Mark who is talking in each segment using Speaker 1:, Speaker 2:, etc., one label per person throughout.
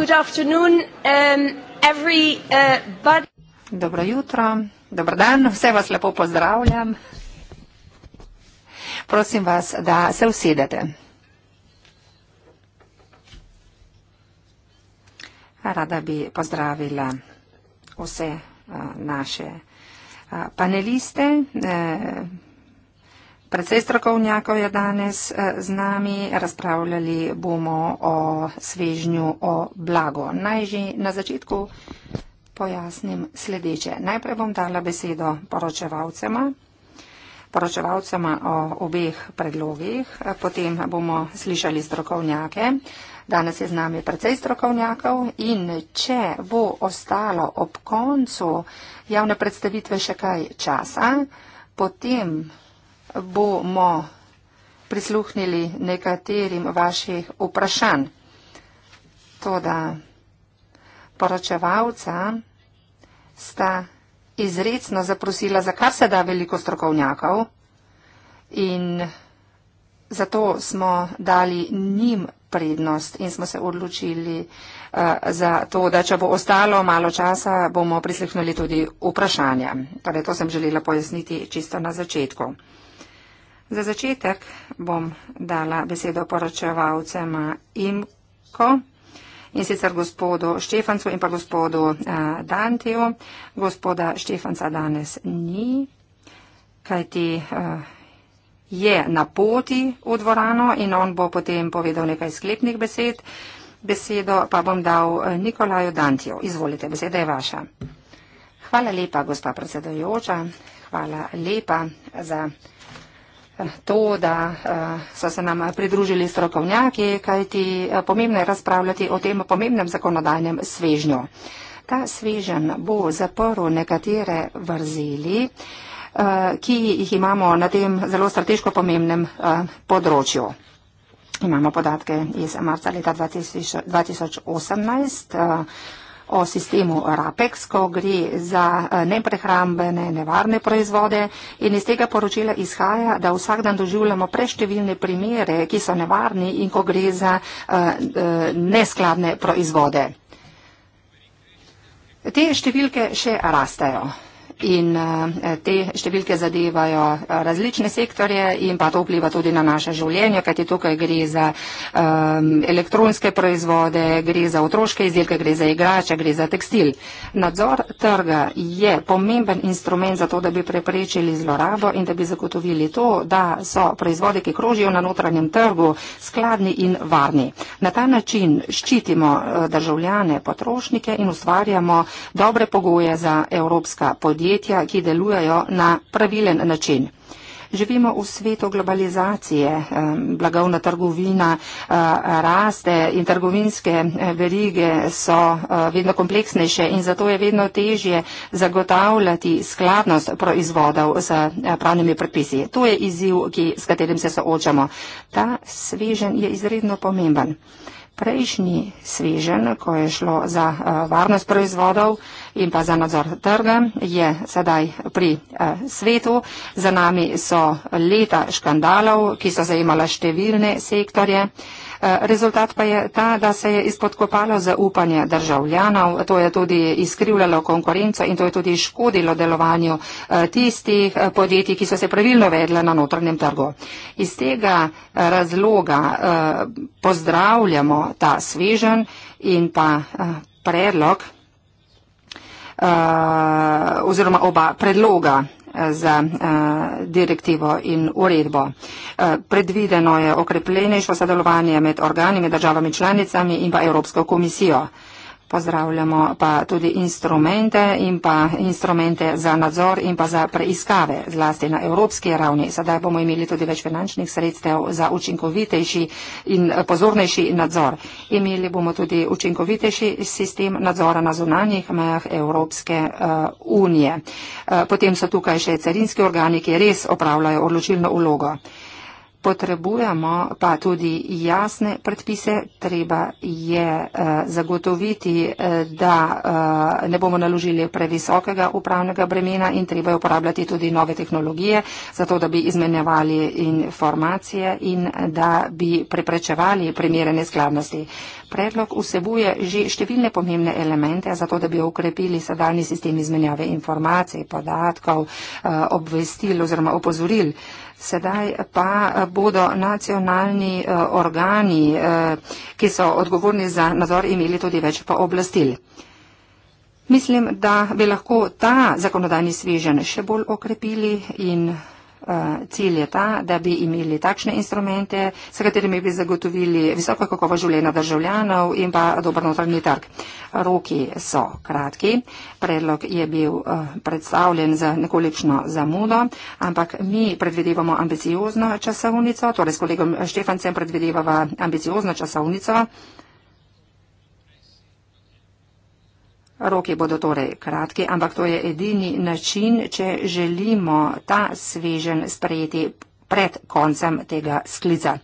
Speaker 1: good afternoon, um, every, uh,
Speaker 2: Dobro jutro, dobro dan, vse vas lepo pozdravljam. Prosim vas, da se usedete. Rada bi pozdravila vse uh, naše uh, paneliste. Uh, Predvsej strokovnjakov je danes eh, z nami, razpravljali bomo o svežnju, o blago. Naj že na začetku pojasnim sledeče. Najprej bom dala besedo poročevalcema, poročevalcema o obeh predlogih, eh, potem bomo slišali strokovnjake. Danes je z nami predvsej strokovnjakov in če bo ostalo ob koncu javne predstavitve še kaj časa, potem bomo prisluhnili nekaterim vaših vprašanj. Toda poročevalca sta izredno zaprosila za kar se da veliko strokovnjakov in zato smo dali njim prednost in smo se odločili uh, za to, da če bo ostalo malo časa, bomo prisluhnili tudi vprašanja. Torej, to sem želela pojasniti čisto na začetku. Za začetek bom dala besedo poročevalcema Imko in sicer gospodu Štefancu in pa gospodu uh, Dantiju. Gospoda Štefanca danes ni, kajti uh, je na poti v dvorano in on bo potem povedal nekaj sklepnih besed. Besedo pa bom dal eh, Nikolaju Dantiju. Izvolite, beseda je vaša. Hvala lepa, gospa predsedojoča. Hvala lepa za to, da eh, so se nam pridružili strokovnjaki, kajti eh, pomembno je razpravljati o tem pomembnem zakonodajnem svežnju. Ta svežen bo zaprl nekatere vrzeli, eh, ki jih imamo na tem zelo strateško pomembnem področju. Imamo podatke iz marca leta 2018 o sistemu RAPEX, ko gre za eh, neprehrambene, nevarne proizvode in iz tega poročila izhaja, da vsak dan doživljamo preštevilne primere, ki so nevarni in ko gre za eh, eh, neskladne proizvode. Te številke še rastejo in uh, te številke zadevajo uh, različne sektorje in pa to vpliva tudi na naše življenje, kajti tukaj gre za um, elektronske proizvode, gre za otroške izdelke, gre za igrače, gre za tekstil. Nadzor trga je pomemben instrument za to, da bi preprečili zlorabo in da bi zagotovili to, da so proizvode, ki krožijo na notranjem trgu, skladni in varni. Na ta način ščitimo eh, državljane, potrošnike in ustvarjamo dobre pogoje za evropska podjetja podjetja, ki delujejo na pravilen način. Živimo v svetu globalizacije, eh, blagovna trgovina eh, raste in trgovinske eh, verige so vedno kompleksnejše in zato je vedno težje zagotavljati skladnost proizvodov z pravnimi predpisi. To je izziv, ki, s katerim se soočamo. Ta svežen je izredno pomemben prejšnji svežen, ko je šlo za eh, varnost proizvodov in pa za nadzor trga, je sedaj pri eh, svetu. Za nami so leta škandalov, ki so zajemala številne sektorje. Eh, rezultat pa je ta, da se je izpodkopalo zaupanje državljanov, to je tudi izkrivljalo konkurenco in to je tudi škodilo delovanju eh, tistih eh, podjetij, ki so se pravilno vedle na notranjem trgu. Iz tega razloga pozdravljamo ta svežen in pa predlog oziroma oba predloga za eh, direktivo in uredbo. Eh, predvideno je okrepljenejšo sodelovanje med organi, med državami članicami in pa Evropsko komisijo pozdravljamo pa tudi instrumente in pa instrumente za nadzor in pa za preiskave, zlasti na evropski ravni. Sedaj bomo imeli tudi več finančnih sredstev za učinkovitejši in pozornejši nadzor. Imeli bomo tudi učinkovitejši sistem nadzora na zunanjih mejah Evropske uh, unije. Uh, potem so tukaj še carinski organi, ki res opravljajo odločilno ulogo potrebujemo pa tudi jasne predpise, treba je eh, zagotoviti, eh, da eh, ne bomo naložili previsokega upravnega bremena in treba je uporabljati tudi nove tehnologije, zato da bi izmenjevali informacije in da bi preprečevali primere neskladnosti. Predlog vsebuje že številne pomembne elemente, zato da bi ukrepili sedajni sistem izmenjave informacij, podatkov, obvestil oziroma opozoril. Sedaj pa eh, bodo nacionalni eh, organi, eh, ki so odgovorni za nadzor, imeli tudi več pooblastil. Mislim, da bi lahko ta zakonodajni svežen še bolj okrepili in Eh, cilj je ta, da bi imeli takšne instrumente, s katerimi bi zagotovili visoko kakovo življenja državljanov in pa dober notranji trg. Roki so kratki, predlog je bil eh, predstavljen za nekolično zamudo, ampak mi predvidevamo ambiciozno časovnico, torej s kolegom Štefancem predvidevava ambiciozno časovnico. Roki bodo torej kratki, ampak to je edini način, če želimo ta svežen sprejeti pred koncem tega sklica.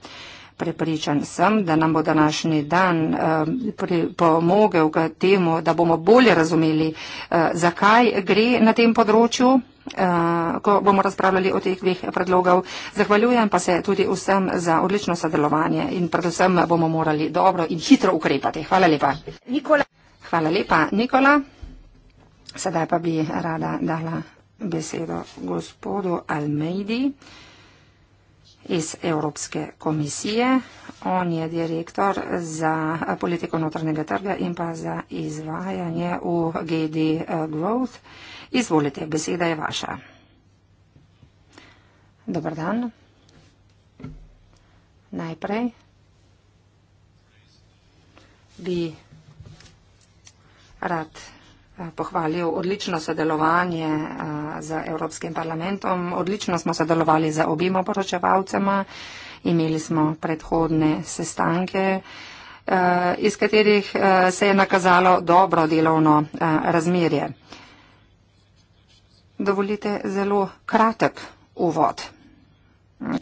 Speaker 2: Prepričan sem, da nam bo današnji dan eh, pomogel k temu, da bomo bolje razumeli, eh, zakaj gre na tem področju, eh, ko bomo razpravljali o teh dveh predlogov. Zahvaljujem pa se tudi vsem za odlično sodelovanje in predvsem bomo morali dobro in hitro ukrepati. Hvala lepa. Nikola. Hvala lepa, Nikola. Sedaj pa bi rada dala besedo gospodu Almeidi iz Evropske komisije. On je direktor za politiko notranjega trga in pa za izvajanje v GD eh, Growth. Izvolite, beseda je vaša. Dobar dan. Najprej bi rad eh, pohvalil odlično sodelovanje eh, z Evropskim parlamentom. Odlično smo sodelovali z obima poročevalcema, imeli smo predhodne sestanke, eh, iz katerih se je nakazalo dobro delovno razmerje. Dovolite zelo kratek uvod,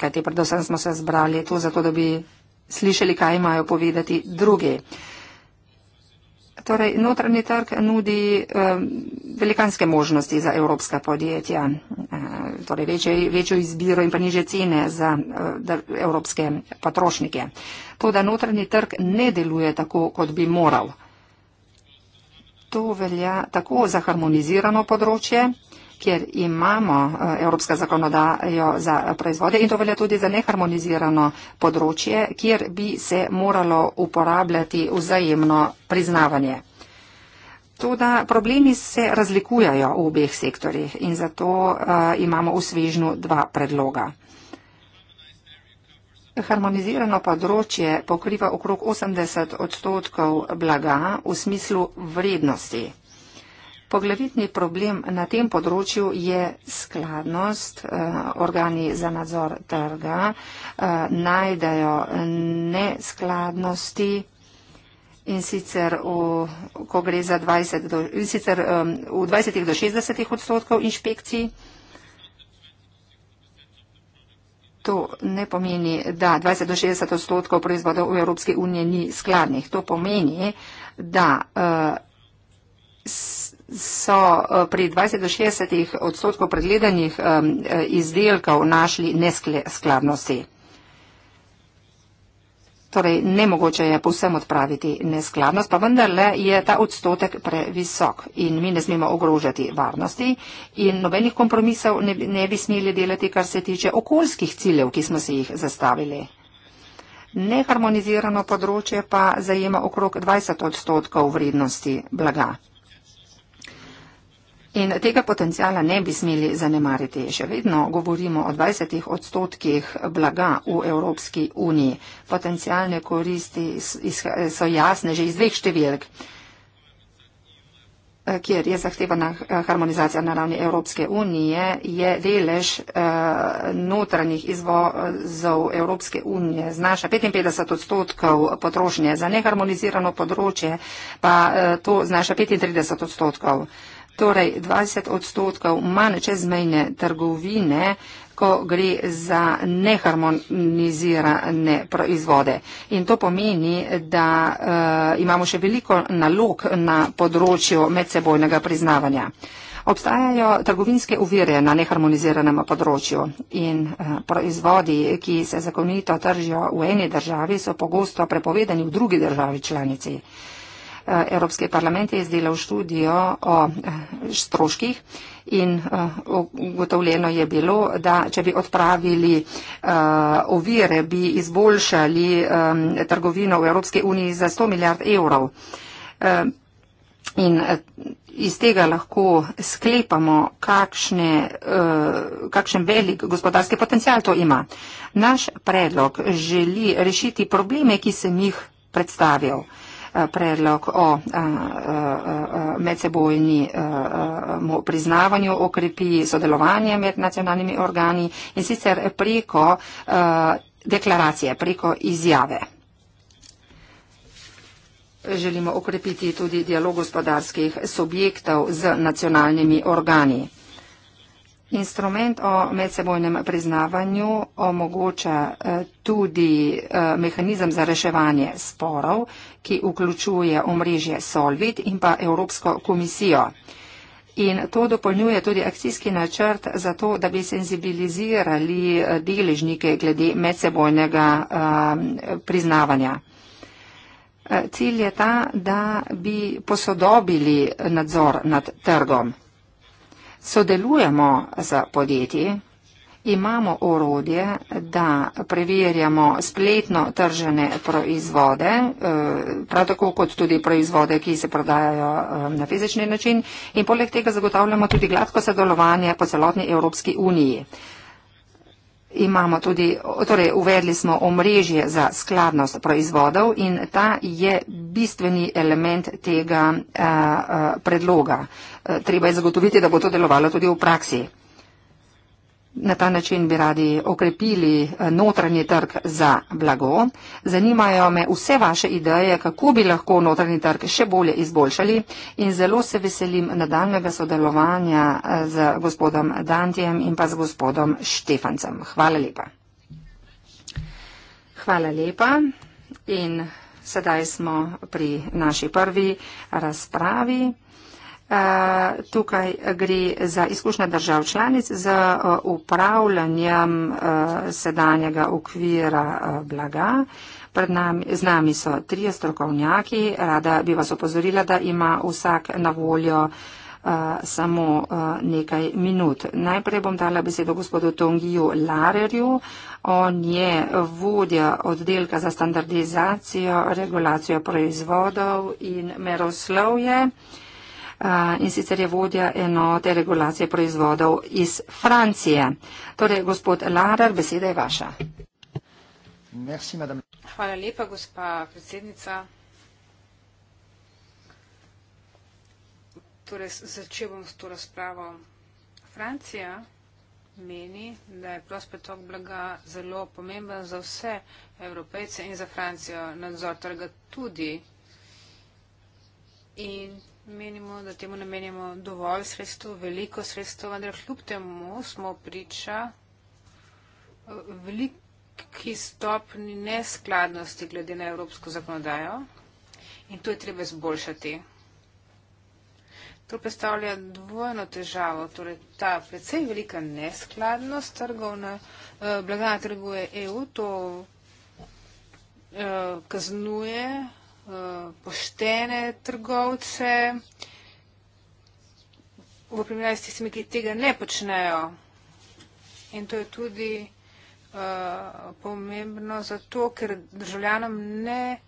Speaker 2: kajti predvsem smo se zbrali tu, zato da bi slišali, kaj imajo povedati drugi. Torej, notranji trg nudi eh, velikanske možnosti za evropska podjetja, eh, torej večjo, večjo izbiro in pa niže cene za eh, da, evropske potrošnike. To, da notranji trg ne deluje tako, kot bi moral, to velja tako za harmonizirano področje, eh, kjer imamo eh, evropska zakonodajo za proizvode in to velja tudi za neharmonizirano področje, kjer bi se moralo uporabljati vzajemno priznavanje. Tudi problemi se razlikujajo v obeh sektorjih in zato uh, imamo v svežnju dva predloga. Harmonizirano področje pokriva okrog 80 odstotkov blaga v smislu vrednosti. Poglavitni problem na tem področju je skladnost. Eh, organi za nadzor trga eh, najdajo neskladnosti in sicer v, ko gre za 20 do, in sicer v 20 do 60 odstotkov inšpekcij. To ne pomeni, da 20 do 60 odstotkov proizvodov v Evropski uniji ni skladnih. To pomeni, da uh, so eh, pri 20 do 60 odstotkov predgledanih eh, izdelkov našli neskladnosti. Torej, nemogoče je povsem odpraviti neskladnost, pa vendarle je ta odstotek previsok in mi ne smemo ogrožati varnosti in nobenih kompromisov ne, ne bi smeli delati, kar se tiče okoljskih ciljev, ki smo si jih zastavili. Neharmonizirano področje pa zajema okrog 20 odstotkov vrednosti blaga. In tega potencijala ne bi smeli zanemariti. Še vedno govorimo o 20 odstotkih blaga v Evropski uniji. Potencijalne koristi so jasne že iz dveh številk eh, kjer je zahtevana harmonizacija na ravni Evropske unije, je delež uh, notranjih izvozov Evropske unije znaša 55 odstotkov potrošnje, za neharmonizirano področje pa uh, to znaša 35 odstotkov. Uh, torej 20 odstotkov manj čezmejne trgovine, ko gre za neharmonizirane proizvode. In to pomeni, da uh, imamo še veliko nalog na področju medsebojnega priznavanja. Obstajajo trgovinske uvire na neharmoniziranem področju in eh, proizvodi, ki se zakonito tržijo v eni državi, so pogosto prepovedani v drugi državi članici. Evropski parlament je izdelal študijo o eh, stroških in eh, ugotovljeno je bilo, da če bi odpravili eh, ovire, bi izboljšali trgovino v Evropski uniji za 100 milijard evrov. In iz tega lahko sklepamo, kakšne, kakšen velik gospodarski potencial to ima. Naš predlog želi rešiti probleme, ki sem jih predstavil predlog o medsebojni priznavanju, okrepi sodelovanje med nacionalnimi organi in sicer preko deklaracije, preko izjave. Želimo okrepiti tudi dialog gospodarskih subjektov z nacionalnimi organi. Instrument o medsebojnem priznavanju omogoča eh, tudi eh, mehanizem za reševanje sporov, ki vključuje omrežje Solvit in pa Evropsko komisijo. In to dopolnjuje tudi akcijski načrt za to, da bi senzibilizirali eh, deležnike glede medsebojnega priznavanja. Cilj je ta, da bi posodobili nadzor nad trgom sodelujemo z podjetji, imamo orodje, da preverjamo spletno tržene proizvode, eh, prav tako kot tudi proizvode, ki se prodajajo eh, na fizični način in poleg tega zagotavljamo tudi gladko sodelovanje po celotni Evropski uniji imamo tudi, torej uvedli smo omrežje za skladnost proizvodov in ta je bistveni element tega uh, uh, predloga. Uh, treba je zagotoviti, da bo to delovalo tudi v praksi. Na ta način bi radi okrepili eh, notranji trg za blago. Zanimajo me vse vaše ideje, kako bi lahko notranji trg še bolje izboljšali in zelo se veselim nadaljnega sodelovanja eh, z gospodom Dantijem in pa z gospodom Štefancem. Hvala lepa. Hvala lepa in sedaj smo pri naši prvi razpravi. Eh, tukaj gre za izkušnje držav članic z eh, upravljanjem eh, sedanjega okvira blaga. Pred nami, z nami so trije strokovnjaki. Rada bi vas opozorila, da ima vsak na voljo samo nekaj minut. Najprej bom dala besedo gospodu Tongiju Larerju. On je vodja oddelka za standardizacijo, regulacijo proizvodov in meroslovje. je in sicer je vodja enote regulacije proizvodov iz Francije. Torej, gospod Larar, beseda je vaša. Merci,
Speaker 1: Hvala lepa, gospa predsednica. Torej, začel bom s to razpravo. Francija meni, da je prost pretok blaga zelo pomemben za vse evropejce in za Francijo nadzor trga tudi. In Menimo, da temu namenjamo dovolj sredstv, veliko sredstv, vendar kljub temu smo priča eh, veliki stopni neskladnosti glede na evropsko zakonodajo in to je treba izboljšati. To predstavlja dvojno težavo, torej ta precej velika neskladnost trgovna, eh, blaga trguje EU, to eh, kaznuje Eh, poštene trgovce, v primerjavi s tistimi, ki tega ne počnejo. In to je tudi uh, pomembno zato, ker državljanom ne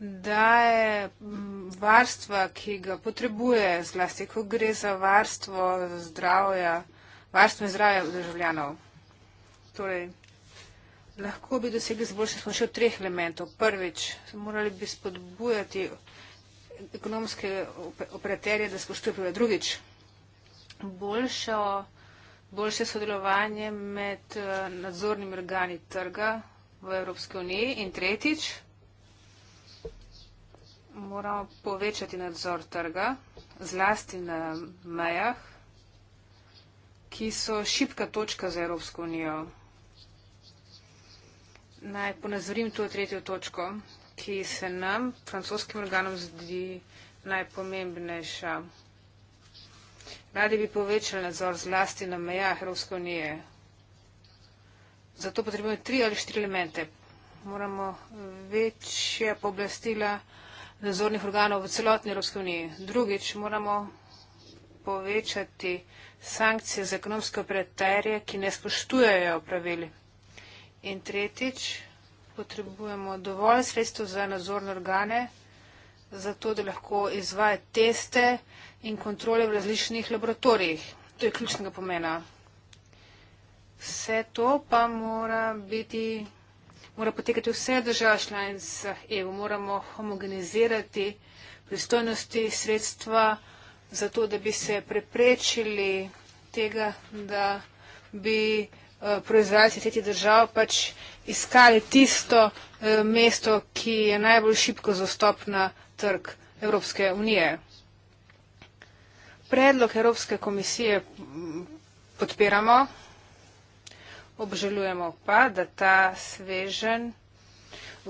Speaker 1: daje mm, varstva, ki ga potrebuje, zlasti ko gre za varstvo zdravja, varstvo zdravja državljanov. Torej, Lahko bi dosegli zboljšanje s pomočjo treh elementov. Prvič, morali bi spodbujati ekonomske operaterje, da spoštujejo prve. Drugič, boljšo, boljše sodelovanje med eh, nadzornimi organi trga v Evropski uniji. In tretjič, moramo povečati nadzor trga, zlasti na mejah, ki so šipka točka za Evropsko unijo. Naj ponazorim to tretjo točko, ki se nam, francoskim organom, zdi najpomembnejša. Radi bi povečali nadzor zlasti na mejah Evropske unije. Zato potrebujemo tri ali štiri elemente. Moramo večje pooblastila nadzornih organov v celotni Evropske uniji. Drugič, moramo povečati sankcije za ekonomske operaterje, ki ne spoštujejo pravili. In tretjič, potrebujemo dovolj sredstev za nadzorne organe, zato da lahko izvaja teste in kontrole v različnih laboratorijih. To je ključnega pomena. Vse to pa mora biti, mora potekati vse države članice EU. Moramo homogenizirati pristojnosti sredstva, zato da bi se preprečili tega, da bi Eh, proizvajalci tretjih držav pač iskali tisto eh, mesto, ki je najbolj šibko zastop na trg Evropske unije. Predlog Evropske komisije mm, podpiramo, obžalujemo pa, da ta svežen eh,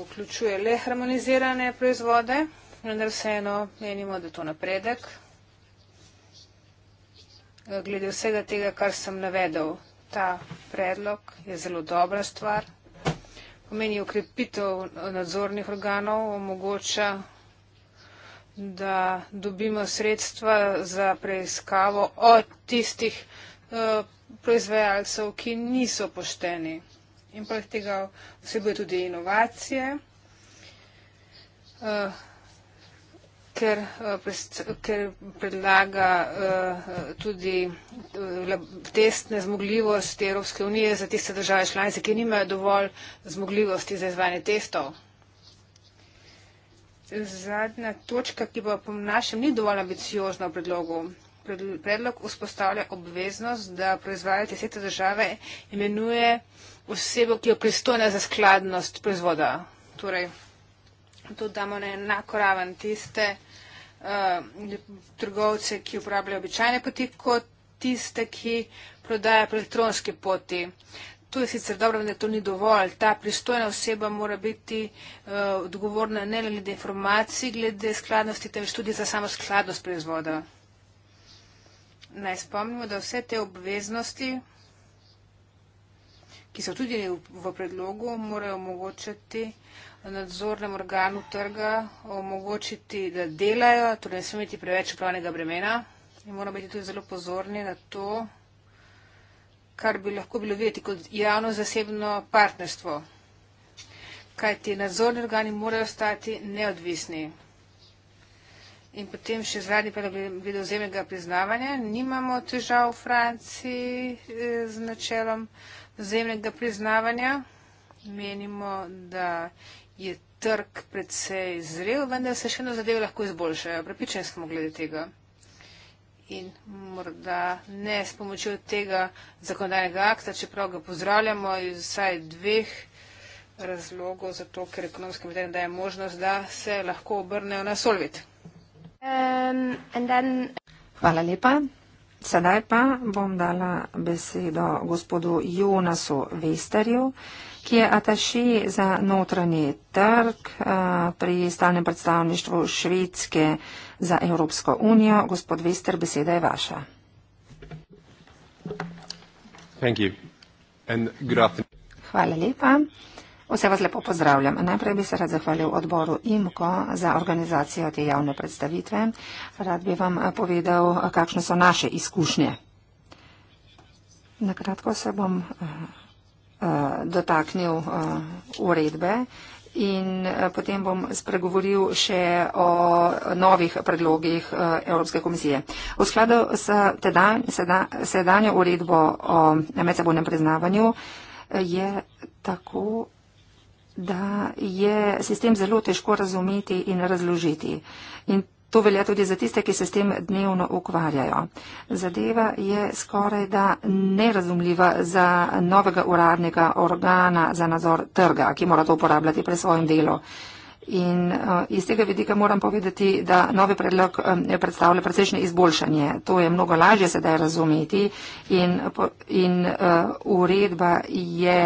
Speaker 1: vključuje le harmonizirane proizvode, vendar vseeno menimo, da je to napredek. Glede vsega tega, kar sem navedel, ta predlog, je zelo dobra stvar. Pomeni ukrepitev nadzornih organov, omogoča, da dobimo sredstva za preiskavo od tistih eh, proizvajalcev, ki niso pošteni. In poleg tega vsebuje tudi inovacije. Uh, ker, eh, ker predlaga eh, tudi eh, testne zmogljivosti Evropske unije za tiste države članice, ki nimajo dovolj zmogljivosti za izvajanje testov. Zadnja točka, ki pa po našem ni dovolj ambiciozna v predlogu. Predlog vzpostavlja obveznost, da proizvajalci sveta države imenuje osebo, ki je pristojna za skladnost proizvoda. Torej, to damo na enako raven tiste Eh, trgovce, ki uporabljajo običajne poti, kot tiste, ki prodajajo po elektronski poti. To je sicer dobro, da to ni dovolj. Ta pristojna oseba mora biti uh, odgovorna ne le glede informacij, glede skladnosti, temveč tudi za samo skladnost proizvoda. Naj spomnimo, da vse te obveznosti, ki so tudi v predlogu, morajo omogočati uh, nadzornem organu trga omogočiti, da delajo, torej ne smemo imeti preveč upravnega bremena in moramo biti tudi zelo pozorni na to, kar bi lahko bilo videti kot javno-zasebno partnerstvo. Kaj ti nadzorni organi morajo stati neodvisni. In potem še zadnji predlog vidozemnega priznavanja. Nimamo težav v Franciji eh, z načelom vzemnega priznavanja. Menimo, da je trg predvsej zrel, vendar se še eno zadevo lahko izboljšajo. Prepričani smo glede tega. In morda ne s pomočjo tega zakonodajnega akta, čeprav ga pozdravljamo iz vsaj dveh razlogov, zato ker ekonomska materija daje možnost, da se lahko obrnejo na solvit. Um, then...
Speaker 2: Hvala lepa. Sedaj pa bom dala besedo gospodu Jonasu Vesterju ki je ataši za notranji trg eh, pri stalnem predstavništvu Švedske za Evropsko unijo. Gospod Vester, beseda je vaša. Hvala lepa. Vse vas lepo pozdravljam. Najprej bi se rad zahvalil odboru IMKO za organizacijo te javne predstavitve. Rad bi vam eh, povedal, eh, kakšne so naše izkušnje. Nakratko se bom Eh, dotaknil eh, uredbe. In eh, potem bom spregovoril še o novih predlogih Evropske komisije. V skladu s tedan, sedan, sedanjo uredbo o medsebojnem priznavanju je tako, da je sistem zelo težko razumeti in razložiti. In To velja tudi za tiste, ki se s tem dnevno ukvarjajo. Zadeva je skoraj da nerazumljiva za novega uradnega organa za nadzor trga, ki mora to uporabljati pri svojem delu. In uh, iz tega vidika moram povedati, da novi predlog um, predstavlja precejšnje izboljšanje. To je mnogo lažje sedaj razumeti in, in uh, uredba je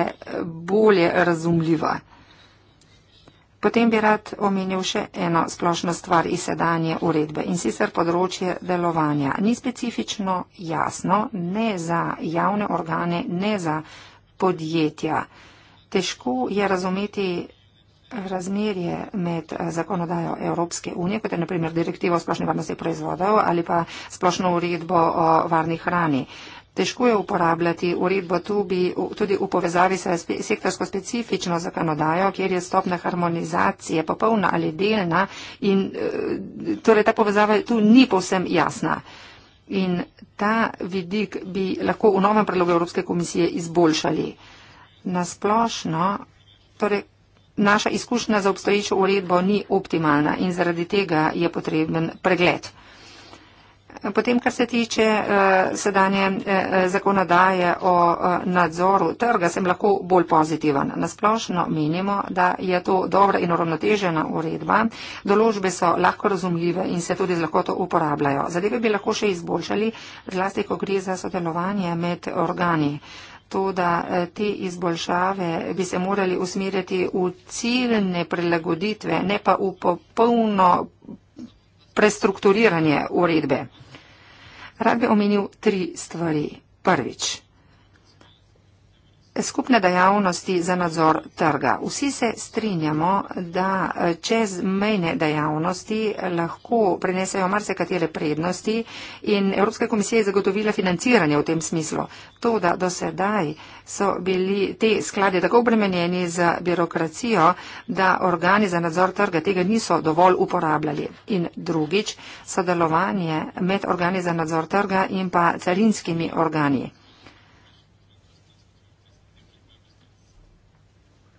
Speaker 2: bolje razumljiva. Potem bi rad omenil še eno splošno stvar iz sedanje uredbe in sicer področje delovanja. Ni specifično jasno, ne za javne organe, ne za podjetja. Težko je razumeti razmerje med eh, zakonodajo Evropske unije, kot je naprimer direktiva o splošni varnosti proizvodov ali pa splošno uredbo o varni hrani težko je uporabljati uredbo tubi tudi v povezavi s sektorsko specifično zakonodajo, kjer je stopna harmonizacije popolna ali delna in eh, torej ta povezava tu ni povsem jasna. In ta vidik bi lahko v novem predlogu Evropske komisije izboljšali. Nasplošno, torej naša izkušnja za obstoječo uredbo ni optimalna in zaradi tega je potreben pregled. Potem, kar se tiče eh, sedanje eh, eh, zakonodaje o eh, nadzoru trga, sem lahko bolj pozitivan. Nasplošno menimo, da je to dobra in uravnotežena uredba. Doložbe so lahko razumljive in se tudi z lahkoto uporabljajo. Zadeve bi lahko še izboljšali, zlasti, ko gre za sodelovanje med organi. To, da eh, te izboljšave bi se morali usmerjati v ciljne prilagoditve, ne pa v popolno prestrukturiranje uredbe. Rad bi omenil tri stvari. Prvič, skupne dejavnosti za nadzor trga. Vsi se strinjamo, da eh, čez mejne dejavnosti eh, lahko prenesejo marsikatere prednosti in Evropska komisija je zagotovila financiranje v tem smislu. To, da do sedaj so bili te sklade tako obremenjeni z birokracijo, da organi za nadzor trga tega niso dovolj uporabljali. In drugič, sodelovanje med organi za nadzor trga in pa carinskimi organi.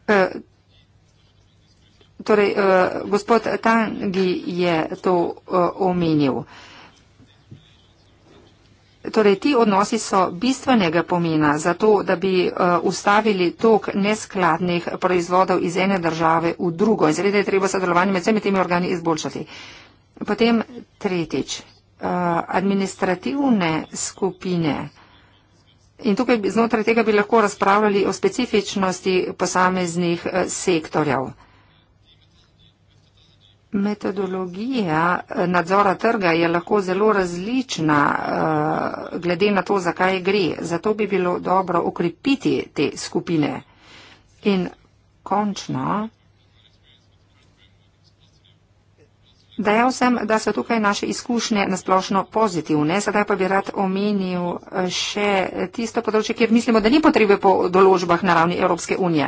Speaker 2: Eh, torej, eh, gospod Tangi je to eh, omenil. Torej, ti odnosi so bistvenega pomena za to, da bi ustavili tok neskladnih proizvodov iz ene države v drugo. In zredaj je treba sodelovanje med vsemi temi organi izboljšati. Potem tretjič. Administrativne skupine In tukaj znotraj tega bi lahko razpravljali o specifičnosti posameznih eh, sektorjev. Metodologija eh, nadzora trga je lahko zelo različna eh, glede na to, zakaj gre. Zato bi bilo dobro okrepiti te skupine. In končno. Dejal sem, da so tukaj naše izkušnje nasplošno pozitivne, sedaj pa bi rad omenil eh, še tisto področje, kjer mislimo, da ni potrebe po določbah na ravni Evropske unije.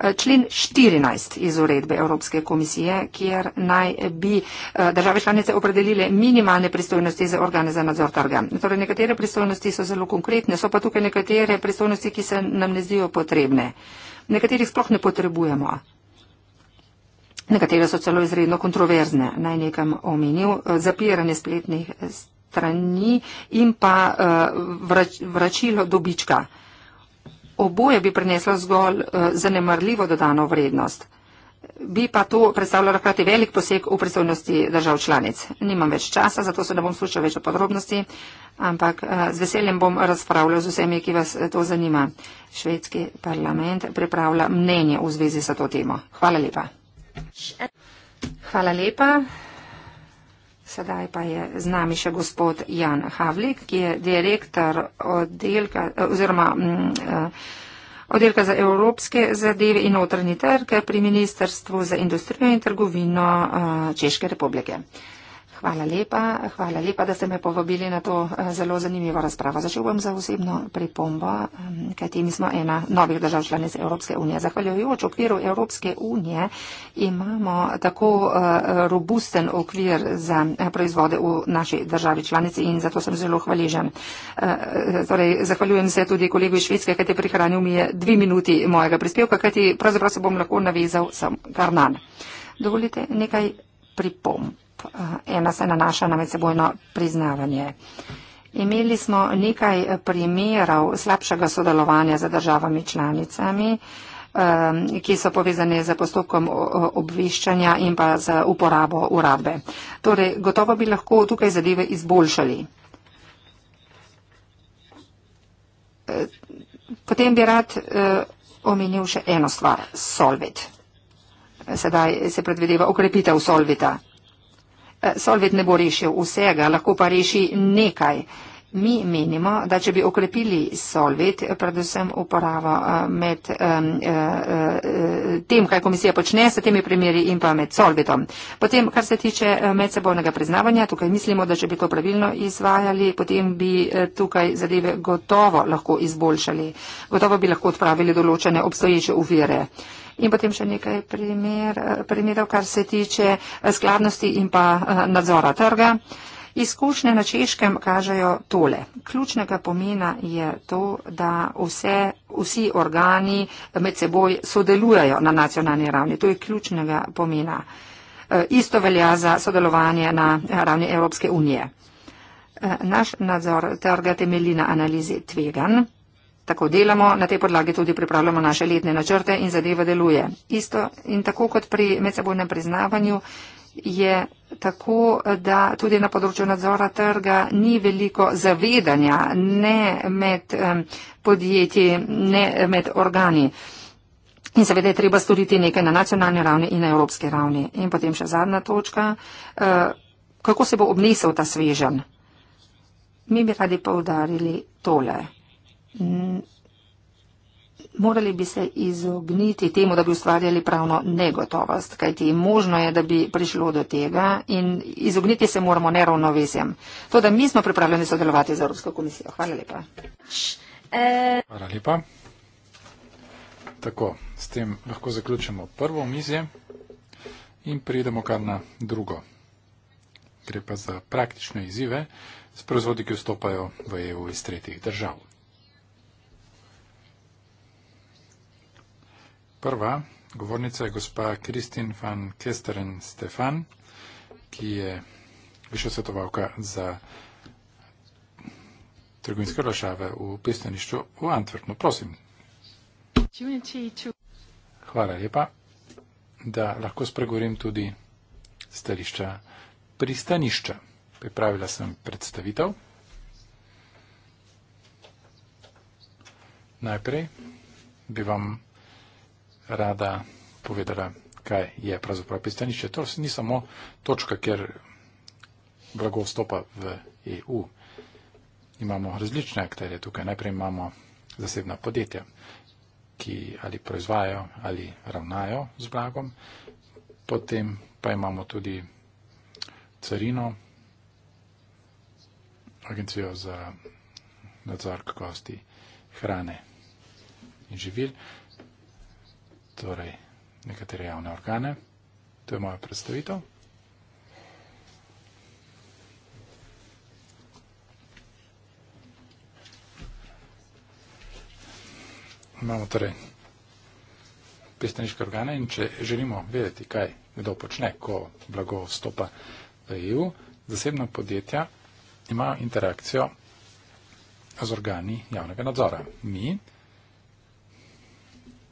Speaker 2: Eh, člen 14 iz uredbe Evropske komisije, kjer naj bi eh, države članice opredelile minimalne pristojnosti za organe za nadzor trga. Torej, nekatere pristojnosti so zelo konkretne, so pa tukaj nekatere pristojnosti, ki se nam ne zdijo potrebne. Nekaterih sploh ne potrebujemo nekatere so celo izredno kontroverzne, naj nekam omenil, eh, zapiranje spletnih eh, strani in pa eh, vrač, vračilo dobička. Oboje bi prineslo zgolj zanemrljivo dodano vrednost. Bi pa to predstavljalo hkrati velik poseg v predstavnosti držav članic. Nimam več časa, zato se ne bom slučal več o podrobnosti, ampak z veseljem bom razpravljal z vsemi, ki vas to zanima. Švedski parlament pripravlja mnenje v zvezi s to temo. Hvala lepa. Hvala lepa. Sedaj pa je z nami še gospod Jan Havlik, ki je direktor oddelka oziroma mm, eh, oddelka za evropske zadeve in notranji trg pri Ministrstvu za industrijo in trgovino eh, Češke republike. Hvala lepa, hvala lepa, da ste me povabili na to eh, zelo zanimivo razpravo. Začel bom za osebno pripombo, kajti mi smo ena novih držav članic Evropske unije. Zahvaljujoč okviru Evropske unije imamo tako eh, robusten okvir za eh, proizvode v naši državi članici in zato sem zelo hvaležen. Torej, zahvaljujem se tudi kolegu iz Švedske, kajti prihranil mi je dve minuti mojega prispevka, kajti pravzaprav se bom lahko navezal sam kar nan. Dovolite nekaj pripomb. Eh, ena se nanaša na medsebojno priznavanje. Imeli smo nekaj primerov slabšega sodelovanja z državami članicami, eh, ki so povezane z postopkom obveščanja in pa z uporabo uradbe. Torej, gotovo bi lahko tukaj zadeve izboljšali. Eh, potem bi rad omenil še eno stvar, solvit. Sedaj se predvideva ukrepitev solvita. Solvit ne bo rešil vsega, lahko pa reši nekaj. Mi menimo, da če bi okrepili solvit, predvsem uporabo eh, med um, uh, tem, kaj komisija počne s temi primeri in pa med solvitom. Potem, kar se tiče medsebojnega priznavanja, tukaj mislimo, da če bi to pravilno izvajali, potem bi tukaj zadeve gotovo lahko izboljšali. Gotovo bi lahko odpravili določene obstoječe uvire. In potem še nekaj primer, primerov, kar se tiče skladnosti in pa nadzora trga. Uh, Izkušnje na češkem kažejo tole. Ključnega pomena je to, da vse, vsi organi med seboj sodelujejo na nacionalni ravni. To je ključnega pomena. E, isto velja za sodelovanje na ravni Evropske unije. E, naš nadzor trga temelji na analizi tvegan. Tako delamo, na tej podlagi tudi pripravljamo naše letne načrte in zadeva deluje. Isto in tako kot pri medsebojnem priznavanju je tako da tudi na področju nadzora trga ni veliko zavedanja ne med podjetji, ne med organi. In seveda je treba storiti nekaj na nacionalni ravni in na evropski ravni. In potem še zadnja točka, eh, kako se bo obnesel ta svežen. Mi bi radi poudarili tole. Morali bi se izogniti temu, da bi ustvarjali pravno negotovost, kajti možno je, da bi prišlo do tega in izogniti se moramo neravnovesjem. To, da mi smo pripravljeni sodelovati z Evropsko komisijo. Hvala lepa.
Speaker 3: Hvala lepa. Tako, s tem lahko zaključimo prvo mizje in pridemo kar na drugo. Gre pa za praktične izzive s proizvodi, ki vstopajo v EU iz tretjih držav. Prva govornica je gospa Kristin van Kesteren Stefan, ki je višja svetovalka za trgovinske vlašave v pristanišču v Antwerpnu. Prosim. Hvala lepa, da lahko spregovorim tudi stališča pristanišča. Pripravila sem predstavitev. Najprej bi vam rada povedala, kaj je pravzaprav pristanišče. To ni samo točka, kjer blago vstopa v EU. Imamo različne akterje tukaj. Najprej imamo zasebna podjetja, ki ali proizvajajo ali ravnajo z blagom. Potem pa imamo tudi carino, agencijo za nadzor kakosti hrane in živil torej nekatere javne organe. To je moja predstavitev. Imamo torej pristaniške organe in če želimo vedeti, kaj kdo počne, ko blago vstopa v EU, zasebna podjetja imajo interakcijo z organi javnega nadzora. Mi,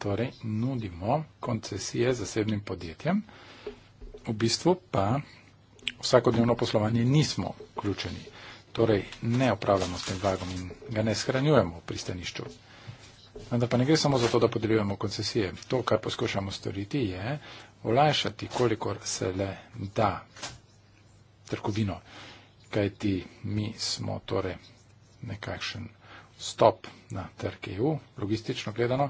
Speaker 3: torej nudimo koncesije zasebnim podjetjem, v bistvu pa vsakodnevno poslovanje nismo vključeni. Torej ne upravljamo s tem vlagom in ga ne shranjujemo v pristanišču. Vendar pa ne gre samo za to, da podeljujemo koncesije. To, kar poskušamo storiti, je olajšati, kolikor se le da trgovino. Kaj ti mi smo torej nekakšen stop na trg EU, logistično gledano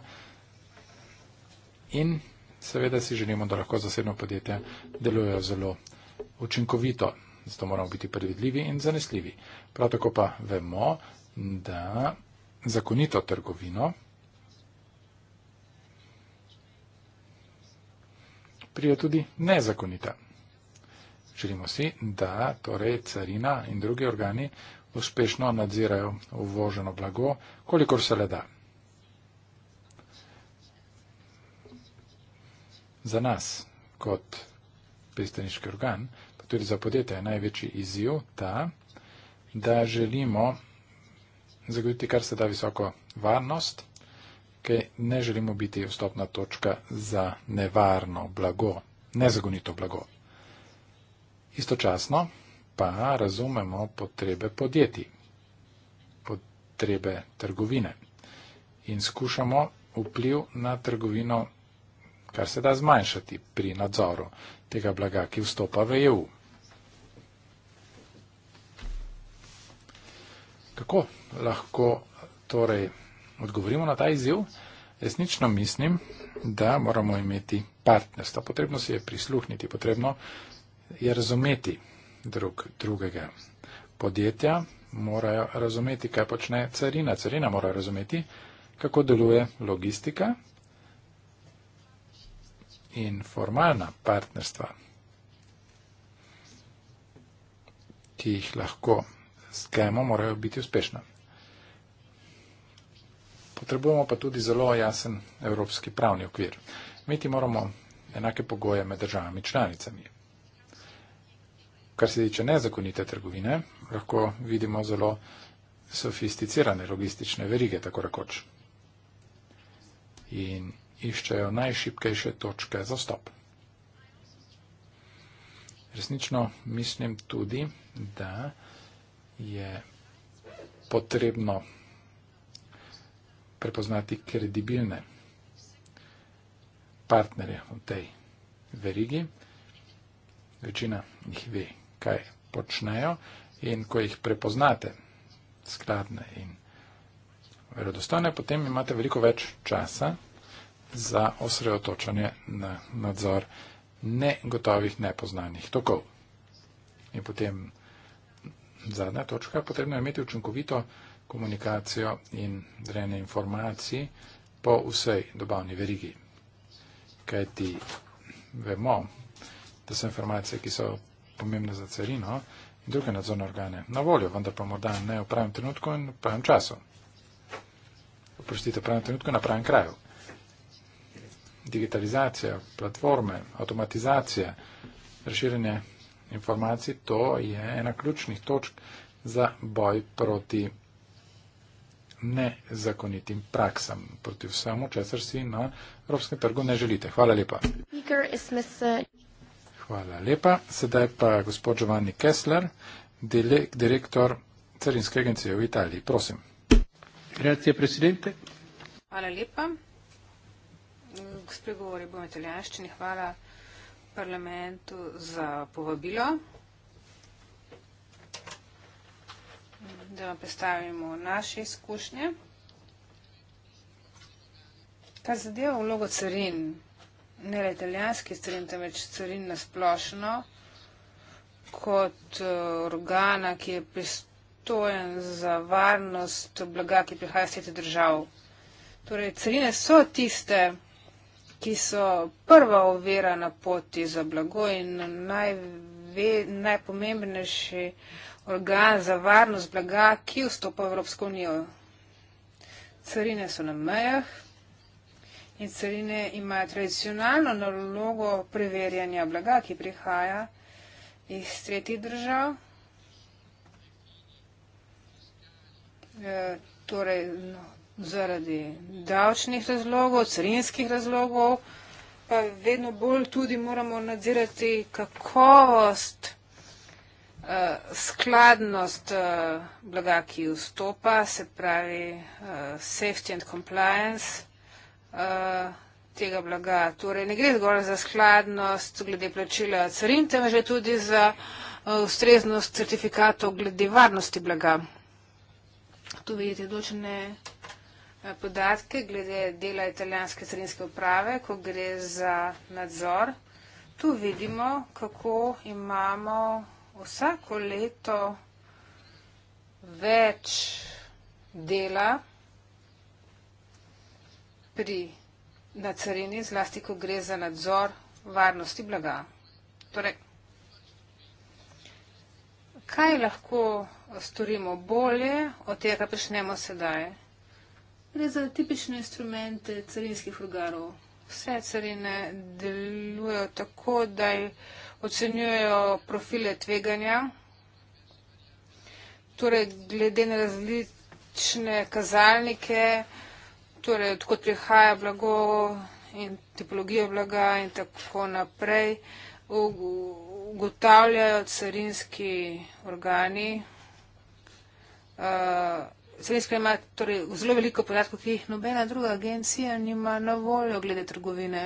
Speaker 3: in seveda si želimo, da lahko zasebno podjetje delujejo zelo učinkovito. Zato moramo biti predvidljivi in zanesljivi. Prav tako pa vemo, da zakonito trgovino prije tudi nezakonita. Želimo si, da torej carina in drugi organi uspešno nadzirajo uvoženo blago, kolikor se le da. za nas kot pristaniški organ, pa tudi za podjetje, največji izziv ta, da želimo zagotoviti kar se da visoko varnost, ker ne želimo biti vstopna točka za nevarno blago, nezagonito blago. Istočasno pa razumemo potrebe podjetij, potrebe trgovine in skušamo vpliv na trgovino kar se da zmanjšati pri nadzoru tega blaga, ki vstopa v EU. Kako lahko torej odgovorimo na ta izziv? Resnično mislim, da moramo imeti partnerstvo. Potrebno si je prisluhniti, potrebno je razumeti drug, drugega. Podjetja morajo razumeti, kaj počne carina. Carina mora razumeti, kako deluje logistika, in formalna partnerstva, ki jih lahko skemo, morajo biti uspešna. Potrebujemo pa tudi zelo jasen evropski pravni okvir. Imeti moramo enake pogoje med državami članicami. Kar se tiče nezakonite trgovine, lahko vidimo zelo sofisticirane logistične verige, tako rekoč. In iščejo najšipkejše točke za stop. Resnično mislim tudi, da je potrebno prepoznati kredibilne partnerje v tej verigi. Večina jih ve, kaj počnejo in ko jih prepoznate skladne in verodostane, potem imate veliko več časa za osredotočanje na nadzor negotovih, nepoznanih tokov. In potem zadnja točka, potrebno je imeti učinkovito komunikacijo in drene informacij po vsej dobavni verigi. Kaj ti vemo, da so informacije, ki so pomembne za carino in druge nadzorne organe na voljo, vendar pa morda ne v pravem trenutku in v pravem času. Oprostite, v pravem trenutku in na pravem kraju digitalizacija, platforme, avtomatizacija, razširjanje informacij, to je ena ključnih točk za boj proti nezakonitim praksam, proti vsemu, česar si na evropskem trgu ne želite. Hvala lepa. Uh, Hvala lepa. Sedaj pa gospod Giovanni Kessler, direktor carinske agencije v Italiji. Prosim.
Speaker 1: Hvala lepa v spregovori bom italijanščini. Hvala parlamentu za povabilo. Da vam predstavimo naše izkušnje. Kar zadeva vlogo carin, ne le italijanskih carin, temveč carin nasplošno, kot eh, organa, ki je pristojen za varnost blaga, ki prihaja iz svetih držav. Torej, carine so tiste, ki so prva ovira na poti za blago in najve, najpomembnejši organ za varnost blaga, ki vstopa v Evropsko unijo. Carine so na mejah in carine imajo tradicionalno nalogo preverjanja blaga, ki prihaja iz tretjih držav. E, torej, no, zaradi davčnih razlogov, carinskih razlogov, pa vedno bolj tudi moramo nadzirati kakovost, eh, skladnost eh, blaga, ki vstopa, se pravi eh, safety and compliance tega blaga. Torej ne gre zgolj za skladnost glede plačila carin, temveč je tudi za ustreznost certifikatov glede varnosti blaga. Tu vidite določene. Eh, podatke glede dela italijanske carinske uprave, ko gre za nadzor. Tu vidimo, kako imamo vsako leto več dela pri na carini, zlasti ko gre za nadzor varnosti blaga. Torej, kaj lahko storimo bolje od tega, kar počnemo sedaj? Gre za tipične instrumente carinskih organov. Vse carine delujejo tako, da ocenjujejo profile tveganja, torej glede na različne kazalnike, torej odkot prihaja blago in tipologijo blaga in tako naprej, ugotavljajo carinski organi. Uh, Slovenska ima torej zelo veliko podatkov, ki jih nobena druga agencija nima na voljo glede trgovine.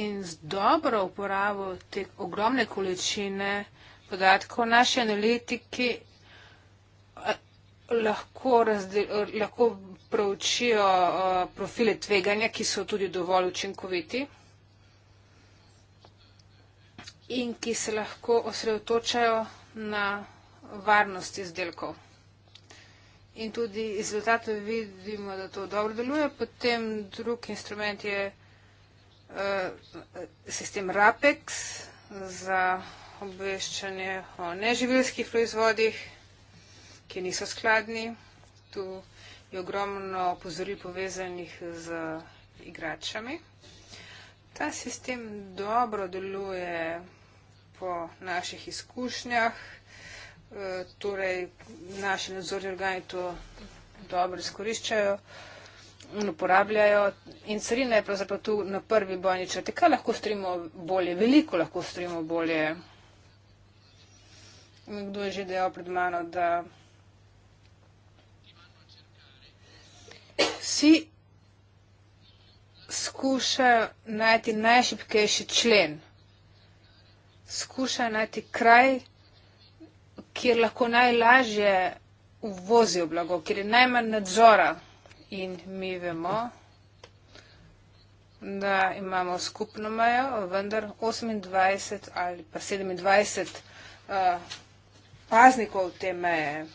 Speaker 1: In z dobro uporabo te ogromne količine podatkov naši analitiki eh, lahko, razdel, lahko proučijo eh, profile tveganja, ki so tudi dovolj učinkoviti in ki se lahko osredotočajo na varnost izdelkov in tudi iz rezultatov vidimo, da to dobro deluje. Potem drug instrument je uh, sistem RAPEX za obveščanje o neživilskih proizvodih, ki niso skladni. Tu je ogromno opozoril povezanih z igračami. Ta sistem dobro deluje po naših izkušnjah. E, torej naši nadzorni organi to dobro izkoriščajo in uporabljajo. In carina je pravzaprav tu na prvi bojni črti. Kaj lahko strimo bolje? Veliko lahko strimo bolje. Nekdo je že dejal pred mano, da vsi skušajo najti najšipkejši člen. Skušajo najti kraj, kjer lahko najlažje uvozijo blago, kjer je najmanj nadzora. In mi vemo, da imamo skupno mejo, vendar 28 ali pa 27 uh, eh, paznikov te meje.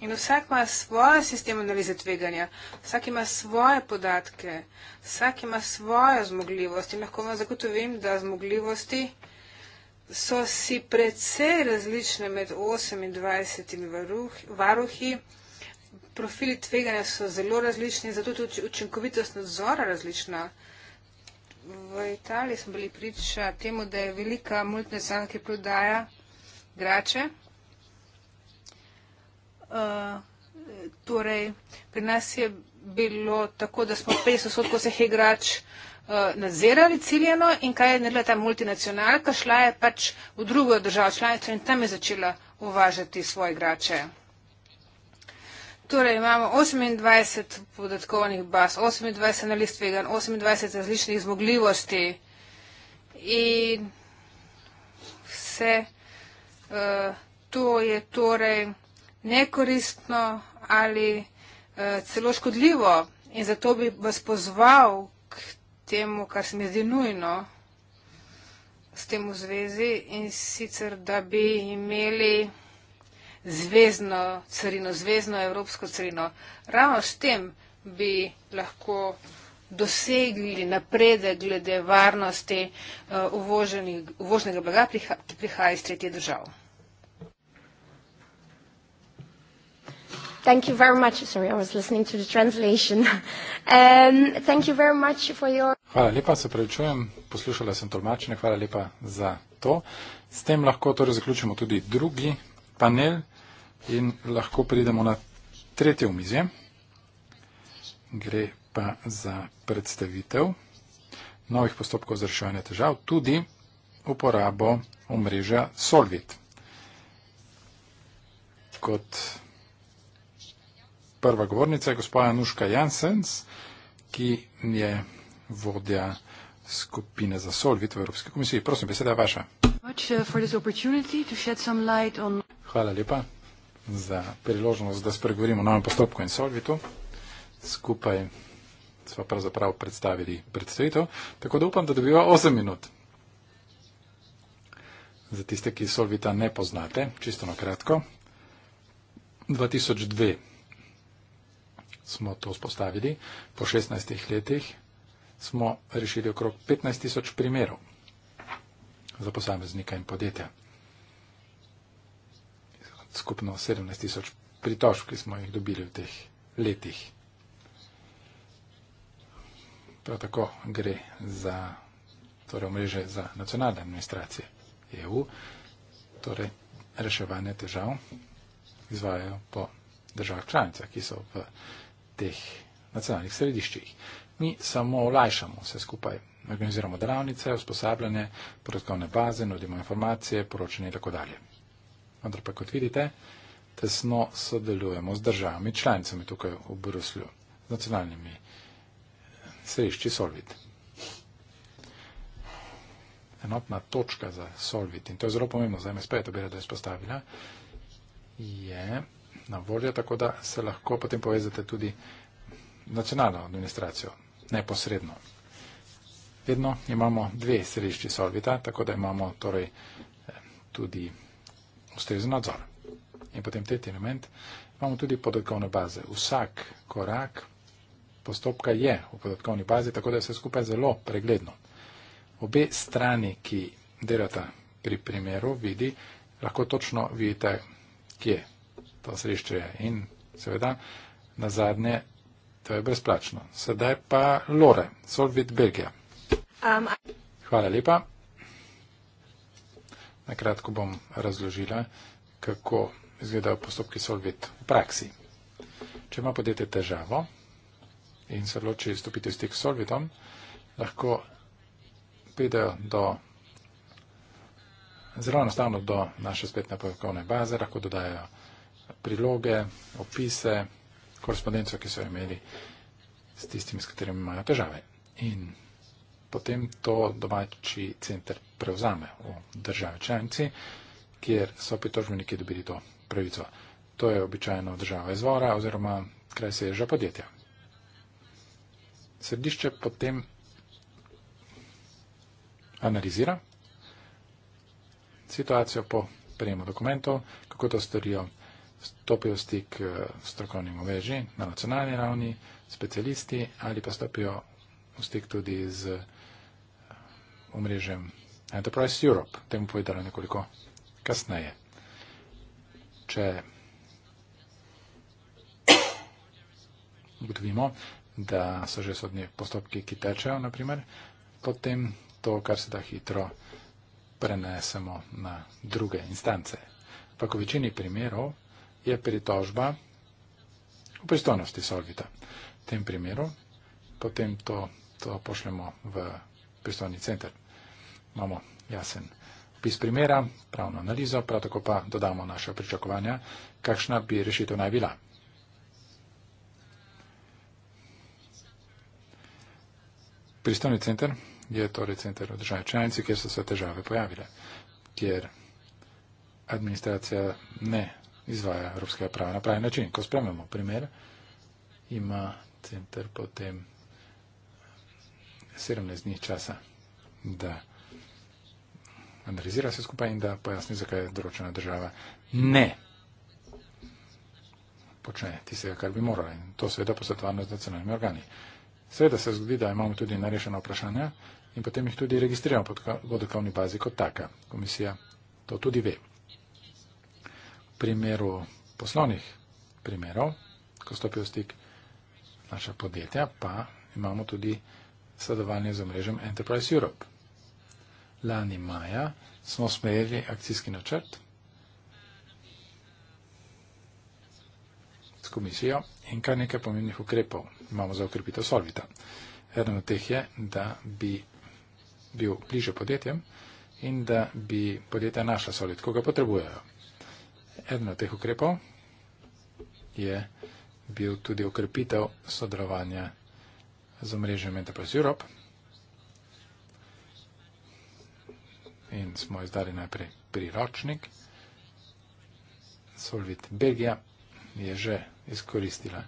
Speaker 1: In vsak ima svoje sistem analize tveganja, vsak ima svoje podatke, vsak ima svojo zmogljivost in lahko vam zagotovim, da zmogljivosti so si precej različne med 28 varuhi, profili tveganja so zelo različni, zato tudi učinkovitost nadzora različna. V Italiji smo bili priča temu, da je velika multinacionalka, ki prodaja grače. Uh, eh, torej, pri nas je bilo tako, da smo 50% vseh igrač uh, Eh, nadzirali ciljeno in kaj je naredila ta multinacionalka, šla je pač v drugo državo članico in tam je začela uvažati svoje grače. Torej imamo 28 podatkovnih baz, 28 na list vegan, 28 različnih zmogljivosti in vse uh, to je torej nekoristno ali uh, celo škodljivo. In zato bi vas pozval, temu, kar se mi zdi nujno s tem v zvezi in sicer, da bi imeli zvezno carino, zvezno evropsko carino. Ravno s tem bi lahko dosegli napredek glede varnosti uh, eh, uvoženega blaga, ki priha, prihaja iz tretjih držav.
Speaker 2: Thank you very much. Sorry, I was listening to the translation. Um, thank you very much for your...
Speaker 3: Hvala lepa, se prevečujem. Poslušala sem tolmačenje. Hvala lepa za to. S tem lahko torej zaključimo tudi drugi panel in lahko pridemo na tretje omizje. Gre pa za predstavitev novih postopkov za reševanje težav, tudi uporabo omrežja Solvit. Kot prva govornica je gospoda Nuška Jansens, ki je vodja skupine za Solvit v Evropski komisiji. Prosim, beseda je vaša. Uh, Hvala lepa za priložnost, da spregovorimo o novem postopku in Solvitu. Skupaj smo pravzaprav predstavili predstavitev, tako da upam, da dobiva 8 minut. Za tiste, ki Solvita ne poznate, čisto na kratko. 2002 smo to spostavili. Po 16 letih smo rešili okrog 15 tisoč primerov za posameznika in podjetja. Skupno 17 tisoč pritožb, ki smo jih dobili v teh letih. Prav tako gre za torej mreže za nacionalne administracije EU, torej reševanje težav izvajajo po državah članicah, ki so v teh nacionalnih središčih. Mi samo olajšamo vse skupaj. Organiziramo delavnice, usposabljanje, podatkovne baze, nudimo informacije, poročanje in tako dalje. Vendar pa, kot vidite, tesno sodelujemo z državami, članicami tukaj v Bruslju, z nacionalnimi eh, središči Solvit. Enotna točka za Solvit, in to je zelo pomembno, za MSP je to bila, da je izpostavila, je na voljo, tako da se lahko potem povezate tudi nacionalno administracijo, neposredno. Vedno imamo dve središči Solvita, tako da imamo torej eh, tudi ustrezen nadzor. In potem tretji element, imamo tudi podatkovne baze. Vsak korak postopka je v podatkovni bazi, tako da je vse skupaj zelo pregledno. Obe strani, ki delata pri primeru, vidi, lahko točno vidite, kje to srečuje. In seveda, na zadnje, to je brezplačno. Sedaj pa Lore, Solvit Belgija. Um, Hvala lepa. Nakratko bom razložila, kako izgledajo postopki Solvit v praksi. Če ima podjetje težavo in se loči stopiti v stik s Solvitom, lahko pridejo do. Zelo enostavno do naše spletne podatkovne baze, lahko dodajajo priloge, opise, korespondenco, ki so imeli s tistimi, s katerimi imajo težave. In potem to domači center prevzame v državi članici, kjer so pritožbeniki dobili to pravico. To je običajno država izvora oziroma kraj seježa podjetja. Središče potem analizira situacijo po prejemu dokumentov, kako to storijo stopijo v stik eh, s strokovnim omrežjem na nacionalni ravni, specialisti ali pa stopijo v stik tudi z eh, omrežjem Enterprise Europe. Temu povedala nekoliko kasneje. Če ugotovimo, da so že sodni postopki, ki tečejo, naprimer, potem to, kar se da hitro prenesemo na druge instance. Pa ko v večini primerov je pritožba v pristojnosti Solvita. V tem primeru potem to, to pošljemo v pristojni center. Imamo jasen pis primera, pravno analizo, prav tako pa dodamo naše pričakovanja, kakšna bi rešitev naj bila. Pristojni center je torej center v državi članici, kjer so se težave pojavile, kjer administracija ne izvaja evropskega prava na pravi način. Ko spremljamo primer, ima centr potem 17 dni časa, da analizira vse skupaj in da pojasni, zakaj je določena država ne počne tistega, kar bi morala. In to seveda posvetovano z nacionalnimi organi. Seveda se zgodi, da imamo tudi narešena vprašanja in potem jih tudi registriramo pod vodokavni bazi kot taka. Komisija to tudi ve primeru poslovnih primerov, ko stopijo v stik naša podjetja, pa imamo tudi sodelovanje z omrežjem Enterprise Europe. Lani maja smo sprejeli akcijski načrt s komisijo in kar nekaj pomembnih ukrepov imamo za okrepitev Solvita. Eden od teh je, da bi bil bliže podjetjem in da bi podjetja našla Solvit, ko ga potrebujejo. Eden od teh ukrepov je bil tudi okrepitev sodelovanja z omrežjem Enterprise Europe. In smo izdali najprej priročnik. Solvit Belgija je že izkoristila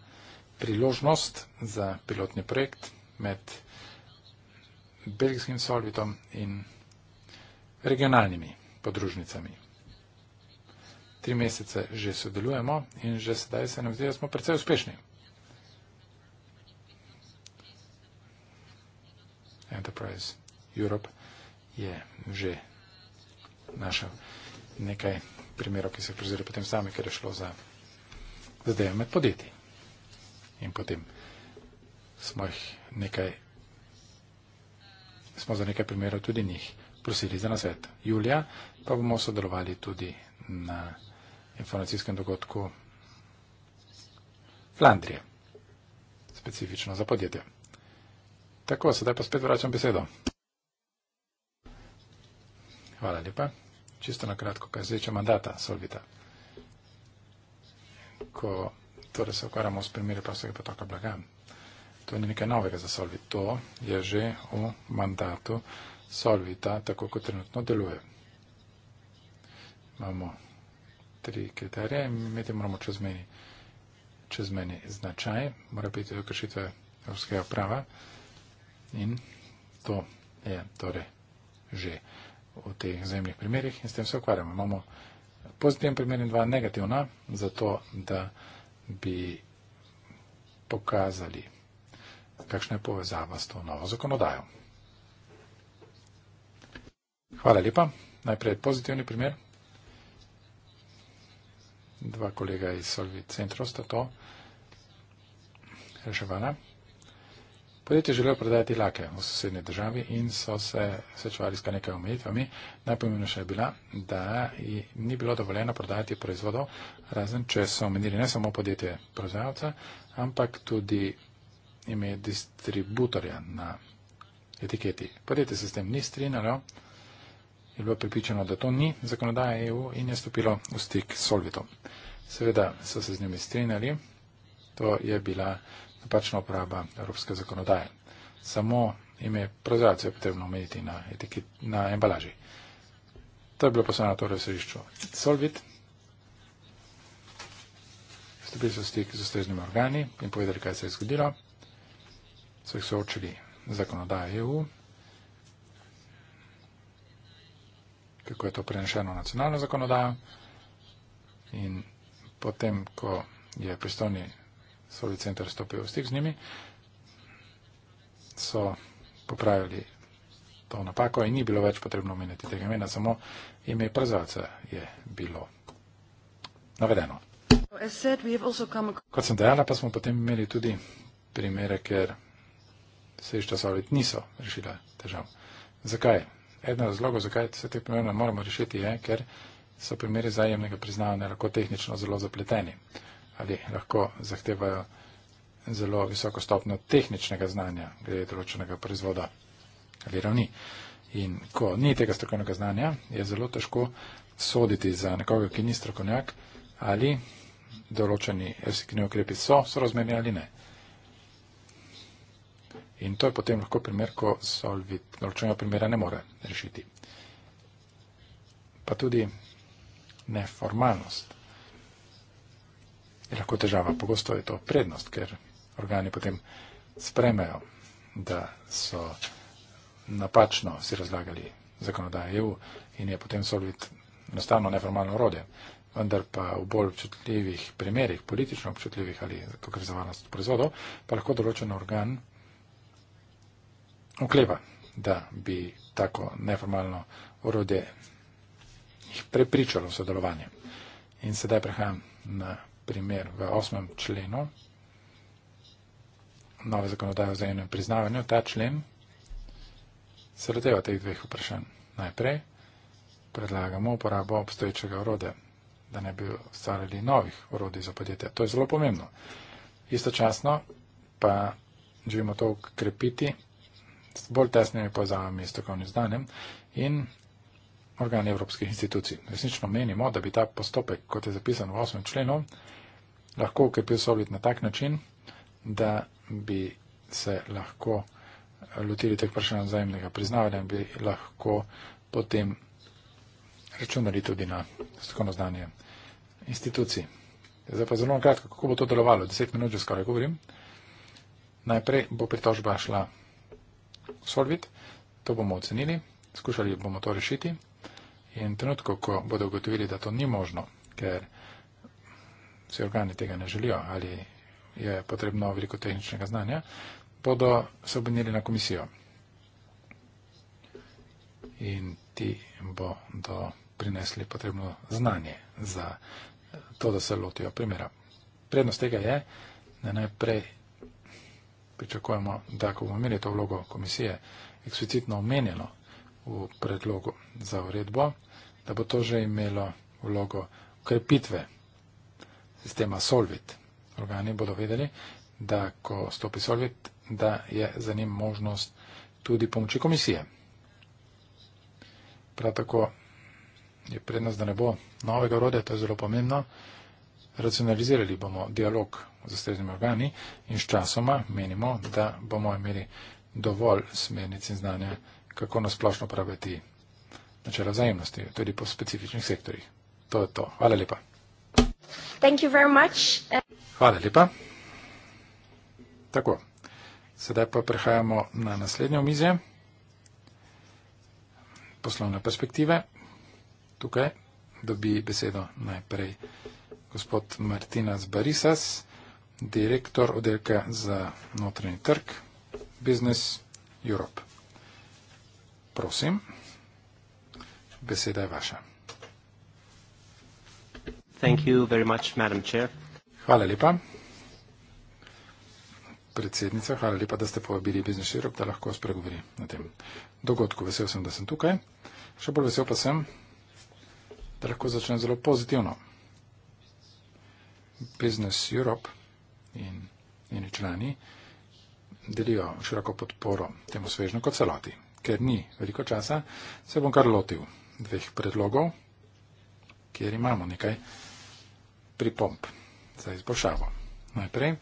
Speaker 3: priložnost za pilotni projekt med belgijskim Solvitom in regionalnimi podružnicami tri mesece že sodelujemo in že sedaj se nam zdi, da smo precej uspešni. Enterprise Europe je že našel nekaj primerov, ki se jih prezirajo potem sami, ker je šlo za zadeve med podjetji. In potem smo jih nekaj, smo za nekaj primerov tudi njih prosili za nasvet. Julija pa bomo sodelovali tudi na informacijskem dogodku Flandrije, specifično za podjetje. Tako, sedaj pa spet vračam besedo. Hvala lepa. Čisto na kratko, kaj zveče mandata Solvita. Ko torej se ukvarjamo s primeri prostega potoka blaga, to ni nekaj novega za Solvit. To je že v mandatu Solvita, tako kot trenutno deluje. Imamo tri kriterije in imeti moramo čezmeni, čezmeni značaj, mora biti kršitve evropskega prava in to je torej že v teh zemljih primerjih in s tem se ukvarjamo. Imamo pozitiven primer in dva negativna, zato da bi pokazali, kakšna je povezava s to novo zakonodajo. Hvala lepa. Najprej pozitivni primer dva kolega iz Solvi centrov sta to reševala. Podjetje želijo prodajati lake v sosednji državi in so se srečevali s kar nekaj omejitvami. Najpomembnejša je bila, da ni bilo dovoljeno prodajati proizvodov, razen če so omenili ne samo podjetje proizvajalca, ampak tudi ime distributorja na etiketi. Podjetje se s tem ni strinjalo je bilo pripričano, da to ni zakonodaja EU in je stopilo v stik s Solvitom. Seveda so se z njimi strinjali, to je bila napačna uporaba evropske zakonodaje. Samo ime prozorcev je potrebno omeniti na, etiket, na embalaži. To je bilo poslano torej v središču Solvit. Stopili so v stik z ustreznimi organi in povedali, kaj se je zgodilo. So jih soočili z zakonodajo EU. kako je to prenešeno v nacionalno zakonodajo. In potem, ko je pristojni Sovjet center stopil v stik z njimi, so popravili to napako in ni bilo več potrebno omeniti tega imena, samo ime prezavca je bilo navedeno. Kot sem dejala, pa smo potem imeli tudi primere, ker sejšta Sovjet niso rešila težav. Zakaj? eden od razlogov, zakaj se te probleme moramo rešiti, je, ker so primeri zajemnega priznavanja lahko tehnično zelo zapleteni ali lahko zahtevajo zelo visoko stopno tehničnega znanja glede določenega proizvoda ali ravni. In ko ni tega strokovnega znanja, je zelo težko soditi za nekoga, ki ni strokovnjak, ali določeni, ki ne ukrepi so, so razmerni ali ne. In to je potem lahko primer, ko Solvit določenega primera ne more rešiti. Pa tudi neformalnost je lahko težava. Pogosto je to prednost, ker organi potem spremejo, da so napačno si razlagali zakonodaje EU in je potem Solvit enostavno neformalno urode. Vendar pa v bolj občutljivih primerih, politično občutljivih ali kakor za varnost proizvodov, pa lahko določen organ okleva, da bi tako neformalno orode jih prepričalo v sodelovanje. In sedaj prehajam na primer v osmem členu nove zakonodaje o zajemnem priznavanju. Ta člen se loteva teh dveh vprašanj. Najprej predlagamo uporabo obstoječega orode, da ne bi ustvarjali novih orodij za podjetja. To je zelo pomembno. Istočasno pa želimo to ukrepiti bolj tesnimi povezavami s strokovnim znanjem in organi evropskih institucij. Resnično menimo, da bi ta postopek, kot je zapisan v 8. členu, lahko ukrepil Solvit na tak način, da bi se lahko lotili teh vprašanj vzajemnega priznavanja in bi lahko potem računali tudi na strokovno znanje institucij. Zdaj pa zelo kratko, kako bo to delovalo. Deset minut že skoraj govorim. Najprej bo pritožba šla Solvit, to bomo ocenili, skušali bomo to rešiti in trenutko, ko bodo ugotovili, da to ni možno, ker se organi tega ne želijo ali je potrebno veliko tehničnega znanja, bodo se obrnili na komisijo. In ti bodo prinesli potrebno znanje za to, da se lotijo primera. Prednost tega je, da najprej pričakujemo, da ko bomo imeli to vlogo komisije eksplicitno omenjeno v predlogu za uredbo, da bo to že imelo vlogo ukrepitve sistema Solvit. Organi bodo vedeli, da ko stopi Solvit, da je za njim možnost tudi pomoči komisije. Prav tako je prednost, da ne bo novega urode, to je zelo pomembno racionalizirali bomo dialog z ustreznimi organi in sčasoma menimo, da bomo imeli dovolj smernic in znanja, kako nasplošno praviti načelo vzajemnosti, tudi po specifičnih sektorjih. To je to. Hvala lepa. Hvala lepa. Tako, sedaj pa prehajamo na naslednjo mizje. Poslovne perspektive. Tukaj dobi besedo najprej gospod Martinas Barisas, direktor oddelka za notranji trg Business Europe. Prosim, beseda je vaša. Hvala lepa. Predsednica, hvala lepa, da ste povabili Business Europe, da lahko spregovori na tem dogodku. Vesel sem, da sem tukaj. Še bolj vesel pa sem, da lahko začnem zelo pozitivno. Business Europe in njeni člani delijo široko podporo temu svežnju kot celoti. Ker ni veliko časa, se bom kar lotil dveh predlogov, kjer imamo nekaj pripomp za izboljšavo. Najprej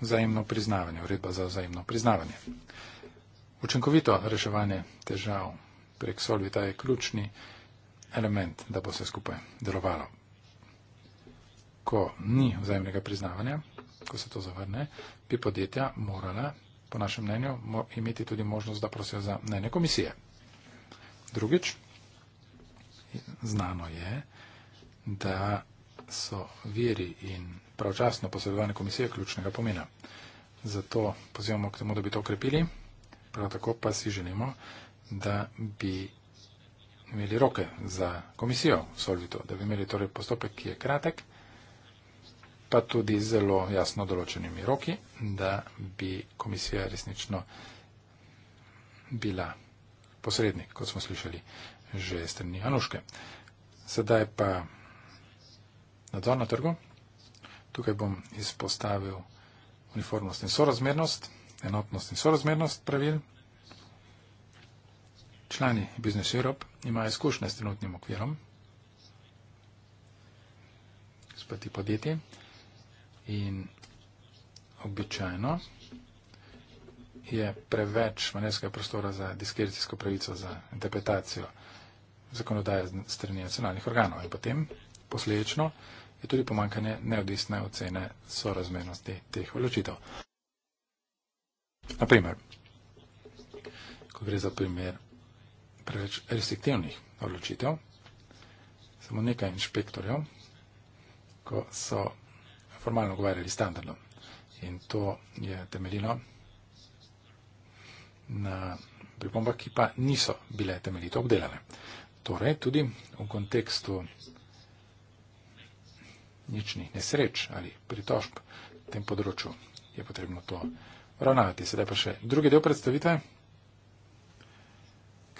Speaker 3: vzajemno priznavanje, uredba za vzajemno priznavanje. Učinkovito reševanje težav prek Solvita je ključni element, da bo se skupaj delovalo ko ni vzajemnega priznavanja, ko se to zavrne, bi podjetja morala, po našem mnenju, imeti tudi možnost, da prosijo za mnenje komisije. Drugič, znano je, da so veri in pravčasno posredovane komisije ključnega pomena. Zato pozivamo k temu, da bi to ukrepili, prav tako pa si želimo, da bi imeli roke za komisijo v Solvitu, da bi imeli torej postopek, ki je kratek pa tudi zelo jasno določenimi roki, da bi komisija resnično bila posredni, kot smo slišali že strani Anuške. Sedaj pa nadzor na trgu. Tukaj bom izpostavil uniformnost in sorazmernost, enotnost in sorazmernost pravil. Člani Business Europe imajo izkušnje s trenutnim okvirom, spet podjetji in običajno je preveč manevrskega prostora za diskrecijsko pravico za interpretacijo zakonodaje strani nacionalnih organov in potem posledično je tudi pomankanje neodvisne ocene sorazmernosti teh odločitev. Naprimer, ko gre za primer preveč restriktivnih odločitev, samo nekaj inšpektorjev, ko so formalno govarjali standardno. In to je temeljino na pripombah, ki pa niso bile temeljito obdelane. Torej, tudi v kontekstu ničnih nesreč ali pritožb v tem področju je potrebno to ravnavati. Sedaj pa še drugi del predstavitve,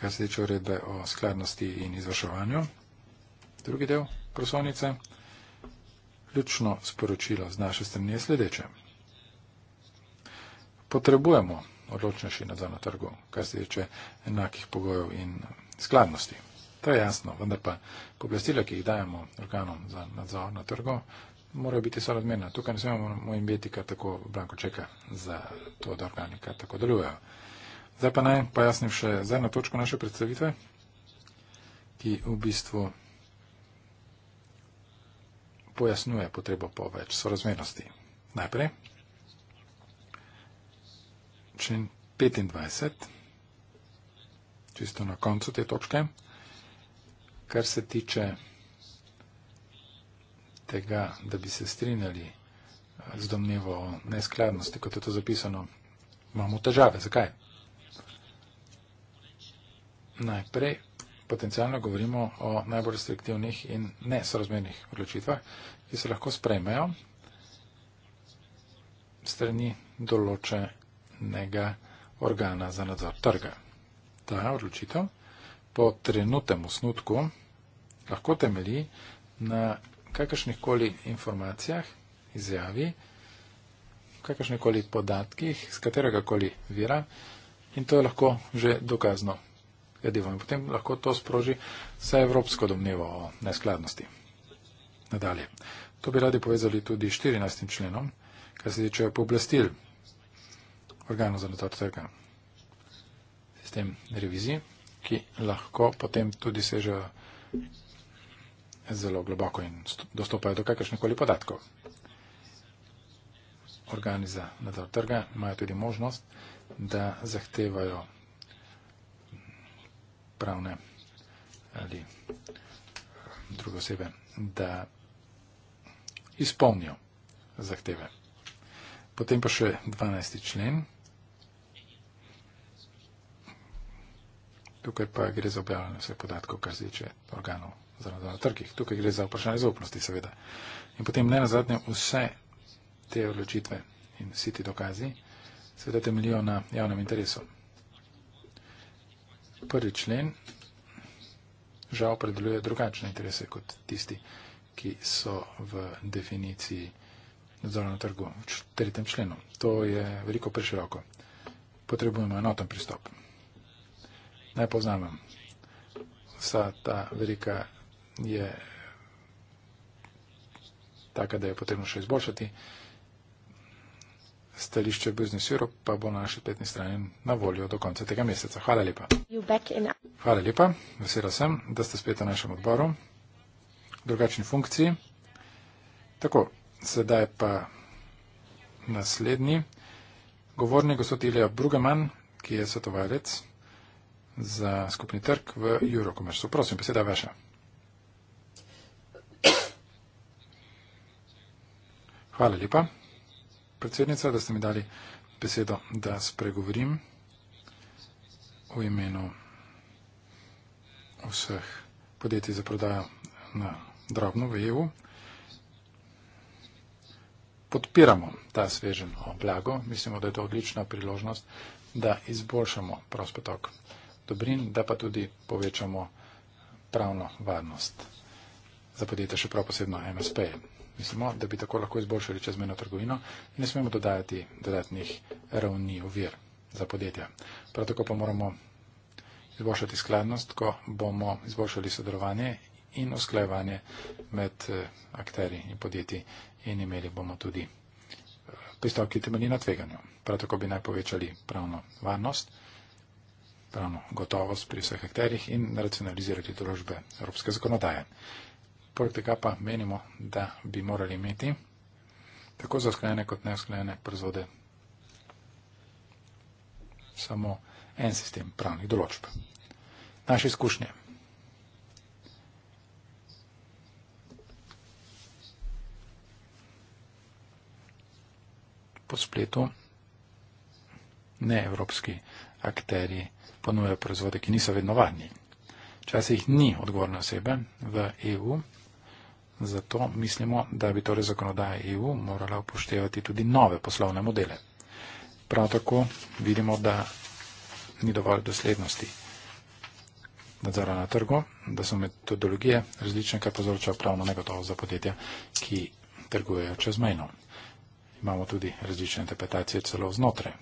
Speaker 3: kar se tiče uredbe o skladnosti in izvrševanju. Drugi del prosovnice. Ključno sporočilo z naše strani je sledeče. Potrebujemo odločnejši nadzor na trgu, kar se tiče enakih pogojev in skladnosti. To je jasno, vendar pa poblastila, ki jih dajemo organom za nadzor na trgu, morajo biti sorodmena. Tukaj ne smemo jim biti kar tako blanko čeka za to, da organi kar tako delujejo. Zdaj pa naj pojasnim še zadnjo točko naše predstavitve, ki v bistvu pojasnjuje potrebo po več sorazmernosti. Najprej, člen 25, čisto na koncu te točke, kar se tiče tega, da bi se strinjali eh, z domnevo o neskladnosti, kot je to zapisano, imamo težave. Zakaj? Najprej, potencialno govorimo o najbolj restriktivnih in nesorazmernih odločitvah, ki se lahko sprejmejo strani določenega organa za nadzor trga. Ta odločitev po trenutnem osnutku lahko temelji na kakršnih koli informacijah, izjavi, kakršnih koli podatkih, z katerega koli vira in to je lahko že dokazno kladivom. In potem lahko to sproži vse evropsko domnevo o neskladnosti. Nadalje. To bi radi povezali tudi 14. členom, kar se tiče pooblastil organov za nadzor trga. Sistem revizije, ki lahko potem tudi seže zelo globoko in dostopajo do kakršnekoli podatkov. Organi za nadzor trga imajo tudi možnost, da zahtevajo pravne ali druge osebe, da izpolnijo zahteve. Potem pa še 12. člen. Tukaj pa gre za objavljanje vseh podatkov, kar zdiče organov za nadzor na trgih. Tukaj gre za vprašanje zaupnosti, seveda. In potem ne nazadnje vse te odločitve in vsi ti dokazi, seveda temeljijo na javnem interesu prvi člen žal predeluje drugačne interese kot tisti, ki so v definiciji nadzora na trgu v tretjem členu. To je veliko preširoko. Potrebujemo enoten pristop. Naj poznamem. Vsa ta verika je taka, da je potrebno še izboljšati stališče Business Europe pa bo na naši petni strani na voljo do konca tega meseca. Hvala lepa. Hvala lepa, vesela sem, da ste spet na našem odboru, drugačni funkciji. Tako, sedaj pa naslednji govorni gospod Ilija Brugeman, ki je svetovalec za skupni trg v Eurocommerce. Prosim, beseda je vaša. Hvala lepa predsednica, da ste mi dali besedo, da spregovorim v imenu vseh podjetij za prodajo na drobno v EU. Podpiramo ta svežen blago. Mislimo, da je to odlična priložnost, da izboljšamo prospetok dobrin, da pa tudi povečamo pravno varnost za podjetje, še prav posebno MSP. -je mislimo, da bi tako lahko izboljšali čezmeno trgovino, ne smemo dodajati dodatnih ravni ovir za podjetja. Prav tako pa moramo izboljšati skladnost, ko bomo izboljšali sodelovanje in usklajevanje med eh, akteri in podjetji in imeli bomo tudi eh, pristop, ki temelji na tveganju. Prav tako bi naj povečali pravno varnost, pravno gotovost pri vseh akterih in racionalizirali določbe evropske zakonodaje poleg tega pa menimo, da bi morali imeti tako za sklene kot neusklene proizvode samo en sistem pravnih določb. Naše izkušnje. Po spletu neevropski akteri ponujajo proizvode, ki niso vedno varni. Včasih ni odgovorna osebe v EU, Zato mislimo, da bi torej zakonodaja EU morala upoštevati tudi nove poslovne modele. Prav tako vidimo, da ni dovolj doslednosti nadzora na trgu, da so metodologije različne, kar povzroča pravno negotovost za podjetja, ki trgujejo čezmejno. Imamo tudi različne interpretacije celo znotraj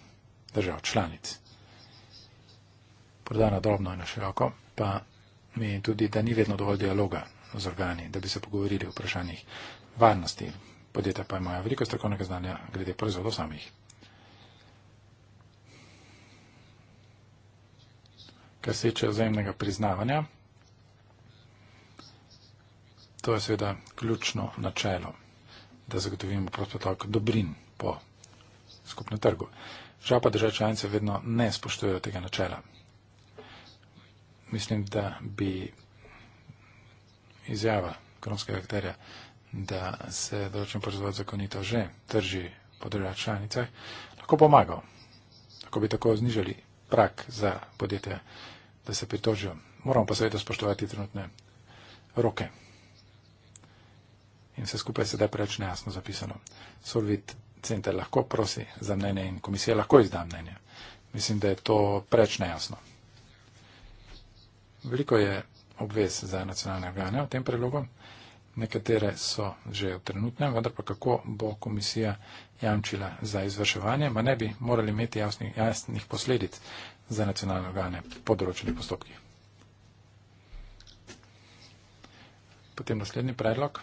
Speaker 3: držav članic. Prodana drobno in široko pa meni tudi, da ni vedno dovolj dialoga z organi, da bi se pogovorili o vprašanjih varnosti. Podjetja pa imajo veliko strokovnega znanja glede proizvodov samih. Kar se tiče vzajemnega priznavanja, to je seveda ključno načelo, da zagotovimo prostotok dobrin po skupnem trgu. Žal pa države članice vedno ne spoštujejo tega načela. Mislim, da bi izjava kronskega akterja, da se določen proizvod zakonito že trži po državah članicah, lahko pomagal. Lahko bi tako znižali prak za podjetja, da se pritožijo. Moramo pa seveda spoštovati trenutne roke. In vse skupaj je sedaj preveč nejasno zapisano. Solvit center lahko prosi za mnenje in komisija lahko izda mnenje. Mislim, da je to preveč nejasno. Veliko je obvez za nacionalne organe v tem predlogu. Nekatere so že v trenutnem, vendar pa kako bo komisija jamčila za izvrševanje, ma ne bi morali imeti jasnih, jasnih posledic za nacionalne organe po določenih postopkih. Potem naslednji predlog.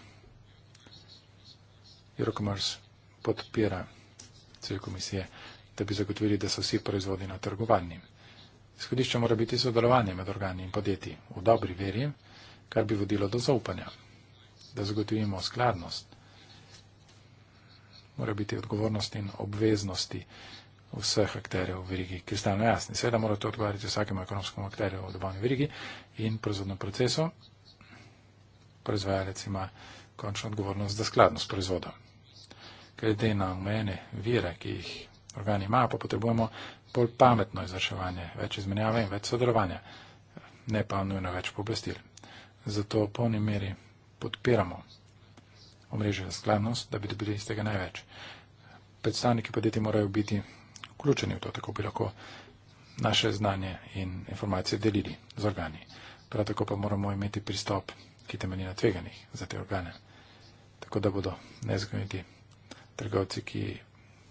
Speaker 3: Eurocommerce podpira cel komisije, da bi zagotovili, da so vsi proizvodi na trgovanjem. Izhodišče mora biti sodelovanje med organi in podjetji v dobri veri, kar bi vodilo do zaupanja, da zagotovimo skladnost. Mora biti odgovornost in obveznosti vseh akterjev v verigi kristalno jasni. Seveda mora to odgovarjati vsakemu ekonomskemu akterju v dobavni verigi in proizvodnem procesu. Proizvajalec ima končno odgovornost za skladnost proizvoda. Glede na omejene vire, ki jih organi imajo, pa potrebujemo bolj pametno izvrševanje, več izmenjave in več sodelovanja, ne pa nujno več pooblastil. Zato v polni meri podpiramo omrežje za skladnost, da bi dobili iz tega največ. Predstavniki podjetij morajo biti vključeni v to, tako bi lahko naše znanje in informacije delili z organi. Prav tako pa moramo imeti pristop, ki temelji na tveganjih za te organe, tako da bodo nezakoniti trgovci, ki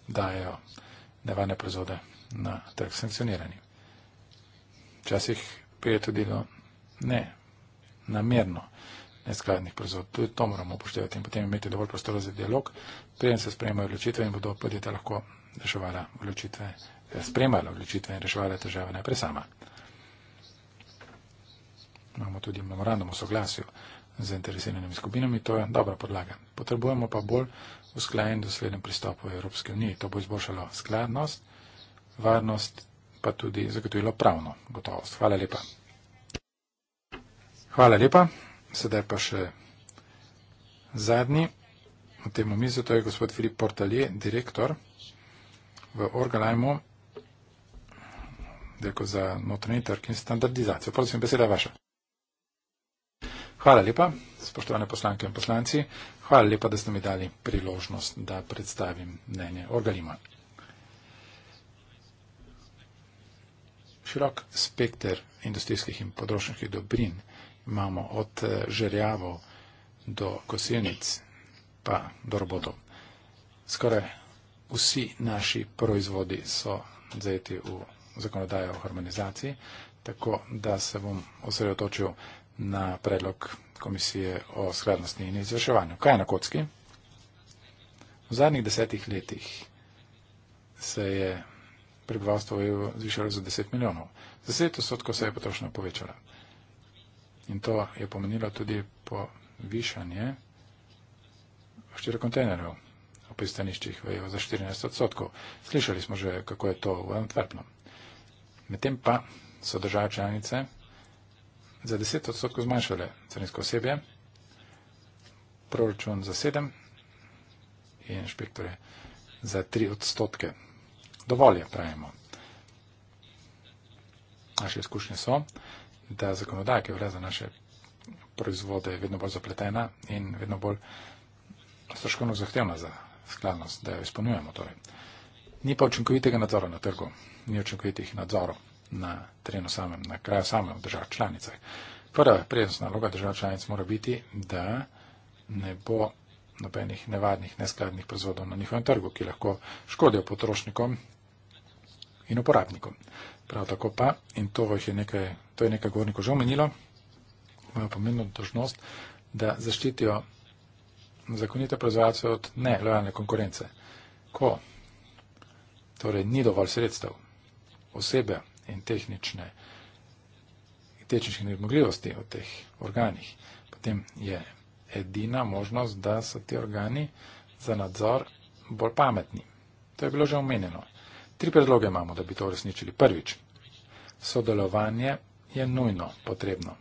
Speaker 3: dajo nevane proizvode na trg sankcioniranja. Včasih pride tudi do ne namerno neskladnih proizvodov. Tudi to moramo upoštevati in potem imeti dovolj prostora za dialog, preden se sprejemajo odločitve in bodo podjetja lahko reševala odločitve, eh, spremala odločitve in reševala težave najprej sama. Imamo tudi memorandum o soglasju z zainteresiranimi skupinami, to je dobra podlaga. Potrebujemo pa bolj usklajen dosleden pristop v Evropski uniji. To bo izboljšalo skladnost varnost, pa tudi zagotovilo pravno gotovost. Hvala lepa. Hvala lepa. Sedaj pa še zadnji v tem omizu, to je gospod Filip Portalje, direktor v Orgalajmu, deko za notranji trg in standardizacijo. Prosim, beseda je vaša. Hvala lepa, spoštovane poslanke in poslanci. Hvala lepa, da ste mi dali priložnost, da predstavim mnenje Orgalima. širok spekter industrijskih in področnih dobrin. Imamo od eh, žerjavov do kosilnic pa do robotov. Skoraj vsi naši proizvodi so zajeti v zakonodajo o harmonizaciji, tako da se bom osredotočil na predlog komisije o skladnosti in izvrševanju. Kaj je na kocki? V zadnjih desetih letih se je prebivalstvo v EU zvišalo za 10 milijonov. Za 10 odstotkov se je potrošnja povečala. In to je pomenilo tudi povišanje štiri kontejnerjev v pristaniščih v EU za 14 odstotkov. Slišali smo že, kako je to v Antwerpnu. Medtem pa so države članice za 10 odstotkov zmanjšale carinsko osebje, proračun za 7 in inšpektore za 3 odstotke dovolj je, pravimo. Naše izkušnje so, da zakonodaja, ki vleza naše proizvode, je vedno bolj zapletena in vedno bolj stroškovno zahtevna za skladnost, da jo izpolnjujemo. Torej. Ni pa učinkovitega nadzora na trgu, ni učinkovitih nadzorov na terenu samem, na kraju samem v državah članicah. Prva prednostna naloga držav članic mora biti, da ne bo nobenih nevadnih, neskladnih proizvodov na njihovem trgu, ki lahko škodijo potrošnikom in uporabnikom. Prav tako pa, in to je nekaj, to je nekaj govornikov že omenilo, imajo pomembno dožnost, da zaščitijo zakonite proizvajalce od nelojalne konkurence. Ko torej ni dovolj sredstev, osebe in tehnične, tehničnih nezmogljivosti v teh organih, potem je edina možnost, da so ti organi za nadzor bolj pametni. To je bilo že omenjeno. Tri predloge imamo, da bi to uresničili. Prvič, sodelovanje je nujno potrebno.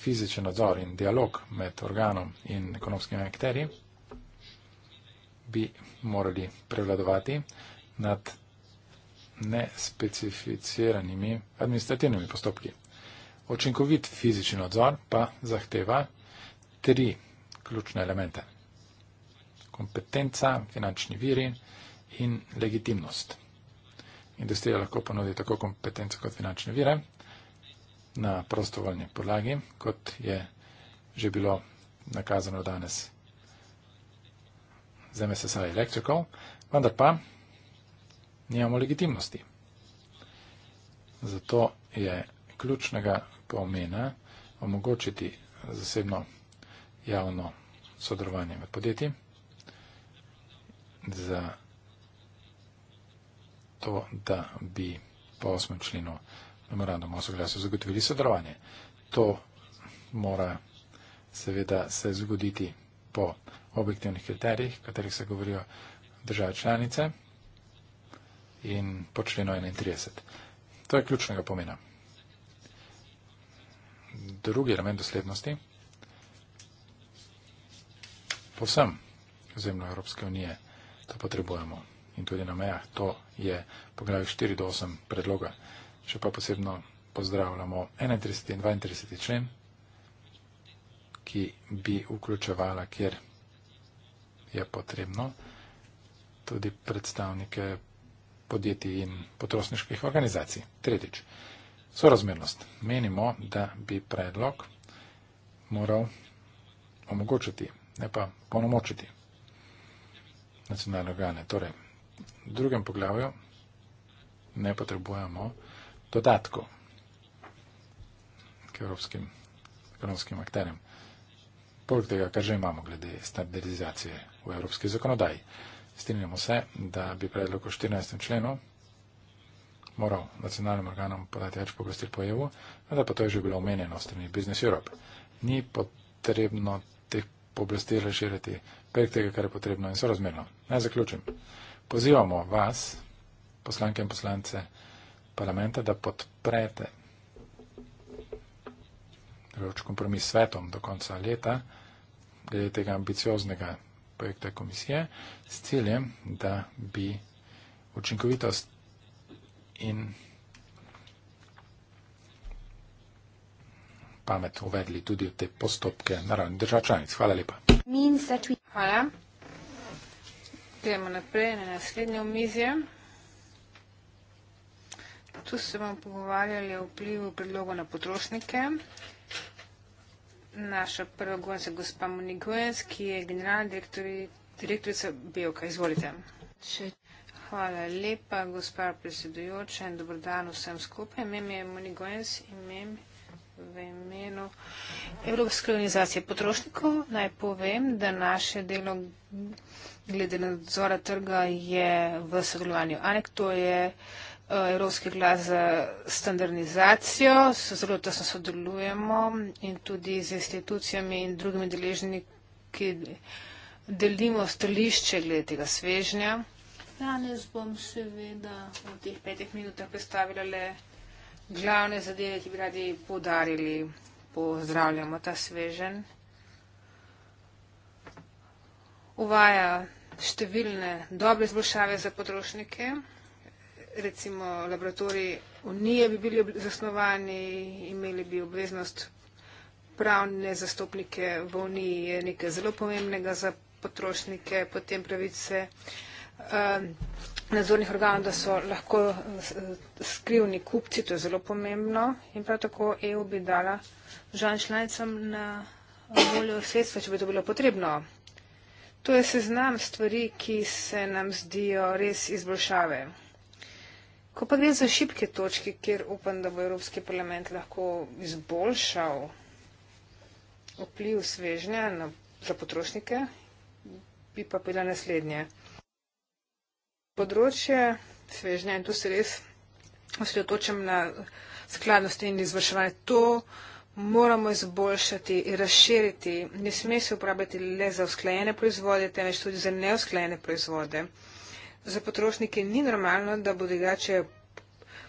Speaker 3: Fizičen nadzor in dialog med organom in ekonomskimi akterji bi morali prevladovati nad nespecificiranimi administrativnimi postopki. Očinkovit fizični nadzor pa zahteva tri ključne elemente. Kompetenca, finančni viri in legitimnost industrija lahko ponudi tako kompetence kot finančne vire na prostovoljni podlagi, kot je že bilo nakazano danes z MSSA Electrical, vendar pa nimamo legitimnosti. Zato je ključnega pomena omogočiti zasebno javno sodelovanje med podjetji za to, da bi po 8. členu memorandumu o soglasju zagotovili sodelovanje. To mora seveda se zgoditi po objektivnih kriterijih, katerih se govorijo države članice in po členu 31. To je ključnega pomena. Drugi element doslednosti, povsem zemljo Evropske unije, to potrebujemo in tudi na mejah. To je poglavje 4 do 8 predloga. Še pa posebno pozdravljamo 31 in 32 člen, ki bi vključevala, kjer je potrebno, tudi predstavnike podjetij in potrošniških organizacij. Tretjič, sorazmernost. Menimo, da bi predlog moral omogočiti, ne pa ponomočiti nacionalne organe, torej v drugem poglavju ne potrebujemo dodatkov k evropskim ekonomskim akterjem. Poleg tega, kar že imamo glede standardizacije v evropski zakonodaji, strinjamo se, da bi predlog o 14. členu moral nacionalnim organom podati več pogostil po EU, vendar pa to je že bilo omenjeno strani Business Europe. Ni potrebno teh pooblastil razširiti prek tega, kar je potrebno in sorazmerno. Naj zaključim. Pozivamo vas, poslanke in poslance parlamenta, da podprete reč kompromis s svetom do konca leta glede tega ambicioznega projekta komisije s ciljem, da bi učinkovitost in pamet uvedli tudi v te postopke na ravni držav članic. Hvala lepa.
Speaker 1: Hvala gremo naprej na naslednje omizje. Tu se bomo pogovarjali o vplivu predlogo na potrošnike. Naša prva govornica je gospa Moni Gojens, ki je generalna direktorica Bioka. Izvolite. Hvala lepa, gospa predsedujoča in dobrodan vsem skupaj. Meme je Moni Gojens in meme v imenu Evropske organizacije potrošnikov. Naj povem, da naše delo glede nadzora trga je v sodelovanju ANEK, to je eh, Evropski glas za standardizacijo, zelo tesno sodelujemo in tudi z institucijami in drugimi deležniki delimo stališče glede tega svežnja. Danes bom seveda v teh petih minutah predstavila le glavne zadeve, ki bi radi podarili, pozdravljamo ta svežen. Uvaja številne dobre zboljšave za potrošnike, recimo laboratoriji Unije bi bili zasnovani, imeli bi obveznost pravne zastopnike v Uniji, je nekaj zelo pomembnega za potrošnike, potem pravice. Uh, nadzornih organov, da so lahko eh, skrivni kupci, to je zelo pomembno. In prav tako EU bi dala državam članicam na voljo sredstva, če bi to bilo potrebno. To je seznam stvari, ki se nam zdijo res izboljšave. Ko pa gre za šibke točke, kjer upam, da bo Evropski parlament lahko izboljšal vpliv svežnja na, za potrošnike, bi pa bila naslednje področje svežnja in tu se res osredotočam na skladnost in izvrševanje. To moramo izboljšati in razširiti. Ne sme se uporabljati le za usklajene proizvode, temveč tudi za neusklajene proizvode. Za potrošnike ni normalno, da bodo igrače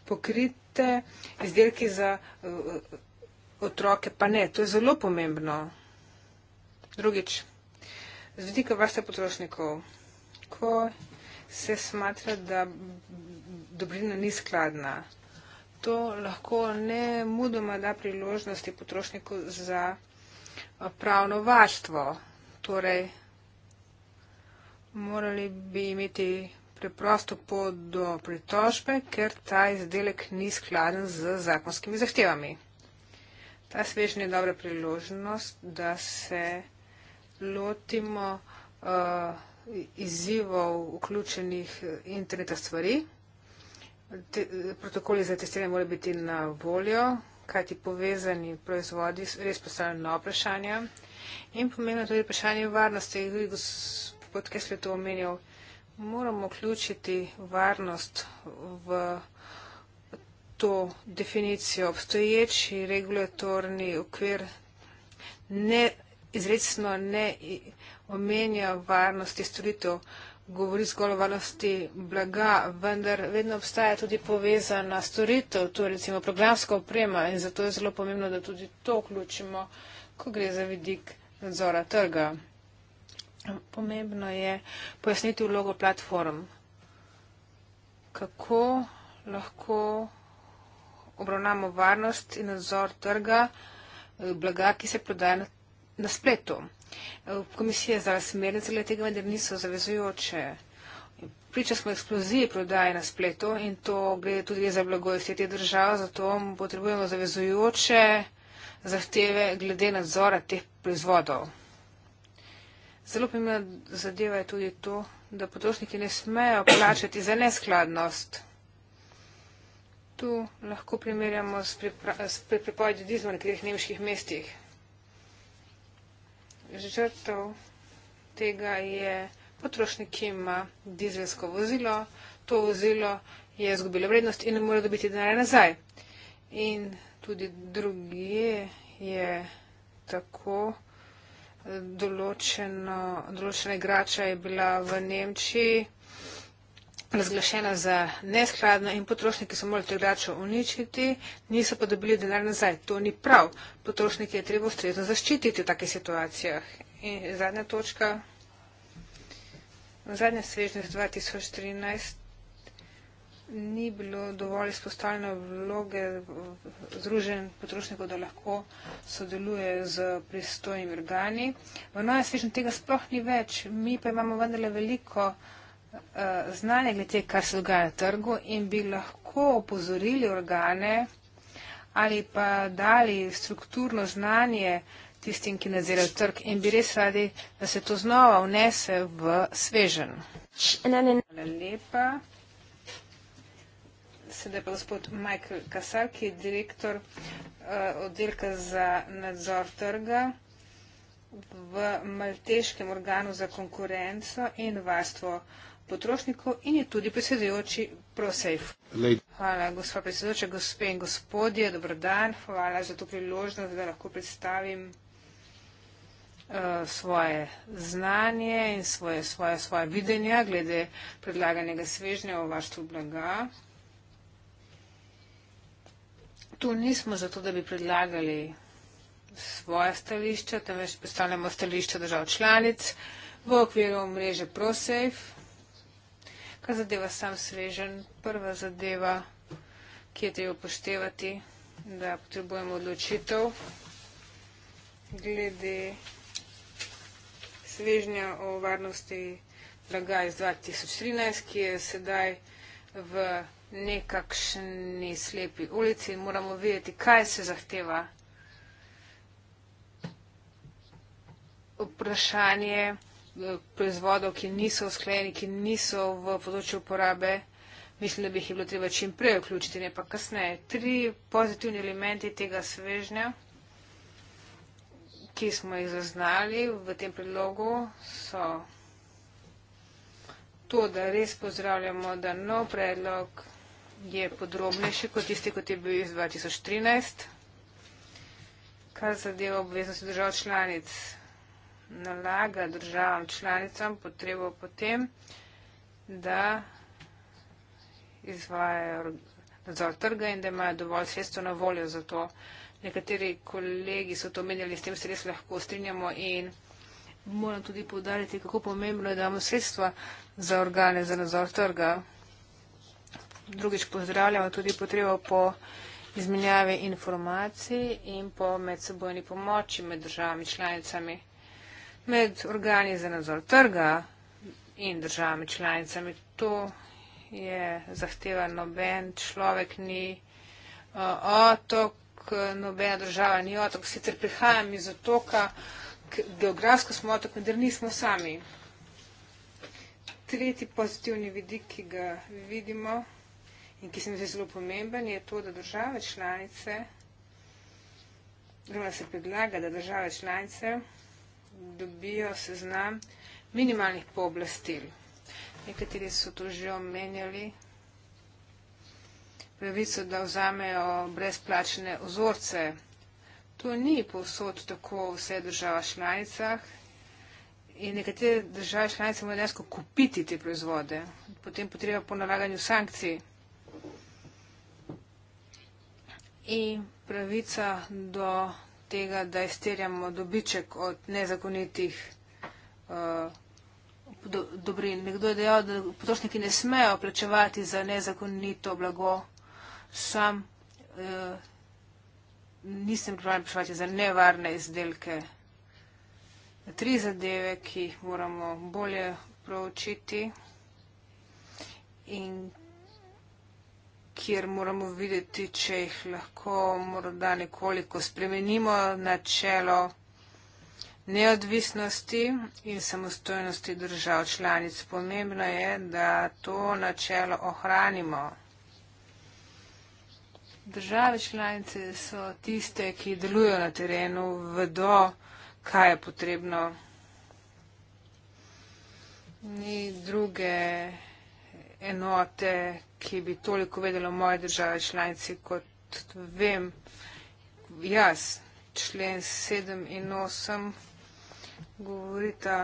Speaker 1: pokrite izdelki za uh, uh, otroke, pa ne. To je zelo pomembno. Drugič, z vidika varstva potrošnikov, ko se smatra, da dobrina ni skladna. To lahko ne mudoma da priložnosti potrošniku za eh, pravno varstvo. Torej, morali bi imeti preprosto pot do pritožbe, ker ta izdelek ni skladen z zakonskimi zahtevami. Ta svežnja je dobra priložnost, da se lotimo uh, izzivov vključenih interneta stvari. Te, protokoli za testiranje morajo biti na voljo, kajti povezani proizvodi res postavljajo na vprašanja. In pomembno tudi vprašanje varnosti. Tudi gospod Kesler to omenjal. Moramo vključiti varnost v to definicijo. Obstoječi regulatorni okvir ne, izredno ne omenja varnosti storitev, govori zgolj o varnosti blaga, vendar vedno obstaja tudi povezana storitev, to je recimo programska oprema in zato je zelo pomembno, da tudi to vključimo, ko gre za vidik nadzora trga. Pomembno je pojasniti vlogo platform. Kako lahko obravnamo varnost in nadzor trga eh, blaga, ki se prodaja na, na spletu komisije za smernice glede tega, vendar niso zavezujoče. Priča smo eksploziji prodaje na spletu in to gre tudi za blago iz tretjih držav, zato potrebujemo zavezujoče zahteve glede nadzora teh proizvodov. Zelo pomembna zadeva je tudi to, da potrošniki ne smejo plačati za neskladnost. Tu lahko primerjamo s, pripra s pripravedjo dizmon, ki je v nemških mestih žrtev tega je potrošnik, ki ima dizelsko vozilo. To vozilo je izgubilo vrednost in ne more dobiti denarja nazaj. In tudi druge je tako določeno, določena igrača je bila v Nemčiji razglašena za neskladno in potrošniki so morali to igračo uničiti, niso pa dobili denar nazaj. To ni prav. Potrošnike je treba ustrezno zaščititi v takih situacijah. In zadnja točka, zadnja svežnja z 2013, ni bilo dovolj izpostavljeno vloge združen potrošnikov, da lahko sodeluje z pristojnimi organi. V novem svežnju tega sploh ni več, mi pa imamo vendarle veliko Eh, znanje glede, kar se dogaja na trgu in bi lahko opozorili organe ali pa dali strukturno znanje tistim, ki nadzirajo trg in bi res radi, da se to znova vnese v svežen. Hvala lepa. Sedaj pa gospod Michael Kasar, ki je direktor uh, oddelka za nadzor trga v Malteškem organu za konkurenco in varstvo. Uh, potrošnikov in je tudi predsedujoči ProSafe. Lej. Hvala, gospod predsedujoči, gospe in gospodje, dobr dan. Hvala za to priložnost, da lahko predstavim eh, svoje znanje in svoje, svoje, svoje videnja glede predlaganega svežnja v vaštvu blaga. Tu nismo zato, da bi predlagali svoje stališče, temveč predstavljamo stališče držav članic v okviru mreže ProSafe. Kaj zadeva sam svežen? Prva zadeva, ki je treba upoštevati, da potrebujemo odločitev glede svežnja o varnosti blaga iz 2013, ki je sedaj v nekakšni slepi ulici in moramo vedeti, kaj se zahteva. Vprašanje je, proizvodov, ki niso usklajeni, ki niso v področju uporabe, mislim, da bi jih bilo treba čim prej vključiti, ne pa kasneje. Tri pozitivni elementi tega svežnja, ki smo jih zaznali v tem predlogu, so to, da res pozdravljamo, da nov predlog je podrobnejši kot tisti, kot je bil iz 2013. Kar zadeva obveznosti držav članic, nalaga državam članicam potrebo potem, da izvajajo nadzor trga in da imajo dovolj sredstva na voljo za to. Nekateri kolegi so to omenjali, s tem se res lahko strinjamo in moram tudi povdariti, kako pomembno je, da imamo sredstva za organe za nadzor trga. Drugič pozdravljamo tudi potrebo po izmenjavi informacij in po medsebojni pomoči med državami članicami med organi za nadzor trga in državami članicami. To je zahteva noben človek ni uh, otok, nobena država ni otok. Sicer prihajam iz otoka, geografsko smo otok, vendar nismo sami. Tretji pozitivni vidik, ki ga vidimo in ki se mi zdi zelo pomemben, je to, da države članice, oziroma se predlaga, da države članice dobijo seznam minimalnih pooblastil. Nekateri so to že omenjali, pravico, da vzamejo brezplačne ozorce. To ni povsod tako v vseh državah članicah in nekatere države članice morajo dejansko kupiti te proizvode, potem potreba po nalaganju sankcij. In pravica do tega, da izterjamo dobiček od nezakonitih uh, do, dobrin. Nekdo je dejal, da potrošniki ne smejo plačevati za nezakonito blago. Sam uh, nisem pripravljen plačevati za nevarne izdelke. Tri zadeve, ki jih moramo bolje proučiti in kjer moramo videti, če jih lahko morda nekoliko spremenimo načelo neodvisnosti in samostojnosti držav članic. Pomembno je, da to načelo ohranimo. Države članice so tiste, ki delujejo na terenu, vedo, kaj je potrebno. Ni druge enote, ki bi toliko vedelo o moje države članici, kot vem jaz, člen 7 in 8, govorita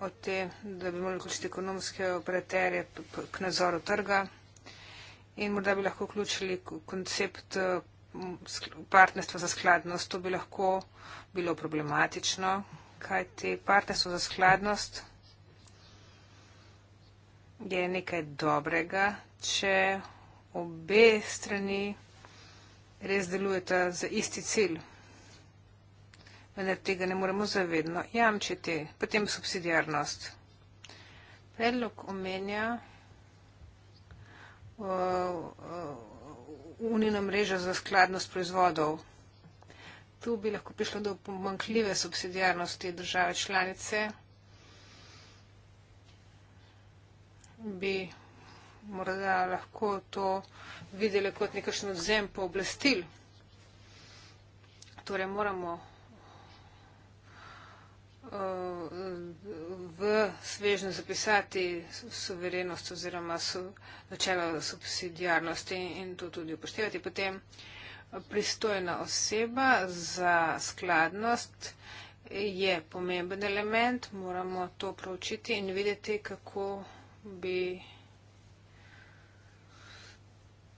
Speaker 1: o tem, da bi morali vključiti ekonomske operaterje k nazoru trga in morda bi lahko vključili koncept partnerstva za skladnost. To bi lahko bilo problematično, kajti partnerstvo za skladnost je nekaj dobrega, če obe strani res delujeta za isti cilj. Vendar tega ne moremo zavedno jamčiti. Potem subsidijarnost. Predlog omenja unino mrežo za skladnost proizvodov. Tu bi lahko prišlo do pomankljive subsidijarnosti države članice. bi morda lahko to videli kot nekakšen odzem pooblastil. Torej moramo eh, v svežnju zapisati suverenost oziroma načelo subsidijarnosti in to tudi upoštevati. Potem eh, pristojna oseba za skladnost je pomemben element, moramo to pravčiti in videti, kako bi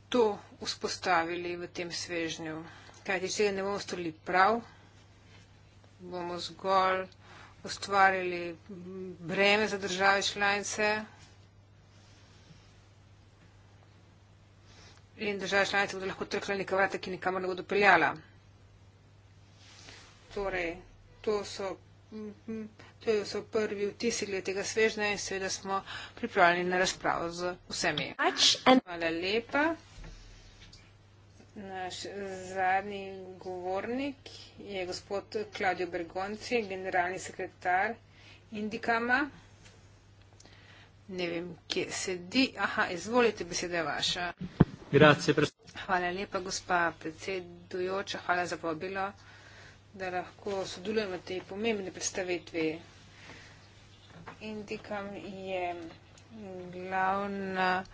Speaker 1: to vzpostavili v tem svežnju. Kajti, če ga ne bomo storili prav, bomo zgolj ustvarili breme za države članice. In države članice bodo lahko trkle neka vrata, ki nikamor ne bodo peljala. Torej, to so To so prvi vtisi glede tega svežnja in seveda smo pripravljeni na razpravo z vsemi. Hvala lepa. Naš zadnji govornik je gospod Klaudijo Bergonci, generalni sekretar Indikama. Ne vem, kje sedi. Aha, izvolite, beseda je vaša. Grazie, hvala lepa, gospa predsedujoča. Hvala za povabilo, da lahko sodelujemo v tej pomembni predstavitvi Indika je glavna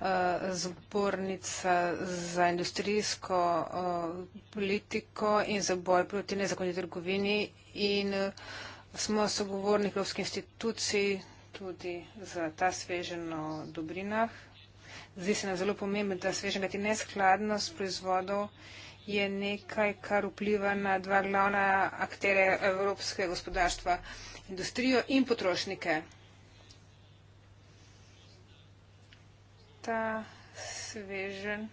Speaker 1: uh, zbornica za industrijsko uh, politiko in za boj proti nezakoniti trgovini in uh, smo sogovorni evropskih institucij tudi za ta svežen o dobrinah. Zdi se nam zelo pomembno, da svežen je ti neskladnost proizvodov. Uh, je nekaj, kar vpliva na dva glavna akterja evropskega gospodarstva, industrijo in potrošnike. Ta svežen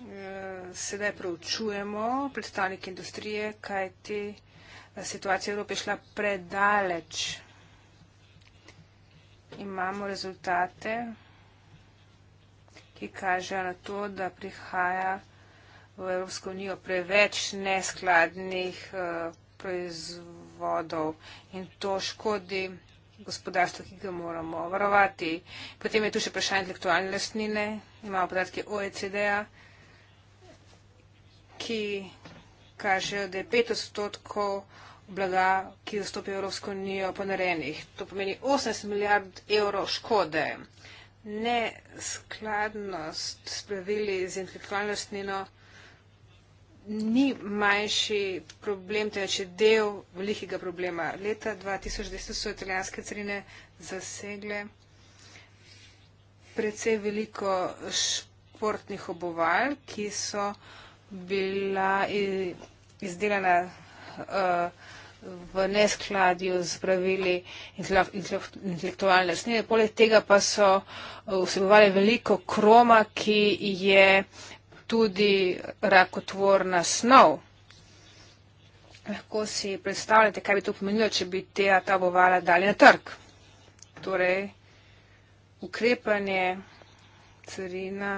Speaker 1: eh, sedaj preučujemo predstavniki industrije, kaj ti situacija Evrope je šla predaleč. Imamo rezultate, ki kažejo na to, da prihaja vsega, v Evropsko unijo preveč neskladnih uh, proizvodov in to škodi gospodarstvo, ki ga moramo varovati. Potem je tu še vprašanje intelektualne lastnine. Imamo podatke OECD-a, ki kažejo, da je 5 odstotkov blaga, ki vstopi v Evropsko unijo, ponarenih. To pomeni 80 milijard evrov škode. Neskladnost s pravili z intelektualno lastnino ni manjši problem, temveč je del velikega problema. Leta 2010 so italijanske carine zasegle precej veliko športnih oboval, ki so bila izdelana uh, v neskladju z pravili intelektualne snemi. Poleg tega pa so eh, vsebovali veliko kroma, ki je uh, tudi rakotvorna snov. Lahko si predstavljate, kaj bi to pomenilo, če bi te ta bovala dali na trg. Torej, ukrepanje carina,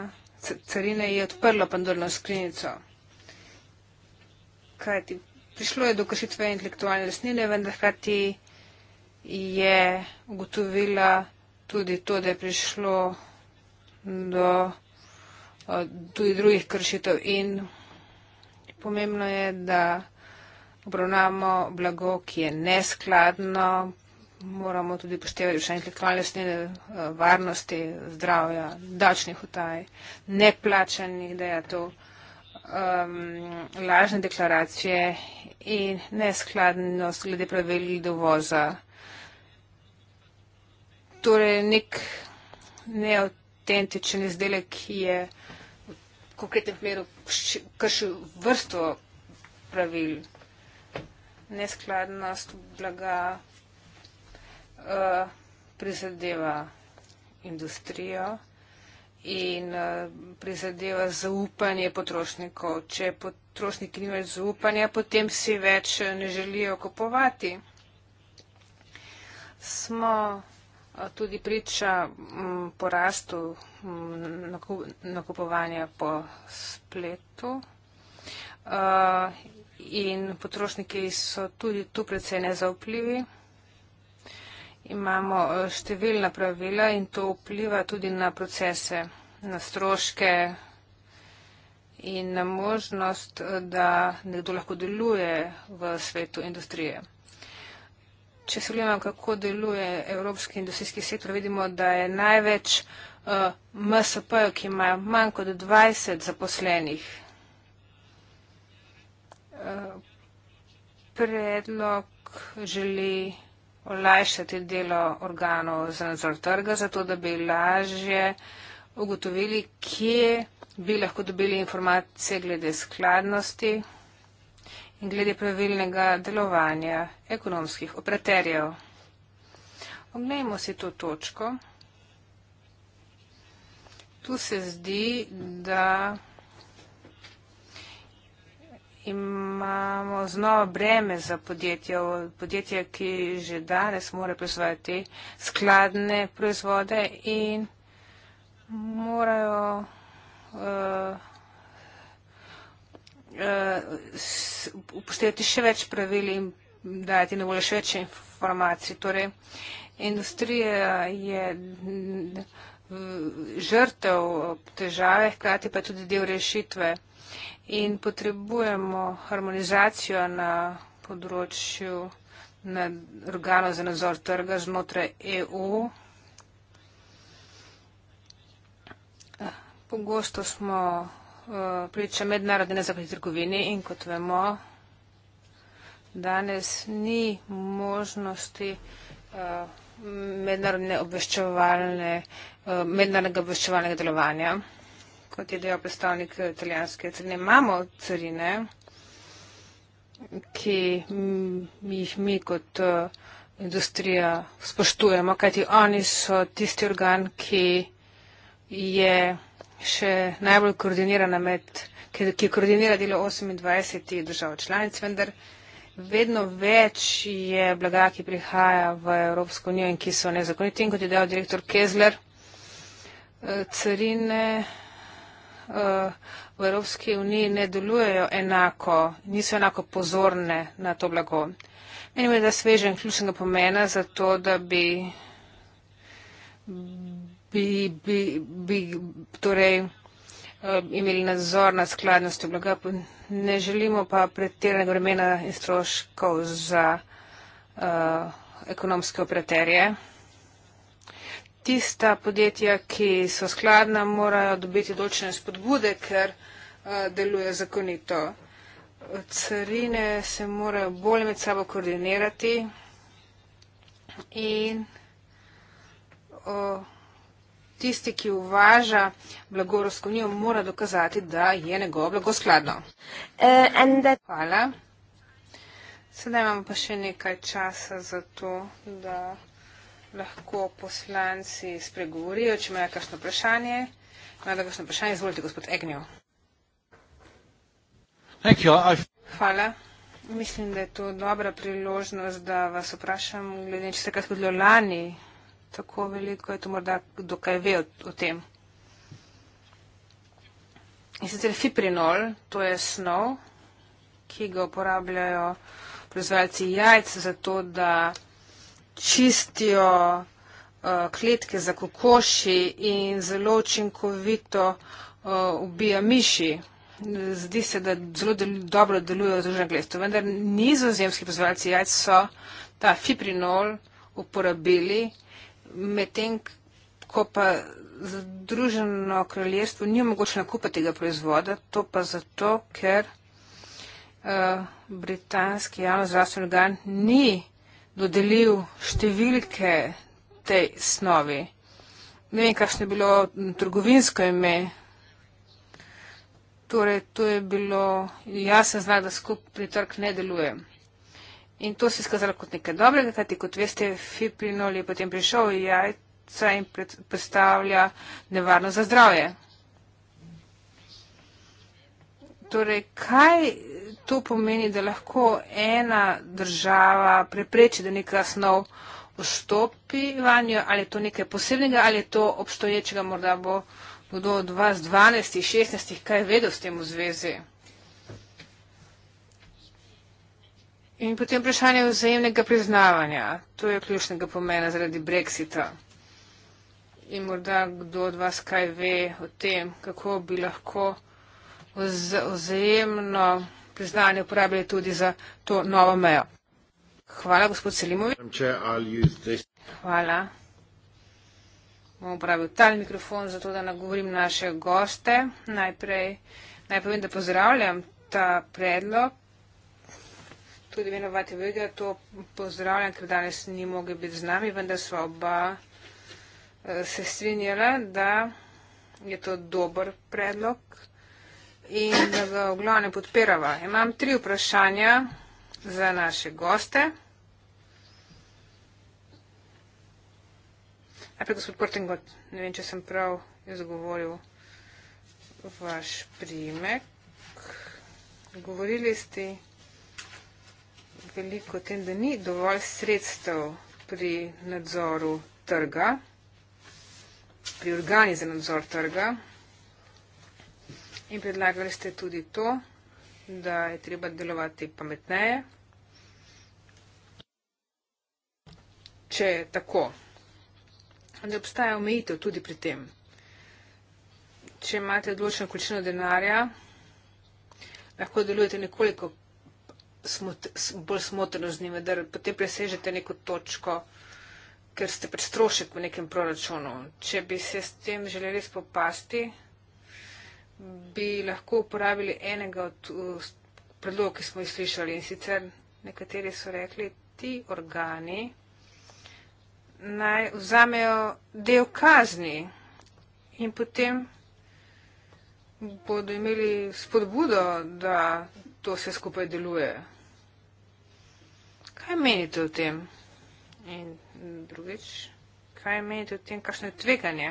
Speaker 1: carina je odprlo pandorno skrinjico. Kajti, prišlo je do kršitve intelektualne lasnine, vendar hkrati je ugotovila tudi to, da je prišlo do tudi drugih kršitev. In pomembno je, da obravnavamo blago, ki je neskladno, moramo tudi poštevati vse intelektualne osnovne varnosti, zdravja, davčnih utaj, neplačanih dejatov, um, lažne deklaracije in neskladnost glede pravil dovoza. Torej, nek neautentičen izdelek, ki je konkretnem primeru kršil vrsto pravil, neskladnost blaga uh, prizadeva industrijo in uh, prizadeva zaupanje potrošnikov. Če potrošniki nimajo zaupanja, potem si več ne želijo kupovati. Smo tudi priča mm, porastu mm, nakupovanja po spletu. Uh, in potrošniki so tudi tu precej nezaupljivi. Imamo uh, številna pravila in to vpliva tudi na procese, na stroške in na možnost, uh, da nekdo lahko deluje v svetu industrije če se gledamo, kako deluje Evropski industrijski sektor, vidimo, da je največ uh, eh, MSP-jev, ki imajo manj kot 20 zaposlenih. Eh, predlog želi olajšati delo organov za nadzor trga, zato da bi lažje ugotovili, kje bi lahko dobili informacije glede skladnosti in glede pravilnega delovanja ekonomskih operaterjev. Omnejmo si to točko. Tu se zdi, da imamo znova breme za podjetje, podjetje, ki že danes mora proizvajati skladne proizvode in morajo uh, uh, upoštevati še več pravil in dajati na voljo še več informacij. Torej, industrija je eh, žrtev težave, hkrati pa tudi del rešitve. In potrebujemo harmonizacijo na področju na organov za nadzor trga znotraj EU. Eh, pogosto smo Eh, priča mednarodne nezakonite trgovine in kot vemo, danes ni možnosti eh, mednarodne obveščevalne, eh, mednarodnega obveščevalnega delovanja, kot je dejal predstavnik italijanske carine. Imamo carine, ki jih mi kot industrija spoštujemo, kajti oni so tisti organ, ki je še najbolj koordinirana med, ki, ki koordinira delo 28 držav članic, vendar vedno več je blaga, ki prihaja v Evropsko unijo in ki so nezakoniti. In kot je dejal direktor Kezler, eh, carine eh, v Evropski uniji ne delujejo enako, niso enako pozorne na to blago. Menim, da sveže in ključnega pomena za to, da bi bi, bi, bi torej, eh, imeli nadzor nad skladnostjo blaga, ne želimo pa pretiranega vremena in stroškov za uh, ekonomske operaterje. Tista podjetja, ki so skladna, morajo dobiti določene spodbude, ker uh, deluje zakonito. Carine se morajo bolj med sabo koordinirati in uh, tisti, ki uvaža blago Evropske unije, mora dokazati, da je njegovo blago skladno. Uh, that... Hvala. Sedaj imamo pa še nekaj časa za to, da lahko poslanci spregovorijo, če imajo kakšno vprašanje. Imajo kakšno vprašanje? Izvolite, gospod Egnjo. Hvala. Mislim, da je to dobra priložnost, da vas vprašam, glede če ste kaj zgodilo lani, tako veliko, je to morda dokaj ve o, o tem. In sicer fiprinol, to je snov, ki ga uporabljajo proizvajalci jajc za to, da čistijo uh, kletke za kokoši in zelo učinkovito uh, ubija miši. Zdi se, da zelo del, dobro delujejo združene kletke. Vendar nizozemski proizvajalci jajc so ta fiprinol uporabili medtem ko pa Združeno kraljestvo ni omogočeno kupiti tega proizvoda, to pa zato, ker uh, britanski javno zdravstveni organ ni dodelil številke tej snovi. Ne vem, kakšno je bilo trgovinsko ime. Torej, to je bilo jasen znak, da skupni trg ne deluje. In to se je skazalo kot nekaj dobrega, kajti kot veste, fipinol je potem prišel v jajca in pred, predstavlja nevarno za zdravje. Torej, kaj to pomeni, da lahko ena država prepreči, da neka snov vstopi vanjo, ali je to nekaj posebnega, ali je to obstoječega, morda bo kdo od vas 12, 16, kaj vedel s tem v zvezi? In potem vprašanje vzajemnega priznavanja. To je ključnega pomena zaradi brexita. In morda kdo od vas kaj ve o tem, kako bi lahko vzajemno priznanje uporabljali tudi za to novo mejo. Hvala, gospod Selimovič. Hvala. Bom uporabil tal mikrofon, zato da nagovorim naše goste. Najprej naj povem, da pozdravljam ta predlog tudi imenovati Vega, to pozdravljam, ker danes ni mogel biti z nami, vendar sva oba eh, se strinjala, da je to dober predlog in da ga v glavnem podpirava. Imam tri vprašanja za naše goste. Najprej gospod Portingot, ne vem, če sem prav izgovoril vaš primek. Govorili ste veliko o tem, da ni dovolj sredstev pri nadzoru trga, pri organi za nadzor trga. In predlagali ste tudi to, da je treba delovati pametneje. Če je tako, da obstaja omejitev tudi pri tem. Če imate odločeno količino denarja, lahko delujete nekoliko smot, bolj smotrno z njimi, da potem presežete neko točko, ker ste pač strošek v nekem proračunu. Če bi se s tem želeli spopasti, bi lahko uporabili enega od uh, predlogov, ki smo jih slišali in sicer nekateri so rekli, ti organi naj vzamejo del kazni in potem bodo imeli spodbudo, da to vse skupaj deluje kaj menite o tem? In drugič, kaj menite o tem, kakšno je tveganje?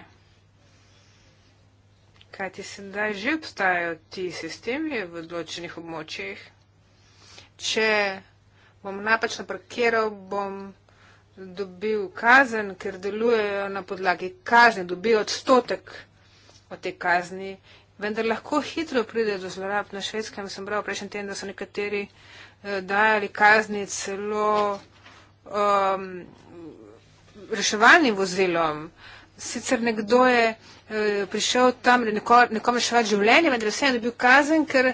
Speaker 1: Kaj ti sedaj že obstajajo ti sistemi v odločenih območjih? Če bom napačno parkiral, bom dobil kazen, ker delujejo na podlagi kazni, dobijo odstotek od te kazni, vendar lahko hitro pride do zlorab. Na švedskem sem bral prejšnji teden, da so nekateri dajali kazni celo um, reševalnim vozilom. Sicer nekdo je uh, prišel tam neko, nekom reševati življenje, vendar vse je dobil kazen, ker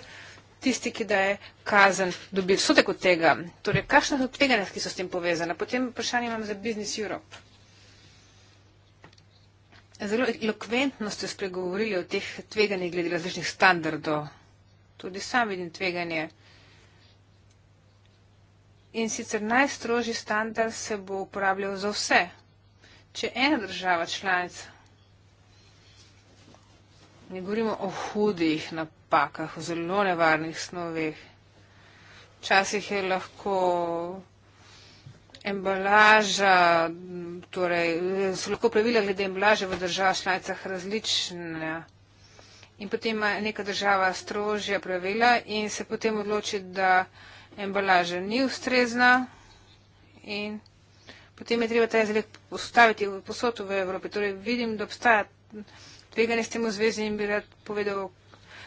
Speaker 1: tisti, ki da je kazen, dobi sodek od tega. Torej, kakšne so tveganja, ki so s tem povezane? Potem vprašanje imam za Business Europe. Zelo elokventno ste spregovorili o teh tveganjih glede različnih standardov. Tudi sam vidim tveganje. In sicer najstrožji standard se bo uporabljal za vse. Če ena država članica, ne govorimo o hudih napakah, o zelo nevarnih snoveh, včasih je lahko embalaža, torej so lahko pravila glede embalaže v državah članicah različna. In potem ima neka država strožja pravila in se potem odloči, da embalaža ni ustrezna in potem je treba ta izdelek postaviti v posodo v Evropi. Torej vidim, da obstaja tveganje s tem v zvezi in bi rad povedal,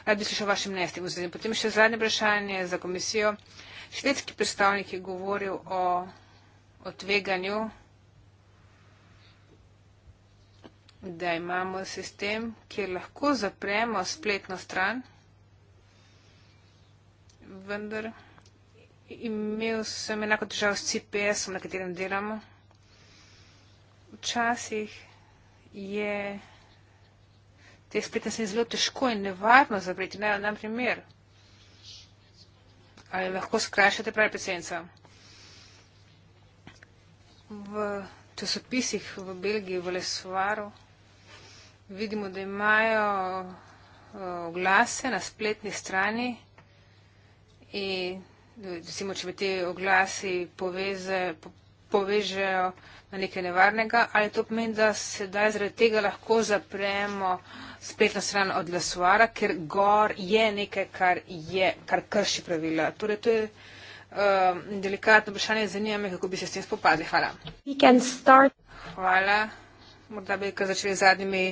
Speaker 1: rad bi slišal vaše mnenje s tem v zvezi. Potem še zadnje vprašanje za komisijo. Švedski predstavnik je govoril o, o tveganju, da imamo sistem, kjer lahko zapremo spletno stran, vendar imel sem enako težavo s CPS-om, na katerem delamo. Včasih je te spletne strani zelo težko in nevarno zapreti. Naj nam primer. Ali lahko skrajšate pravi predsednica? V časopisih v Belgiji, v Lesovaru, vidimo, da imajo eh, oglase na spletni strani in recimo, če bi ti oglasi poveze, po, povežejo na nekaj nevarnega, ali to pomeni, da se da zaradi tega lahko zapremo spletno stran od lasuara, ker gor je nekaj, kar, je, kar krši pravila. Torej, to je um, delikatno vprašanje, zanima me, kako bi se s tem spopadli. Hvala. Hvala. Morda bi kar začeli z zadnjimi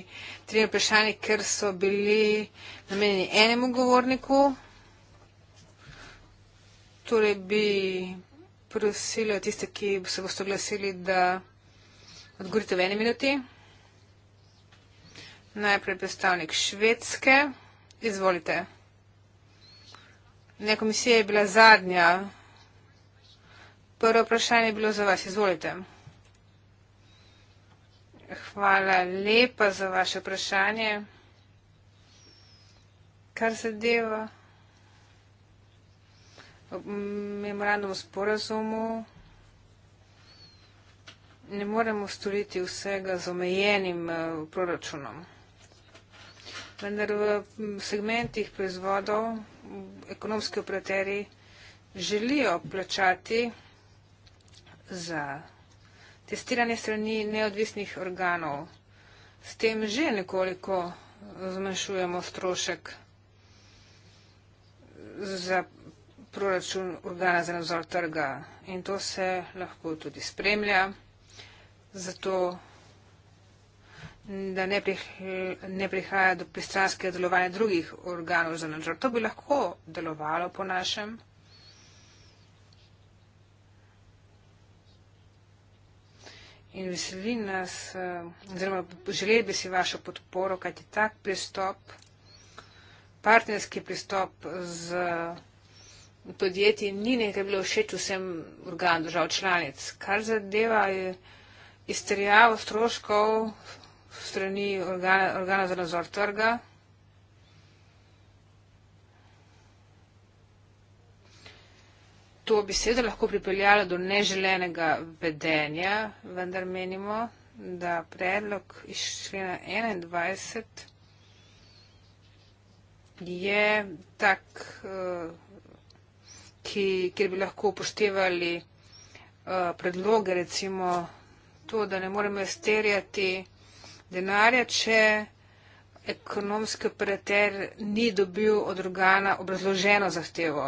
Speaker 1: tremi vprašanji, ker so bili namenjeni enemu govorniku. Torej bi prosila tiste, ki se boste oglasili, da odgovorite v eni minuti. Najprej predstavnik Švedske. Izvolite. Ne, komisija je bila zadnja. Prvo vprašanje je bilo za vas. Izvolite. Hvala lepa za vaše vprašanje. Kar zadeva. Deva memorandum sporazumu. Ne moremo storiti vsega z omejenim eh, proračunom. Vendar v segmentih proizvodov ekonomski operateri želijo plačati za testiranje strani neodvisnih organov. S tem že nekoliko zmanjšujemo strošek za proračun organa za nadzor trga in to se lahko tudi spremlja, zato da ne, prih, ne prihaja do pristranskega delovanja drugih organov za nadzor. To bi lahko delovalo po našem. In veseli nas, eh, oziroma želeli bi si vašo podporo, kajti tak pristop, partnerski pristop z podjetij ni nekaj bilo všeč vsem organom držav članic. Kar zadeva je eh, izterjavo stroškov strani organa, organa za nadzor trga. To bi seveda lahko pripeljalo do neželenega vedenja, vendar menimo, da predlog iz člena 21 je tak uh, ki, kjer bi lahko upoštevali uh, predloge, recimo to, da ne moremo izterjati denarja, če ekonomski operater ni dobil od organa obrazloženo zahtevo.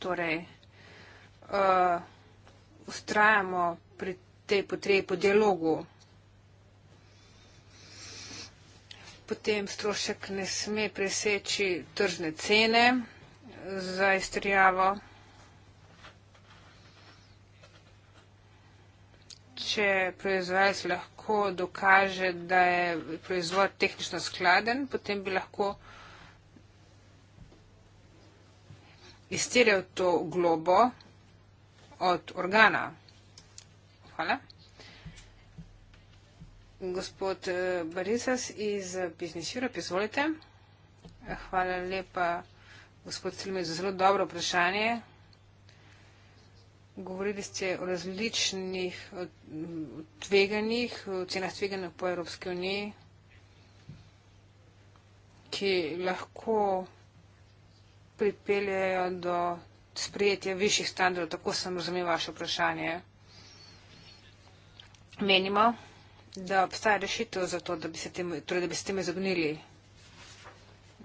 Speaker 1: Torej, uh, eh, ustrajamo pri tej potrebi po dialogu. Potem strošek ne sme preseči tržne cene za izstrijavo. Če proizvajalec lahko dokaže, da je proizvod tehnično skladen, potem bi lahko izstrijal to globo od organa. Hvala. Gospod eh, Barisas iz Business Europe, izvolite. Hvala lepa gospod Silmej, za zelo dobro vprašanje. Govorili ste o različnih tveganjih, o cenah tveganja po Evropske unije, ki lahko pripeljajo do sprejetja višjih standardov, tako sem razumel vaše vprašanje. Menimo, da obstaja rešitev za to, da bi se temu, torej, da bi se temu izognili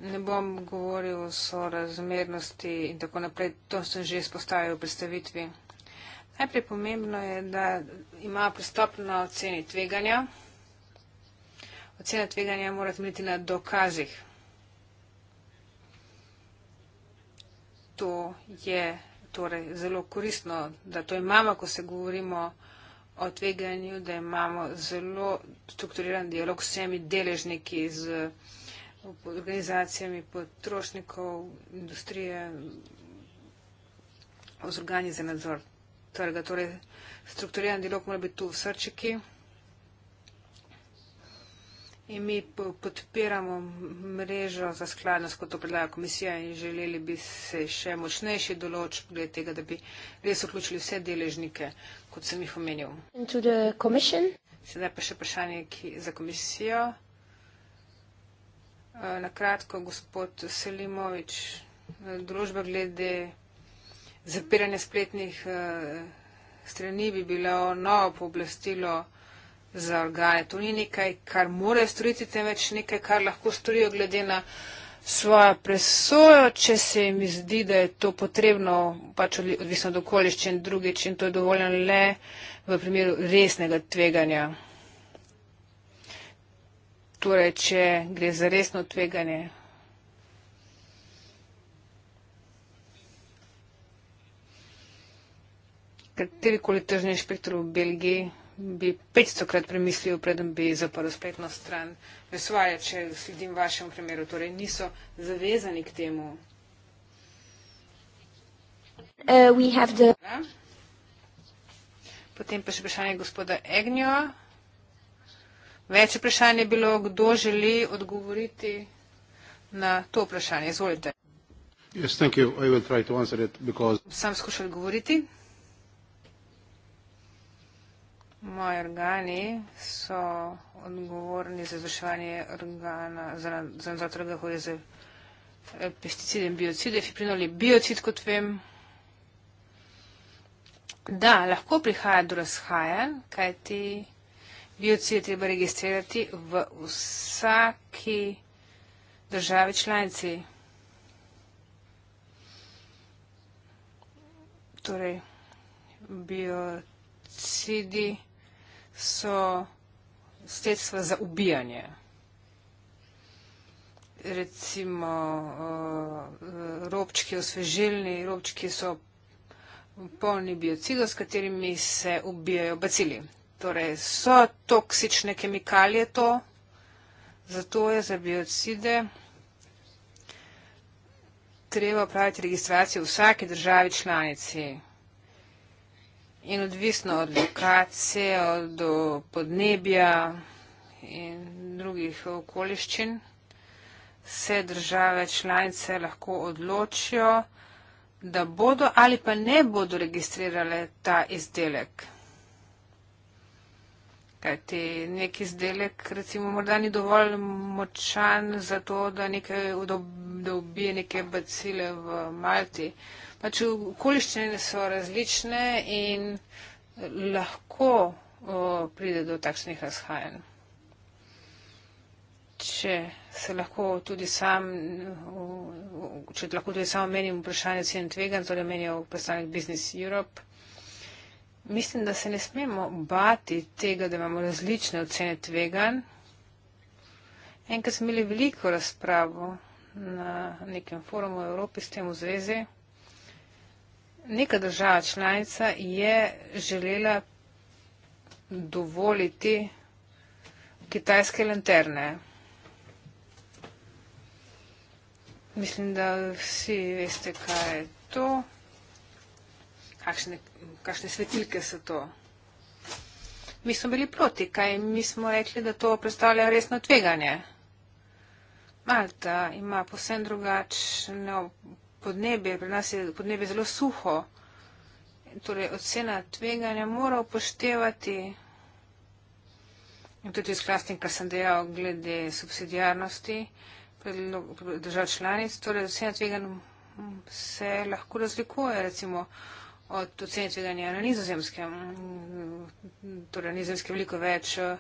Speaker 1: Ne bom govoril o razmernosti in tako naprej, to sem že izpostavil v predstavitvi. Najprej pomembno je, da ima pristop na oceni tveganja. Ocena tveganja mora temeljiti na dokazih. To je torej zelo koristno, da to imamo, ko se govorimo o tveganju, da imamo zelo strukturiran dialog s vsemi deležniki z organizacijami potrošnikov, industrije, z organi za nadzor trga. Torej, strukturiran dialog mora biti tu v srčiki. In mi podpiramo mrežo za skladnost, kot to predlaga komisija in želeli bi se še močnejši določ, glede tega, da bi res vključili vse deležnike, kot sem jih omenil. Sedaj pa še vprašanje ki, za komisijo. Eh, na kratko, gospod Selimovič, eh, družba glede zapiranja spletnih eh, strani bi bila novo pooblastilo za organe. To ni nekaj, kar morajo storiti, temveč nekaj, kar lahko storijo glede na svojo presojo, če se jim zdi, da je to potrebno, pač odvisno od okoliščin drugič in to je dovoljeno le v primeru resnega tveganja torej, če gre za resno tveganje. Katerikoli tržni inšpektor v Belgiji bi 500 krat premislil, predem bi zaprl spletno stran. Vesvaja, če sledim vašemu primeru, torej niso zavezani k temu. Uh, the... Potem pa še vprašanje gospoda Egnjoa. Več vprašanj je bilo, kdo želi odgovoriti na to vprašanje. Izvolite.
Speaker 3: Yes, thank you. I will try to answer it because...
Speaker 1: Sam skušal odgovoriti. Moji organi so odgovorni za izvrševanje organa za nadzor da hoje z eh, pesticidem biocide, fiprinoli biocid, kot vem. Da, lahko prihaja do razhajanj, kajti ti Biocid je treba registrirati v vsaki državi članici. Torej, biocidi so sredstva za ubijanje. Recimo, eh, robčki osvežilni, robčki so polni biocidov, s katerimi se ubijajo bacili. Torej, so toksične kemikalije to, zato je za biocide treba praviti registracijo v vsake državi članici. In odvisno od lokacije, od podnebja in drugih okoliščin, se države članice lahko odločijo, da bodo ali pa ne bodo registrirale ta izdelek. Kajti nek izdelek, recimo, morda ni dovolj močan za to, da, nekaj, da ubije neke bacile v Malti. Pač okoliščine so različne in lahko o, pride do takšnih razhajanj. Če se lahko tudi sam, o, o, če lahko tudi sam omenim vprašanje cen tvegan, torej menijo predstavnik Business Europe mislim, da se ne smemo bati tega, da imamo različne ocene tvegan. Enkrat smo imeli veliko razpravo na nekem forumu v Evropi s tem v zvezi. Neka država članica je želela dovoliti kitajske lanterne. Mislim, da vsi veste, kaj je to kakšne, kakšne svetilke so to. Mi smo bili proti, kaj mi smo rekli, da to predstavlja resno tveganje. Malta ima posebno drugačno podnebje, pri nas je podnebje zelo suho. Torej, ocena tveganja mora upoštevati. In tudi sklast in kar sem dejal glede subsidijarnosti držav članic, torej ocena tveganja se lahko razlikuje. Recimo, od ocen tveganja na nizozemskem, torej na nizozemskem veliko več eh,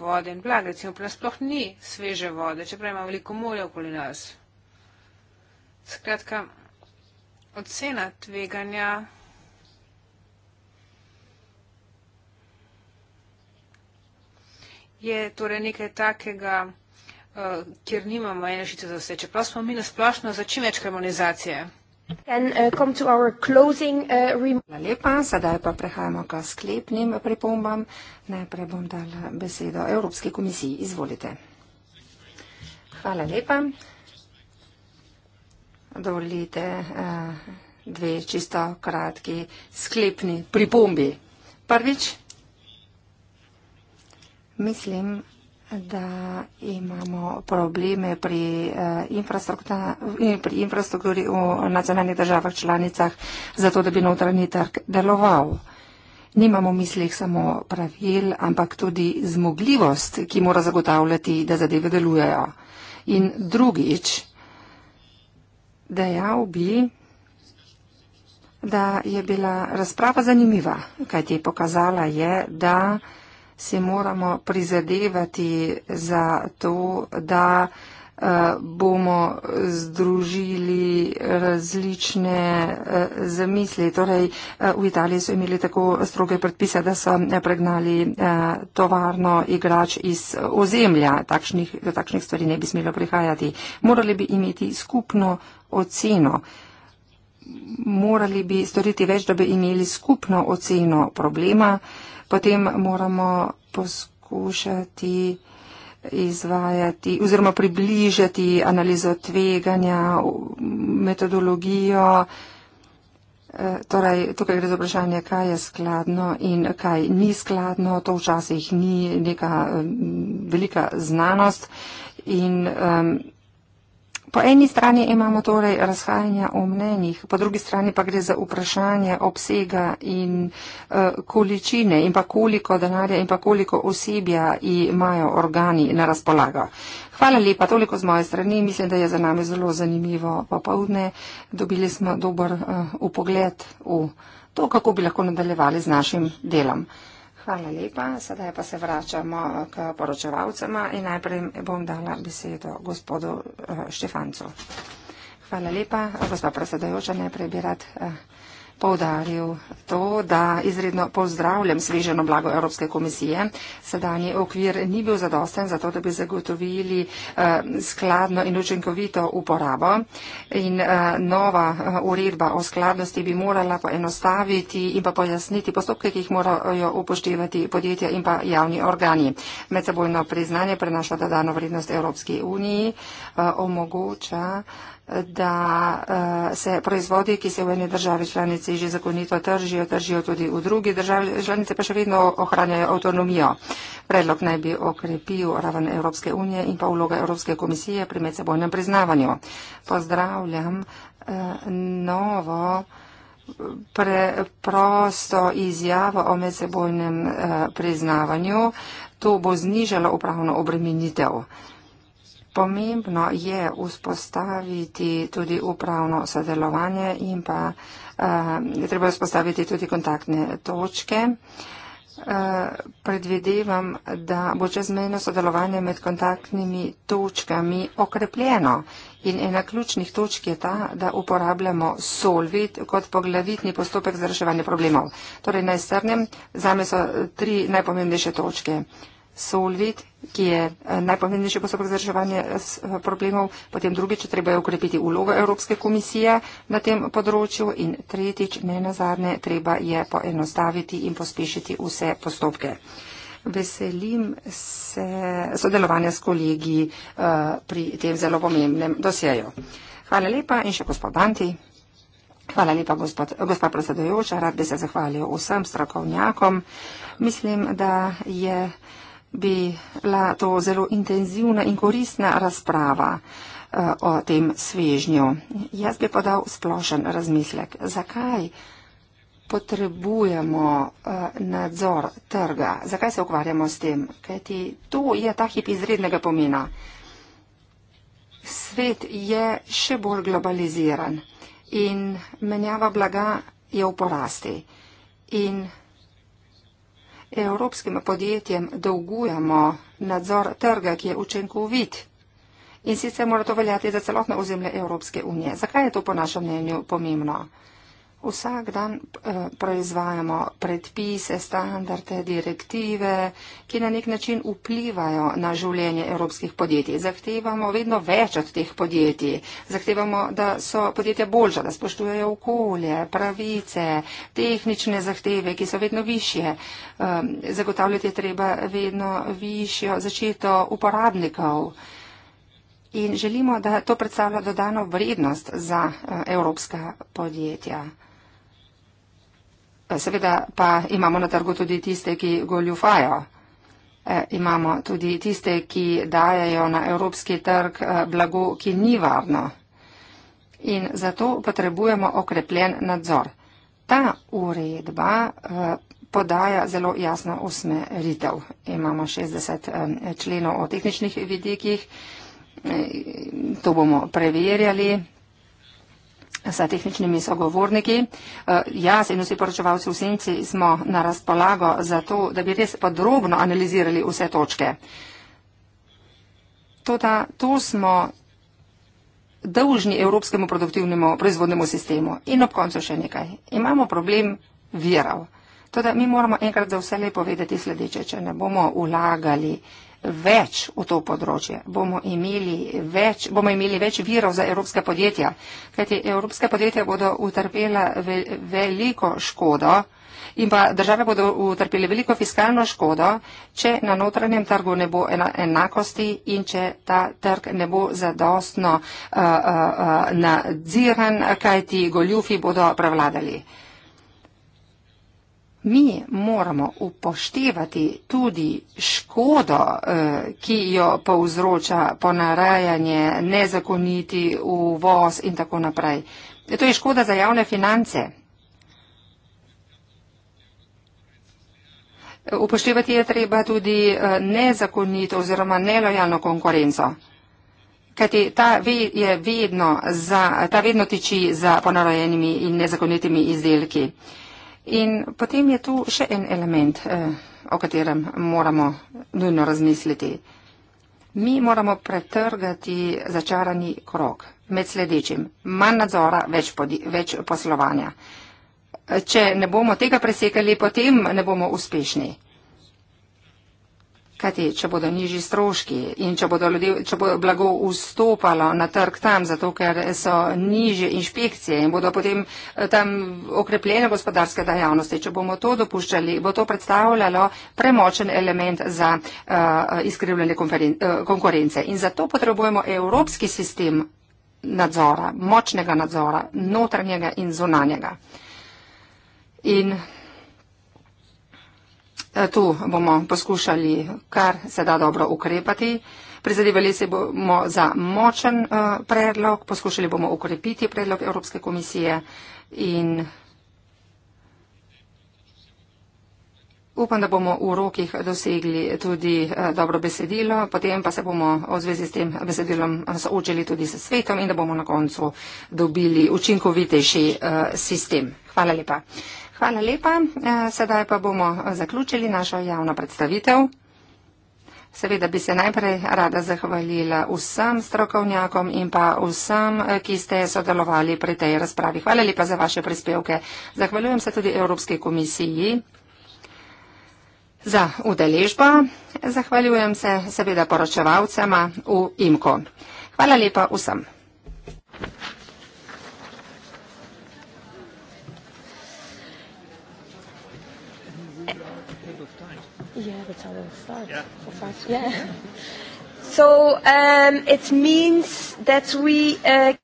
Speaker 1: vode in blaga, recimo pri nas sploh ni sveže vode, čeprav ima veliko morja okoli nas. Skratka, ocena tveganja je torej nekaj takega, eh, kjer nimamo ene šice za vse, čeprav smo mi nasplošno za čim več harmonizacije.
Speaker 2: Uh, uh, Hvala lepa, sedaj pa prehajamo k sklepnim pripombam. Najprej bom dala besedo Evropski komisiji. Izvolite. Hvala lepa. Dovolite eh, dve čisto kratki sklepni pripombi. Prvič, mislim, da imamo probleme pri, eh, eh, pri infrastrukturi v nacionalnih državah članicah, zato da bi notranji trg deloval. Nimamo v mislih samo pravil, ampak tudi zmogljivost, ki mora zagotavljati, da zadeve delujejo. In drugič, dejal bi, da je bila razprava zanimiva, kajti pokazala je, da si moramo prizadevati za to, da eh, bomo združili različne eh, zamisli. Torej, eh, v Italiji so imeli tako stroge predpise, da so pregnali tovarno igrač iz ozemlja. Takšnih, do takšnih stvari ne bi smelo prihajati. Morali bi imeti skupno oceno. Morali bi storiti več, da bi imeli skupno oceno problema potem moramo poskušati izvajati oziroma približati analizo tveganja, metodologijo. E, torej, tukaj gre za vprašanje, kaj je skladno in kaj ni skladno. To včasih ni neka e, velika znanost. In, um, Po eni strani imamo torej razhajanja o mnenjih, po drugi strani pa gre za vprašanje obsega in uh, količine in pa koliko denarja in pa koliko osebja imajo organi na razpolago. Hvala lepa, toliko z moje strani. Mislim, da je za nami zelo zanimivo popovdne. Dobili smo dober uh, eh, upogled v to, kako bi lahko nadaljevali z našim delom. Hvala lepa. Sedaj pa se vračamo k poročevalcema in najprej bom dala besedo gospodu eh, Štefancu. Hvala lepa. Gospa predsedajoča, najprej bi rad eh, poudaril to, da izredno pozdravljam sveženo blago Evropske komisije. Sedanji okvir ni bil zadosten za to, da bi zagotovili eh, skladno in učinkovito uporabo in eh, nova eh, uredba o skladnosti bi morala poenostaviti in pa pojasniti postopke, ki jih morajo upoštevati podjetja in pa javni organi. Medsebojno priznanje prenaša dodano vrednost Evropske unije, eh, omogoča da eh, se proizvodi, ki se v eni državi članici že zakonito tržijo, tržijo tudi v drugi državi članici, pa še vedno ohranjajo avtonomijo. Predlog naj bi okrepil raven Evropske unije in pa vloga Evropske komisije pri medsebojnem priznavanju. Pozdravljam eh, novo preprosto izjavo o medsebojnem eh, priznavanju. To bo znižalo upravno obremenitev. Pomembno je vzpostaviti tudi upravno sodelovanje in pa uh, treba vzpostaviti tudi kontaktne točke. Eh, predvidevam, da bo čezmejno sodelovanje med kontaktnimi točkami okrepljeno in ena ključnih točk je ta, da uporabljamo solvit kot poglavitni postopek za reševanje problemov. Torej, naj strnem, zame so tri najpomembnejše točke. Solvit, ki je eh, najpomembnejši postopek za reševanje eh, problemov, potem drugič treba je ukrepiti ulogo Evropske komisije na tem področju in tretjič, ne nazadnje, treba je poenostaviti in pospešiti vse postopke. Veselim se sodelovanja s kolegi eh, pri tem zelo pomembnem dosjeju. Hvala lepa in še gospod Banti. Hvala lepa, gospod, gospod predsedojoča. Rad bi se zahvalil vsem strokovnjakom. Mislim, da je bi bila to zelo intenzivna in koristna razprava eh, o tem svežnju. Jaz bi podal splošen razmislek, zakaj potrebujemo eh, nadzor trga, zakaj se ukvarjamo s tem, kajti to je ta hip izrednega pomena. Svet je še bolj globaliziran in menjava blaga je v porasti. In evropskim podjetjem dolgujemo nadzor trga, ki je učinkovit. In sicer mora to veljati za celotno ozemlje Evropske unije. Zakaj je to po našem mnenju pomembno? Vsak dan eh, proizvajamo predpise, standarde, direktive, ki na nek način vplivajo na življenje evropskih podjetij. Zahtevamo vedno več od teh podjetij. Zahtevamo, da so podjetja boljša, da spoštujejo okolje, pravice, tehnične zahteve, ki so vedno više. Ehm, zagotavljati je treba vedno višjo zaščito uporabnikov. In želimo, da to predstavlja dodano vrednost za eh, evropska podjetja. Seveda pa imamo na trgu tudi tiste, ki goljufajo. E, imamo tudi tiste, ki dajajo na evropski trg e, blago, ki ni varno. In zato potrebujemo okrepljen nadzor. Ta uredba e, podaja zelo jasno usmeritev. Imamo 60 e, členov o tehničnih vidikih. E, to bomo preverjali za tehničnimi sogovorniki. Eh, jaz in vsi poročevalci v senci smo na razpolago za to, da bi res podrobno analizirali vse točke. Toda to smo dolžni evropskemu produktivnemu proizvodnemu sistemu. In ob koncu še nekaj. Imamo problem virov. Toda mi moramo enkrat za vse lepo povedati sledeče, če ne bomo ulagali več v to področje, bomo imeli več, bomo imeli več virov za evropska podjetja, kajti evropska podjetja bodo utrpela ve, veliko škodo in pa države bodo utrpele veliko fiskalno škodo, če na notranjem trgu ne bo ena, enakosti in če ta trg ne bo zadostno uh, uh, uh nadziran, kajti goljufi bodo prevladali. Uh, Mi moramo upoštevati tudi škodo, eh, ki jo povzroča ponarajanje, nezakoniti uvoz in tako naprej. To je škoda za javne finance. Upoštevati je treba tudi eh, nezakonito oziroma nelojalno konkurenco, kajti ta, ve, vedno, za, ta vedno tiči za ponarajenimi in nezakonitimi izdelki. In potem je tu še en element, eh, o katerem moramo nujno razmisliti. Mi moramo pretrgati začarani krok med sledečim. Manj nadzora, več, podi, več poslovanja. Če ne bomo tega presekali, potem ne bomo uspešni. Kajti, če bodo nižji stroški in če, ljudi, če bo blago vstopalo na trg tam, zato ker so nižje inšpekcije in bodo potem eh, tam okrepljene gospodarske dejavnosti, če bomo to dopuščali, bo to predstavljalo premočen element za uh, izkrivljanje eh, konkurence. In zato potrebujemo evropski sistem nadzora, močnega nadzora, notranjega in zunanjega. In Eh, tu bomo poskušali kar se da dobro ukrepati. Prizadevali se bomo za močen eh, predlog, poskušali bomo ukrepiti predlog Evropske komisije in upam, da bomo v rokih dosegli tudi eh, dobro besedilo, potem pa se bomo v zvezi s tem besedilom soočili tudi s svetom in da bomo na koncu dobili učinkovitejši sistem. Hvala lepa. Hvala lepa. E, sedaj pa bomo e, zaključili našo javno predstavitev. Seveda bi se najprej rada zahvalila vsem strokovnjakom in pa vsem, e, ki ste sodelovali pri tej razpravi. Hvala lepa za vaše prispevke. Zahvaljujem se tudi Evropski komisiji za udeležbo. Zahvaljujem se seveda poročevalcema v IMKO. Hvala lepa vsem.
Speaker 1: Yeah, that's how it starts. Yeah. So fast. Yeah. yeah.
Speaker 2: So um, it means that we. Uh,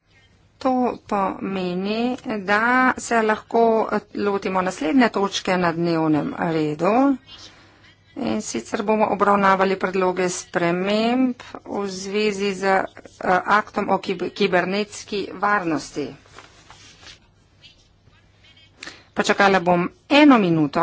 Speaker 2: To pomeni, da se lahko uh, lotimo naslednje točke na dnevnem redu in sicer bomo obravnavali predloge sprememb v zvezi z uh, aktom o kibernetski varnosti. Počakala bom eno minuto.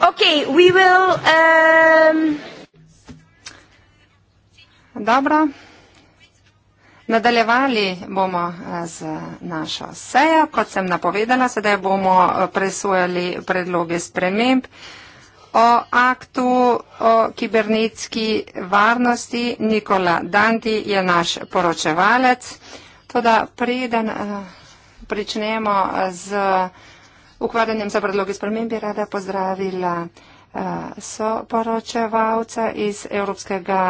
Speaker 2: Okay, we will, um... Dobro. Nadaljevali bomo eh, z našo sejo. Kot sem napovedala, sedaj bomo eh, presojali predloge sprememb o aktu o kibernetski varnosti. Nikola Danti je naš poročevalec. Toda preden uh, pričnemo z. Uh, ukvarjanjem za predloge spremembi rada pozdravila eh, so poročevalca iz Evropskega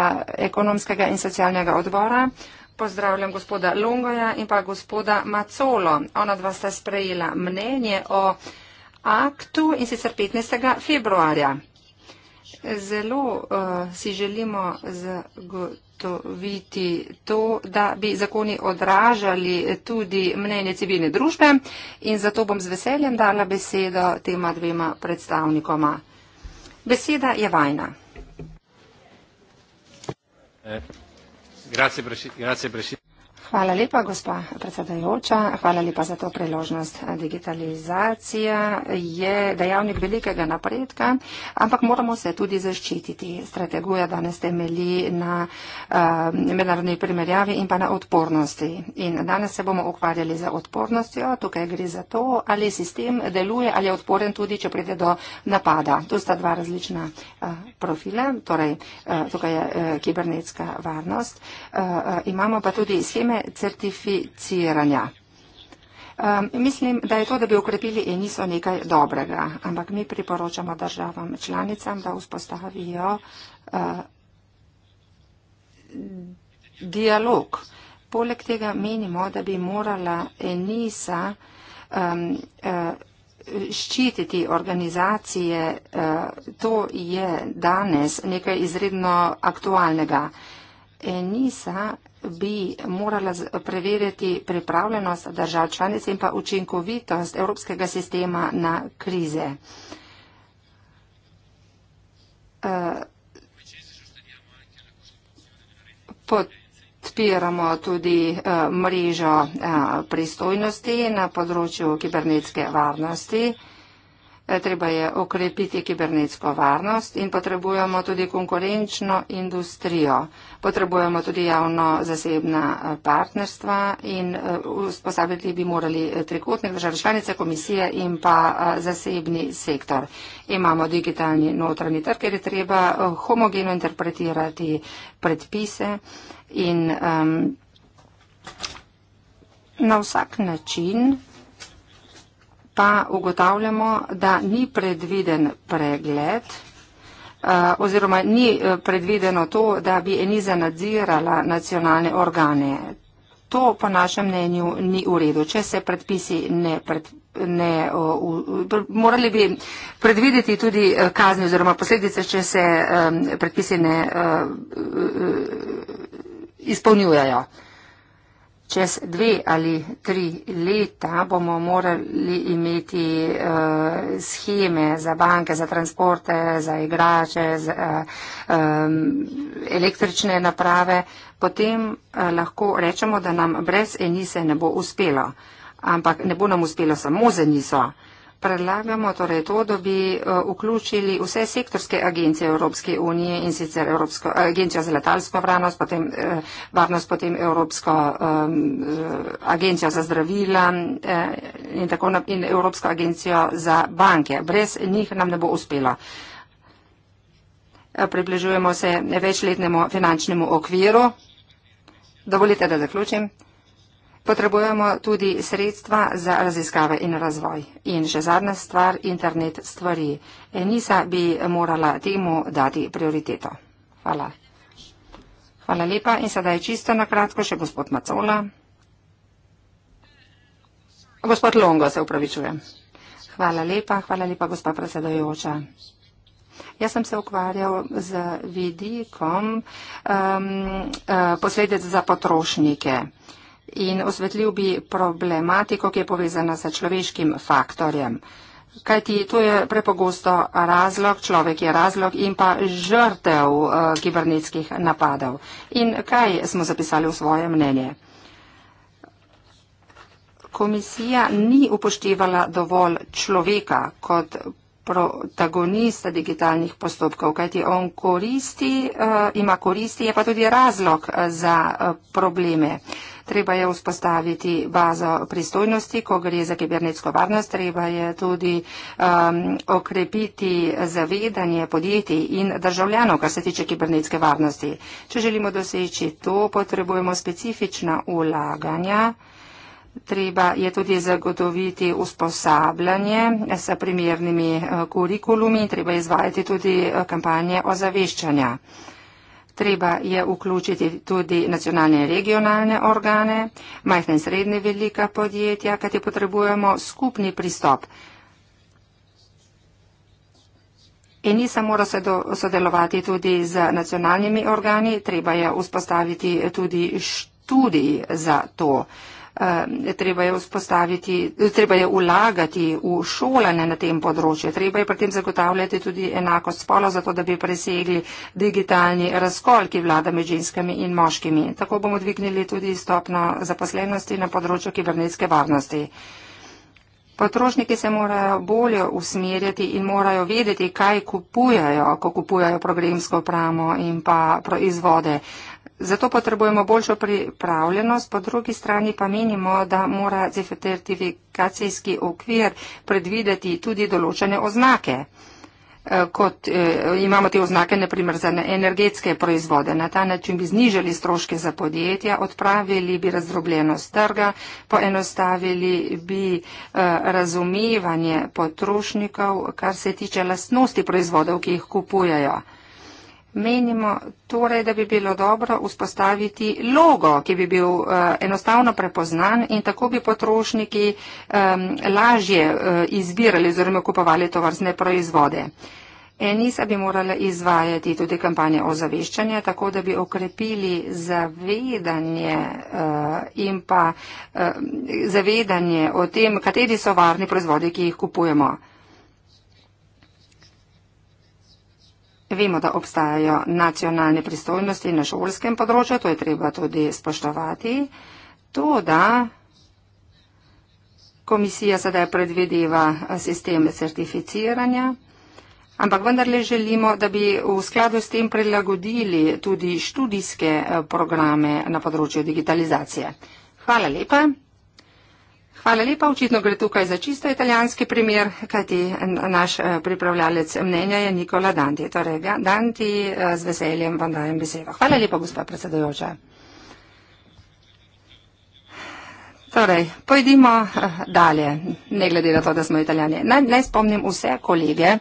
Speaker 2: ekonomskega in socialnega odbora. Pozdravljam gospoda Longoja in pa gospoda Macolo. Ona dva sta sprejela mnenje o aktu in sicer 15. februarja. Zelo uh, si želimo zagotoviti to, da bi zakoni odražali tudi mnenje civilne družbe in zato bom z veseljem dala besedo tema dvema predstavnikoma. Beseda je vajna.
Speaker 3: Eh, grazie, grazie,
Speaker 2: Hvala lepa, gospa predsedajoča. Hvala lepa za to priložnost. Digitalizacija je dejavnik velikega napredka, ampak moramo se tudi zaščititi. Strategija danes temelji na uh, mednarodni primerjavi in pa na odpornosti. In danes se bomo ukvarjali z odpornostjo. Tukaj gre za to, ali sistem deluje, ali je odporen tudi, če pride do napada. Tu sta dva različna uh, profila, torej uh, tukaj je uh, kibernetska varnost. Uh, uh, imamo pa tudi scheme certificiranja. Um, mislim, da je to, da bi ukrepili in niso nekaj dobrega, ampak mi priporočamo državam članicam, da vzpostavijo uh, dialog. Poleg tega menimo, da bi morala Enisa um, uh, ščititi organizacije. Uh, to je danes nekaj izredno aktualnega. Enisa bi morala preveriti pripravljenost držav članic in pa učinkovitost evropskega sistema na krize. Eh, podpiramo tudi eh, mrežo eh, pristojnosti na področju kibernetske varnosti. Eh, treba je okrepiti kibernetsko varnost in potrebujemo tudi konkurenčno industrijo. Potrebujemo tudi javno-zasebna eh, partnerstva in eh, usposabiti bi morali trikotne države članice, komisije in pa zasebni sektor. Imamo digitalni notranji trg, ker je treba homogeno interpretirati predpise in um, na vsak način pa ugotavljamo, da ni predviden pregled eh, oziroma ni eh, predvideno to, da bi Eniza nadzirala nacionalne organe. To po našem mnenju ni v redu. Če se predpisi ne, pred, ne o, o, o, morali bi predvideti tudi eh, kazni oziroma posledice, če se um, predpisi ne uh, uh, uh, izpolnjujejo. Uh, Čez dve ali tri leta bomo morali imeti uh, eh, scheme za banke, za transporte, za igrače, za um, električne naprave. Potem uh, lahko rečemo, da nam brez enise ne bo uspelo. Ampak ne bo nam uspelo samo z eniso. Uh, predlagamo torej to, da bi eh, vključili vse sektorske agencije Evropske unije in sicer Evropsko, eh, agencija za letalsko varnost, potem eh, varnost, potem Evropsko ehm, agencijo za zdravila in tako naprej in Evropsko agencijo za banke. Brez njih nam ne bo uspelo. Približujemo se večletnemu finančnemu okviru. Dovolite, da zaključim. Potrebujemo tudi sredstva za raziskave in razvoj. In še zadnja stvar, internet stvari. Enisa bi morala temu dati prioriteto. Hvala. Hvala lepa in sedaj čisto na kratko še gospod Macola. Gospod Longo, se upravičujem. Hvala lepa, hvala lepa, gospa predsedojoča. Jaz sem se ukvarjal z vidikom um, uh, posledic za potrošnike. Uh, in osvetljil bi problematiko, ki je povezana s človeškim faktorjem. Kajti to je prepogosto razlog, človek je razlog in pa žrtev uh, kibernetskih napadov. In kaj smo zapisali v svoje mnenje? Komisija ni upoštevala dovolj človeka kot protagonista digitalnih postopkov, kajti on koristi, eh, ima koristi, je pa tudi razlog eh, za eh, probleme. Treba je vzpostaviti bazo pristojnosti, ko gre za kibernetsko varnost, treba je tudi um, okrepiti zavedanje podjetij in državljanov, kar se tiče kibernetske varnosti. Če želimo doseči to, potrebujemo specifična ulaganja. Treba je tudi zagotoviti usposabljanje s primernimi eh, kurikulumi, treba izvajati tudi eh, kampanje ozaveščanja. Treba je vključiti tudi nacionalne in regionalne organe, majhne in srednje velika podjetja, kajti potrebujemo skupni pristop. In ni samo sodelovati tudi z nacionalnimi organi, treba je vzpostaviti tudi študij za to. Eh, treba je vzpostaviti, treba je vlagati v šolanje na tem področju, treba je pri tem zagotavljati tudi enakost spola, zato da bi presegli digitalni razkol, ki vlada med ženskami in moškimi. Tako bomo dvignili tudi stopno zaposlenosti na področju kibernetske varnosti. Potrošniki se morajo bolje usmerjati in morajo vedeti, kaj kupujajo, ko kupujajo programsko pramo in pa proizvode. Zato potrebujemo boljšo pripravljenost, po drugi strani pa menimo, da mora certifikacijski okvir predvideti tudi določene oznake. Eh, kot eh, imamo te oznake, naprimer, za energetske proizvode. Na ta način bi znižali stroške za podjetja, odpravili bi razdrobljenost trga, poenostavili bi eh, razumevanje potrošnikov, kar se tiče lastnosti proizvodov, ki jih kupujajo. Menimo torej, da bi bilo dobro vzpostaviti logo, ki bi bil uh, enostavno prepoznan in tako bi potrošniki um, lažje uh, izbirali oziroma kupovali tovrstne proizvode. Enisa bi morala izvajati tudi kampanje o zaveščanje, tako da bi okrepili zavedanje, uh, pa, uh, zavedanje o tem, kateri so varni proizvodi, ki jih kupujemo. Vemo, da obstajajo nacionalne pristojnosti na šolskem področju, to je treba tudi spoštovati. To, da komisija sedaj predvideva eh, sistem certificiranja, ampak vendarle želimo, da bi v skladu s tem prilagodili tudi študijske eh, programe na področju digitalizacije. Hvala lepa. Hvala lepa, očitno gre tukaj za čisto italijanski primer, kajti naš eh, pripravljalec mnenja je Nikola Danti. Torej, Danti, eh, z veseljem vam dajem besedo. Hvala lepa, gospa predsedojoča. Torej, pojdimo eh, dalje, ne glede na to, da smo italijani. Naj, naj spomnim vse kolege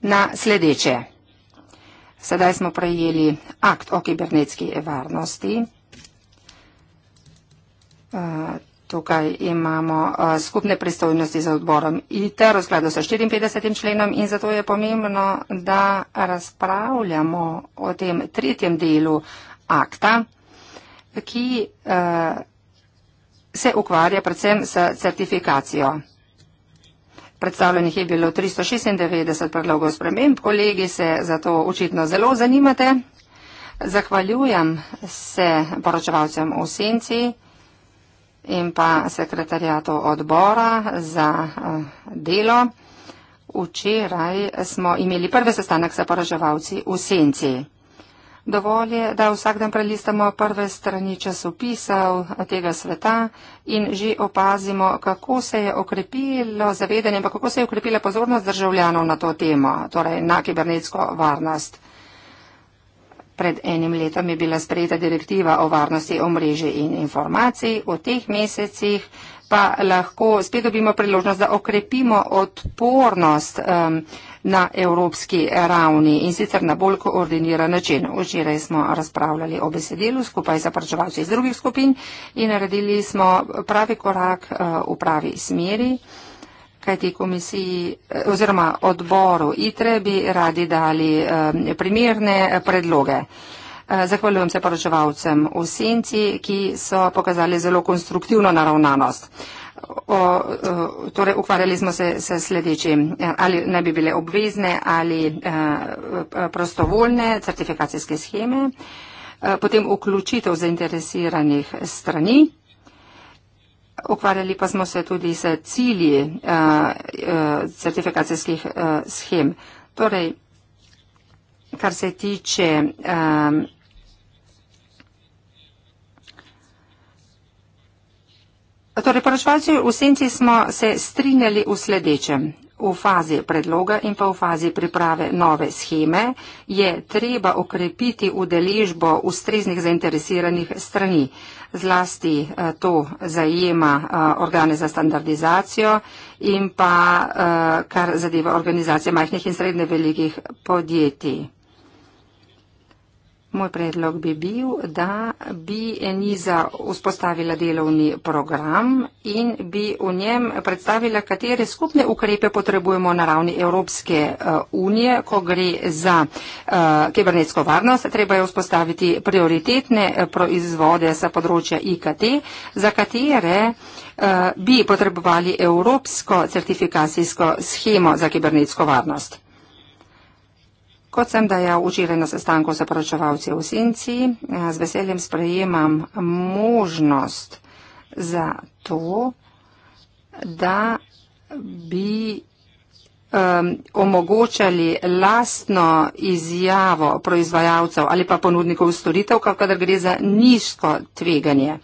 Speaker 2: na sledeče. Sedaj smo prejeli akt o kibernetski varnosti. Tukaj imamo skupne pristojnosti z odborom ITER v skladu s 54. členom in zato je pomembno, da razpravljamo o tem tretjem delu akta, ki se ukvarja predvsem s certifikacijo. Predstavljenih je bilo 396 predlogov sprememb, kolegi se zato očitno zelo zanimate. Zahvaljujem se poročevalcem v Senciji in pa sekretarjato odbora za eh, delo. Včeraj smo imeli prvi sestanek s poraževalci v senci. Dovolj je, da vsak dan prelistamo prve strani časopisov tega sveta in že opazimo, kako se je okrepilo zavedanje, pa kako se je okrepila pozornost državljanov na to temo, torej na kibernetsko varnost. Pred enim letom je bila sprejeta direktiva o varnosti omrežij in informacij, v teh mesecih pa lahko spet dobimo priložnost, da okrepimo odpornost um, na evropski ravni in sicer na bolj koordiniran način. Včeraj smo razpravljali o besedilu skupaj z opračevalci iz drugih skupin in naredili smo pravi korak uh, v pravi smeri kajti komisiji eh, oziroma odboru ITRE bi radi dali eh, primirne eh, predloge. Zahvaljujem se poročevalcem v senci, ki so pokazali zelo konstruktivno naravnanost. O, o, torej, ukvarjali smo se s sledečim, ali ne bi bile obvezne ali e, prostovoljne certifikacijske scheme, e, potem vključitev zainteresiranih strani. Ukvarjali pa smo se tudi s cilji uh, uh, certifikacijskih uh, schem. Torej, kar se tiče um, Torej, poročevalci v senci smo se strinjali v sledečem v fazi predloga in pa v fazi priprave nove scheme, je treba okrepiti udeležbo ustreznih zainteresiranih strani. Zlasti eh, to zajema eh, organe za standardizacijo in pa eh, kar zadeva organizacije majhnih in srednje velikih podjetij. Moj predlog bi bil, da bi Eniza vzpostavila delovni program in bi v njem predstavila, katere skupne ukrepe potrebujemo na ravni Evropske eh, unije, ko gre za eh, kibernetsko varnost. Treba je vzpostaviti prioritetne eh, proizvode sa področja IKT, za katere bi potrebovali evropsko certifikacijsko schemo za kibernetsko varnost. Kot sem dejal včeraj na sestanku za poročevalce v Sinci, eh, z veseljem sprejemam možnost za to, da bi um, omogočali lastno izjavo proizvajalcev ali pa ponudnikov storitev, kakor gre za nizko tveganje.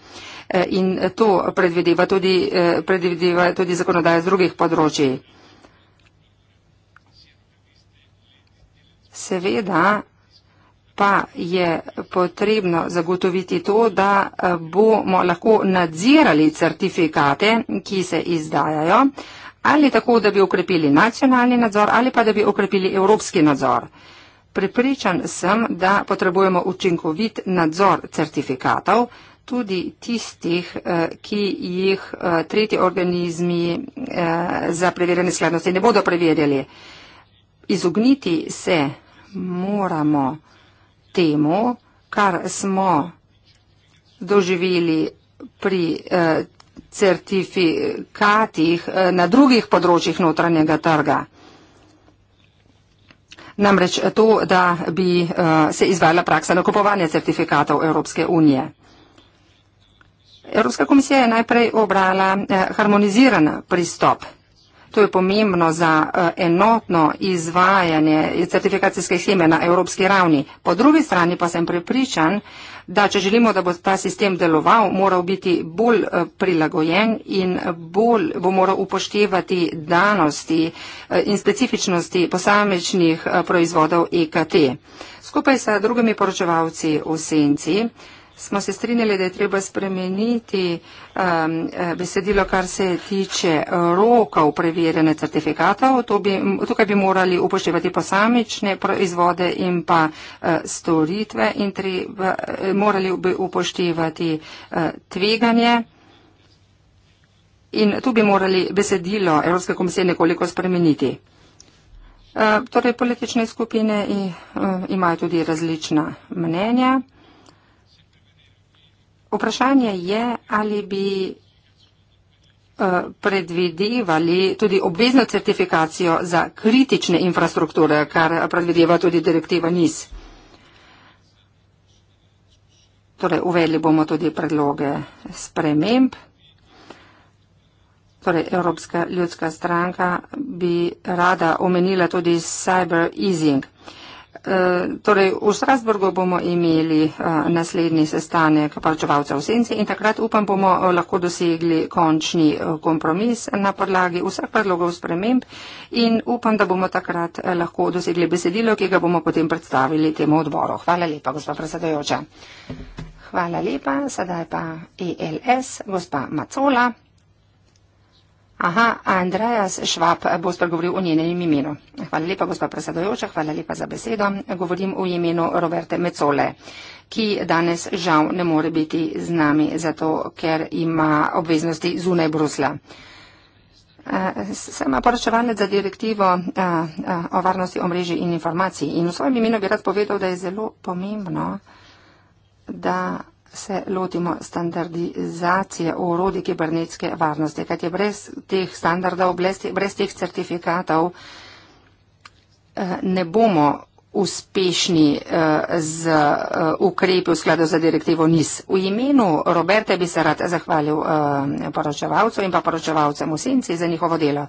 Speaker 2: Eh, in to predvideva tudi, eh, predvideva tudi zakonodaja z drugih področji. Seveda pa je potrebno zagotoviti to, da eh, bomo lahko nadzirali certifikate, ki se izdajajo, ali tako, da bi ukrepili nacionalni nadzor ali pa, da bi ukrepili evropski nadzor. Pripričan sem, da potrebujemo učinkovit nadzor certifikatov, tudi tistih, eh, ki jih eh, tretji organizmi za preverjanje skladnosti ne bodo preverjali. Izogniti se moramo temu, kar smo doživeli pri eh, certifikatih eh, na drugih področjih notranjega trga. Namreč to, da bi eh, se izvajala praksa nakupovanja certifikatov Evropske unije. Evropska komisija je najprej obrala eh, harmoniziran pristop. To je pomembno za eh, enotno izvajanje certifikacijske scheme na evropski ravni. Po drugi strani pa sem prepričan, da če želimo, da bo ta sistem deloval, moral biti bolj eh, prilagojen in bolj bo moral upoštevati danosti eh, in specifičnosti posamečnih proizvodov EKT. Skupaj sa drugimi poročevalci v senci smo se strinjali, da je treba spremeniti um, eh, besedilo, kar se tiče rokov preverjene certifikatov. Bi, tukaj bi morali upoštevati posamične proizvode in pa uh, storitve in treba, eh, morali bi upoštevati uh, tveganje. In tu bi morali besedilo Evropske komisije nekoliko spremeniti. Uh, torej, politične skupine i, uh, imajo tudi različna mnenja. Vprašanje je, ali bi eh, predvidevali tudi obvezno certifikacijo za kritične infrastrukture, kar predvideva tudi direktiva NIS. Torej, uvedli bomo tudi predloge sprememb. Torej, Evropska ljudska stranka bi rada omenila tudi cyber easing. Eh, torej v Strasburgu bomo imeli eh, naslednji sestanek plačevalcev v senci in takrat upam bomo eh, lahko dosegli končni kompromis na podlagi vseh predlogov sprememb in upam, da bomo takrat lahko dosegli besedilo, ki ga bomo potem predstavili temu odboru. Hvala lepa, gospod predsedojoča. Hvala lepa, sedaj pa ELS, gospa Macola. Aha, Andrejas Švab bo spregovoril o njenem imenu. Hvala lepa, gospa predsedojoča, hvala lepa za besedo. Govorim o imenu Roberte Mecole, ki danes žal ne more biti z nami, zato ker ima obveznosti zunaj Brusla. Eh, sem poročevalec za direktivo eh, eh, o varnosti omrežij in informacij in v svojem imenu bi rad povedal, da je zelo pomembno, da se lotimo standardizacije urodi kibernetske varnosti, kajti brez teh standardov, brez teh certifikatov eh, ne bomo uspešni eh, z eh, ukrepi v skladu za direktivo NIS. V imenu Roberta bi se rad zahvalil poročevalcu in pa poročevalcem v senci za njihovo delo.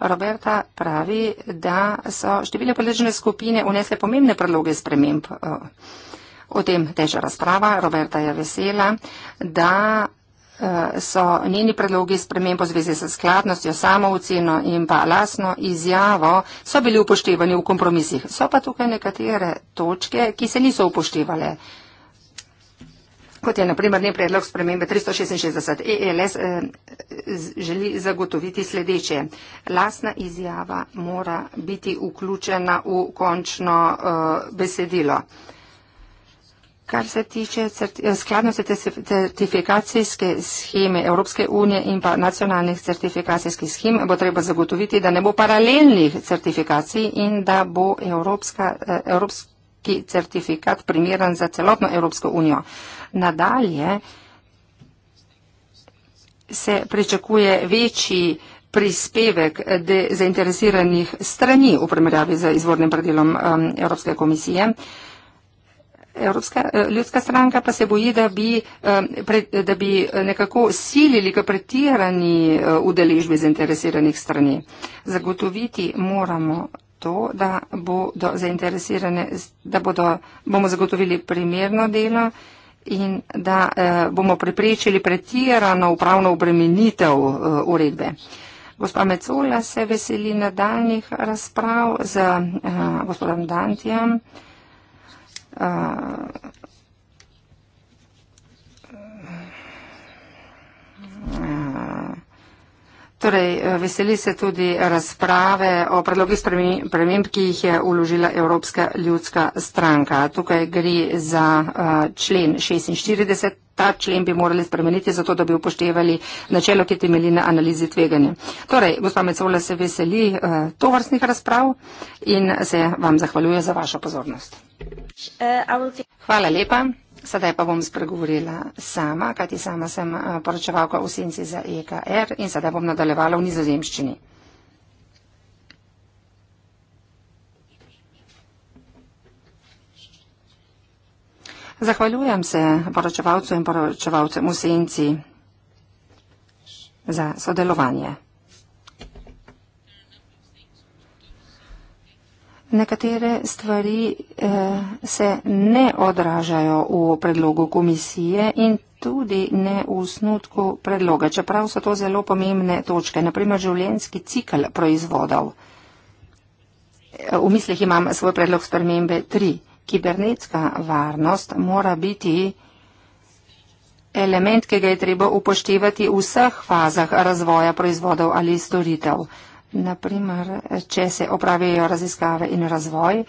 Speaker 2: Roberta pravi, da so številne politične skupine unesle pomembne predloge sprememb. O tem teče razprava. Roberta je vesela, da eh, so njeni predlogi spremembo zveze s skladnostjo, samo oceno in pa lasno izjavo so bili upoštevani v kompromisih. So pa tukaj nekatere točke, ki se niso upoštevale. Kot je naprimer njen predlog spremembe 366 ELS, e eh, želi zagotoviti sledeče. Lasna izjava mora biti vključena v končno eh, besedilo kar se tiče eh, skladnosti certifikacijske scheme Evropske unije in pa nacionalnih certifikacijskih schem, bo treba zagotoviti, da ne bo paralelnih certifikacij in da bo Evropska, eh, evropski certifikat primeren za celotno Evropsko unijo. Nadalje se pričakuje večji prispevek eh, zainteresiranih strani v primerjavi z izvornim predelom Evropske komisije. Evropska eh, ljudska stranka pa se boji, da bi, eh, da bi eh, nekako silili k pretirani udeležbi zainteresiranih strani. Zagotoviti moramo to, da, bodo da bodo, bomo zagotovili primerno delo in da bomo preprečili pretirano upravno obremenitev uredbe. Gospa Mecola se veseli nadaljnih razprav z gospodom Dantijem. А, Torej, eh, veseli se tudi razprave o predlogi sprememb, ki jih je uložila Evropska ljudska stranka. Tukaj gre za eh, člen 46. Ta člen bi morali spremeniti, zato da bi upoštevali načelo, ki temelji na analizi tveganja. Torej, gospod Mecola se veseli eh, to vrstnih razprav in se vam zahvaljuje za vašo pozornost. Uh, Hvala lepa. Sedaj pa bom spregovorila sama, kajti sama sem eh, poročevalka v senci za EKR in sedaj bom nadaljevala v nizozemščini. Zahvaljujem se poročevalcu in poročevalcem v senci za sodelovanje. Nekatere stvari eh, se ne odražajo v predlogu komisije in tudi ne v snutku predloga, čeprav so to zelo pomembne točke, naprimer življenski cikl proizvodov. V mislih imam svoj predlog spremembe 3. Kibernetska varnost mora biti element, ki ga je treba upoštevati v vseh fazah razvoja proizvodov ali storitev. Naprimer, če se opravijo raziskave in razvoj,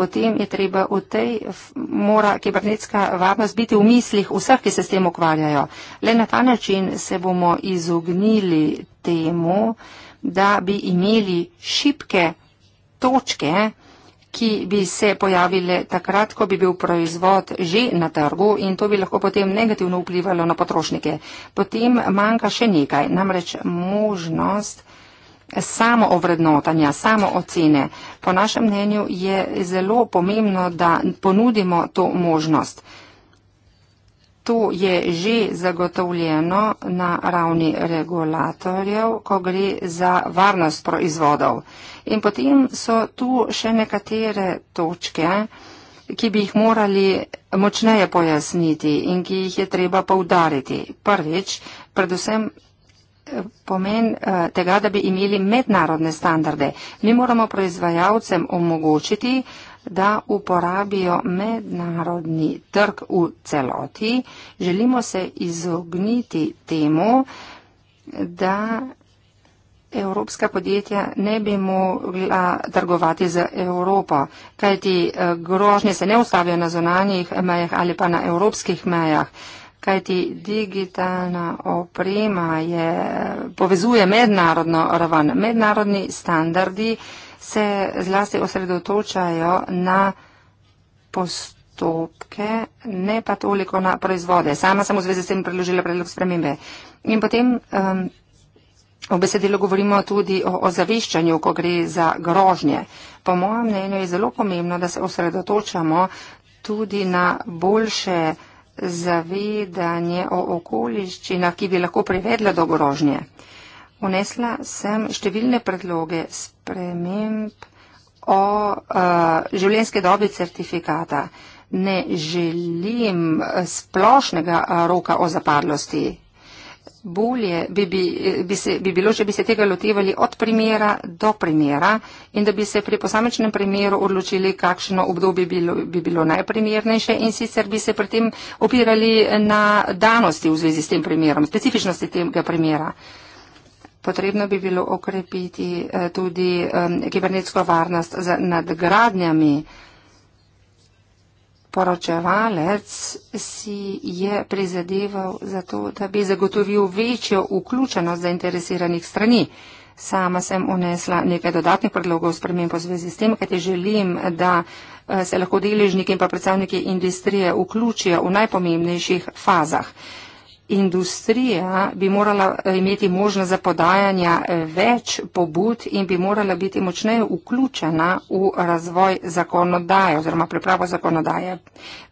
Speaker 2: potem je treba v tej, mora kibernetska varnost biti v mislih vseh, ki se s tem ukvarjajo. Le na ta način se bomo izognili temu, da bi imeli šibke točke, ki bi se pojavile takrat, ko bi bil proizvod že na trgu in to bi lahko potem negativno vplivalo na potrošnike. Potem manjka še nekaj, namreč možnost, samoovrednotanja, samoocene. Po našem mnenju je zelo pomembno, da ponudimo to možnost. To je že zagotovljeno na ravni regulatorjev, ko gre za varnost proizvodov. In potem so tu še nekatere točke, ki bi jih morali močneje pojasniti in ki jih je treba poudariti. Prvič, predvsem pomen eh, tega, da bi imeli mednarodne standarde. Mi moramo proizvajalcem omogočiti, da uporabijo mednarodni trg v celoti. Želimo se izogniti temu, da evropska podjetja ne bi mogla trgovati z Evropo, kajti eh, grožnje se ne ustavijo na zonanjih mejah ali pa na evropskih mejah kajti digitalna oprema je, povezuje mednarodno raven. Mednarodni standardi se zlasti osredotočajo na postopke, ne pa toliko na proizvode. Sama sem v zvezi s tem priložila predlog spremembe. In potem um, v besedilu govorimo tudi o ozaveščanju, ko gre za grožnje. Po mojem mnenju je zelo pomembno, da se osredotočamo tudi na boljše zavedanje o okoliščinah, ki bi lahko privedla do grožnje. Unesla sem številne predloge sprememb o uh, življenjske dobi certifikata. Ne želim eh, splošnega eh, roka o zapadlosti, bolje bi, bi, bi, se, bi bilo, če bi se tega lotevali od primera do primera in da bi se pri posamečnem primeru odločili, kakšno obdobje bilo, bi bilo najprimernejše in sicer bi se pri tem opirali na danosti v zvezi s tem primerom, specifičnosti tega primera. Potrebno bi bilo okrepiti eh, tudi eh, kibernetsko varnost z nadgradnjami poročevalec si je prizadeval za to, da bi zagotovil večjo vključenost zainteresiranih strani. Sama sem unesla nekaj dodatnih predlogov spremem po zvezi s tem, kaj ti želim, da eh, se lahko deležniki in pa predstavniki industrije vključijo v najpomembnejših fazah industrija bi morala eh, imeti možnost za podajanje eh, več pobud in bi morala biti močneje vključena v razvoj zakonodaje oziroma pripravo zakonodaje,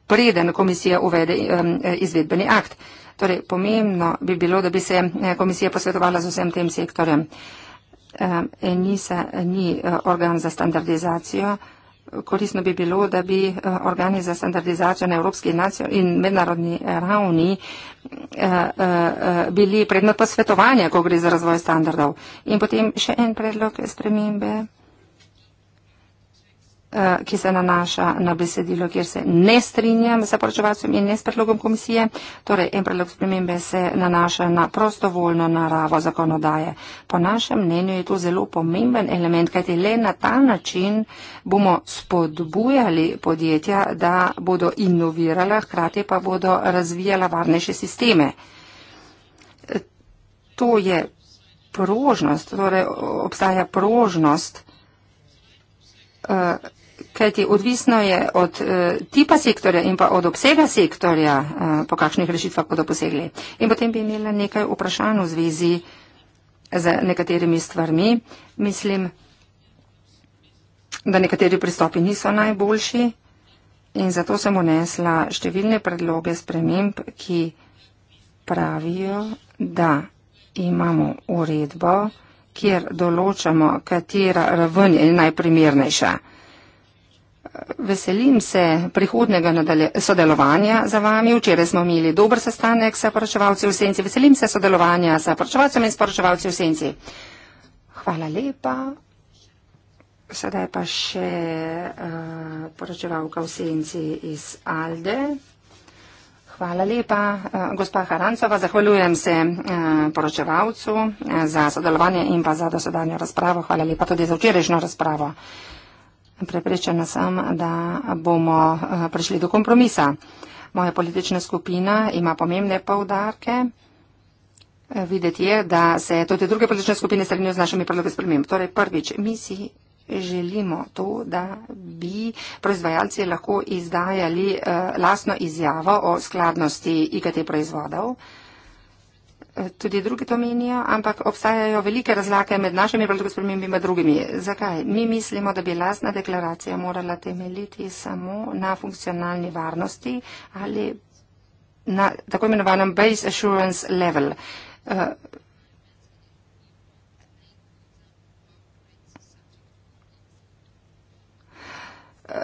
Speaker 2: preden komisija uvede eh, izvedbeni akt. Torej, pomembno bi bilo, da bi se komisija posvetovala z vsem tem sektorjem. ENISA ni organ za standardizacijo korisno bi bilo, da bi eh, organi za standardizacijo na evropski in mednarodni eh, ravni eh, bili predmet posvetovanja, ko gre za razvoj standardov. In potem še en predlog spremembe. Eh, ki se nanaša na besedilo, kjer se ne strinjam s poročevalcem in ne s predlogom komisije. Torej, en predlog spremembe se nanaša na prostovoljno naravo zakonodaje. Po našem mnenju je to zelo pomemben element, kajti le na ta način bomo spodbujali podjetja, da bodo inovirala, hkrati pa bodo razvijala varnejše sisteme. To je prožnost, torej obstaja prožnost. Uh, Kajti odvisno je od uh, tipa sektorja in pa od obsega sektorja, uh, po kakšnih rešitvah bodo posegli. In potem bi imela nekaj vprašanj v zvezi z nekaterimi stvarmi. Mislim, da nekateri pristopi niso najboljši in zato sem unesla številne predloge sprememb, ki pravijo, da imamo uredbo, kjer določamo, katera raven je najprimernejša veselim se prihodnega sodelovanja za vami. Včeraj smo imeli dober sestanek s poročevalci v senci. Veselim se sodelovanja s poročevalcem in s poročevalci v senci. Hvala lepa. Sedaj pa še uh, poročevalka v senci iz Alde. Hvala lepa, eh, gospa Harancova. Zahvaljujem se eh, poročevalcu za sodelovanje in pa za dosedanjo razpravo. Hvala lepa tudi za včerajšnjo razpravo. Prepričana sem, da bomo eh, prišli do kompromisa. Moja politična skupina ima pomembne povdarke. Eh, videti je, da se tudi druge politične skupine strinjajo z našimi predlogi sprememb. Torej, prvič, mi si želimo to, da bi proizvajalci lahko izdajali uh, lastno izjavo o skladnosti IKT proizvodov. Uh, tudi drugi to menijo, ampak obstajajo velike razlake med našimi predlogospremimi in med drugimi. Zakaj? Mi mislimo, da bi lastna deklaracija morala temeljiti samo na funkcionalni varnosti ali na tako imenovanem base assurance level. Eh, eh,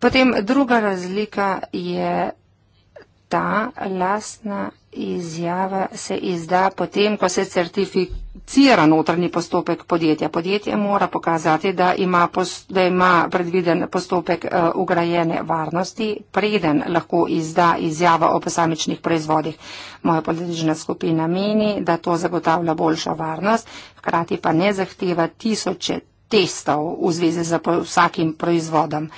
Speaker 2: potem druga razlika je ta lastna izjava se izda potem, ko se certificira notranji postopek podjetja. Podjetje mora pokazati, da ima, post, da ima predviden postopek uh, ugrajene varnosti, preden lahko izda izjava o posamičnih proizvodih. Moja politična skupina meni, da to zagotavlja boljšo varnost, hkrati pa ne zahteva tisoče testov v zvezi z vsakim proizvodom.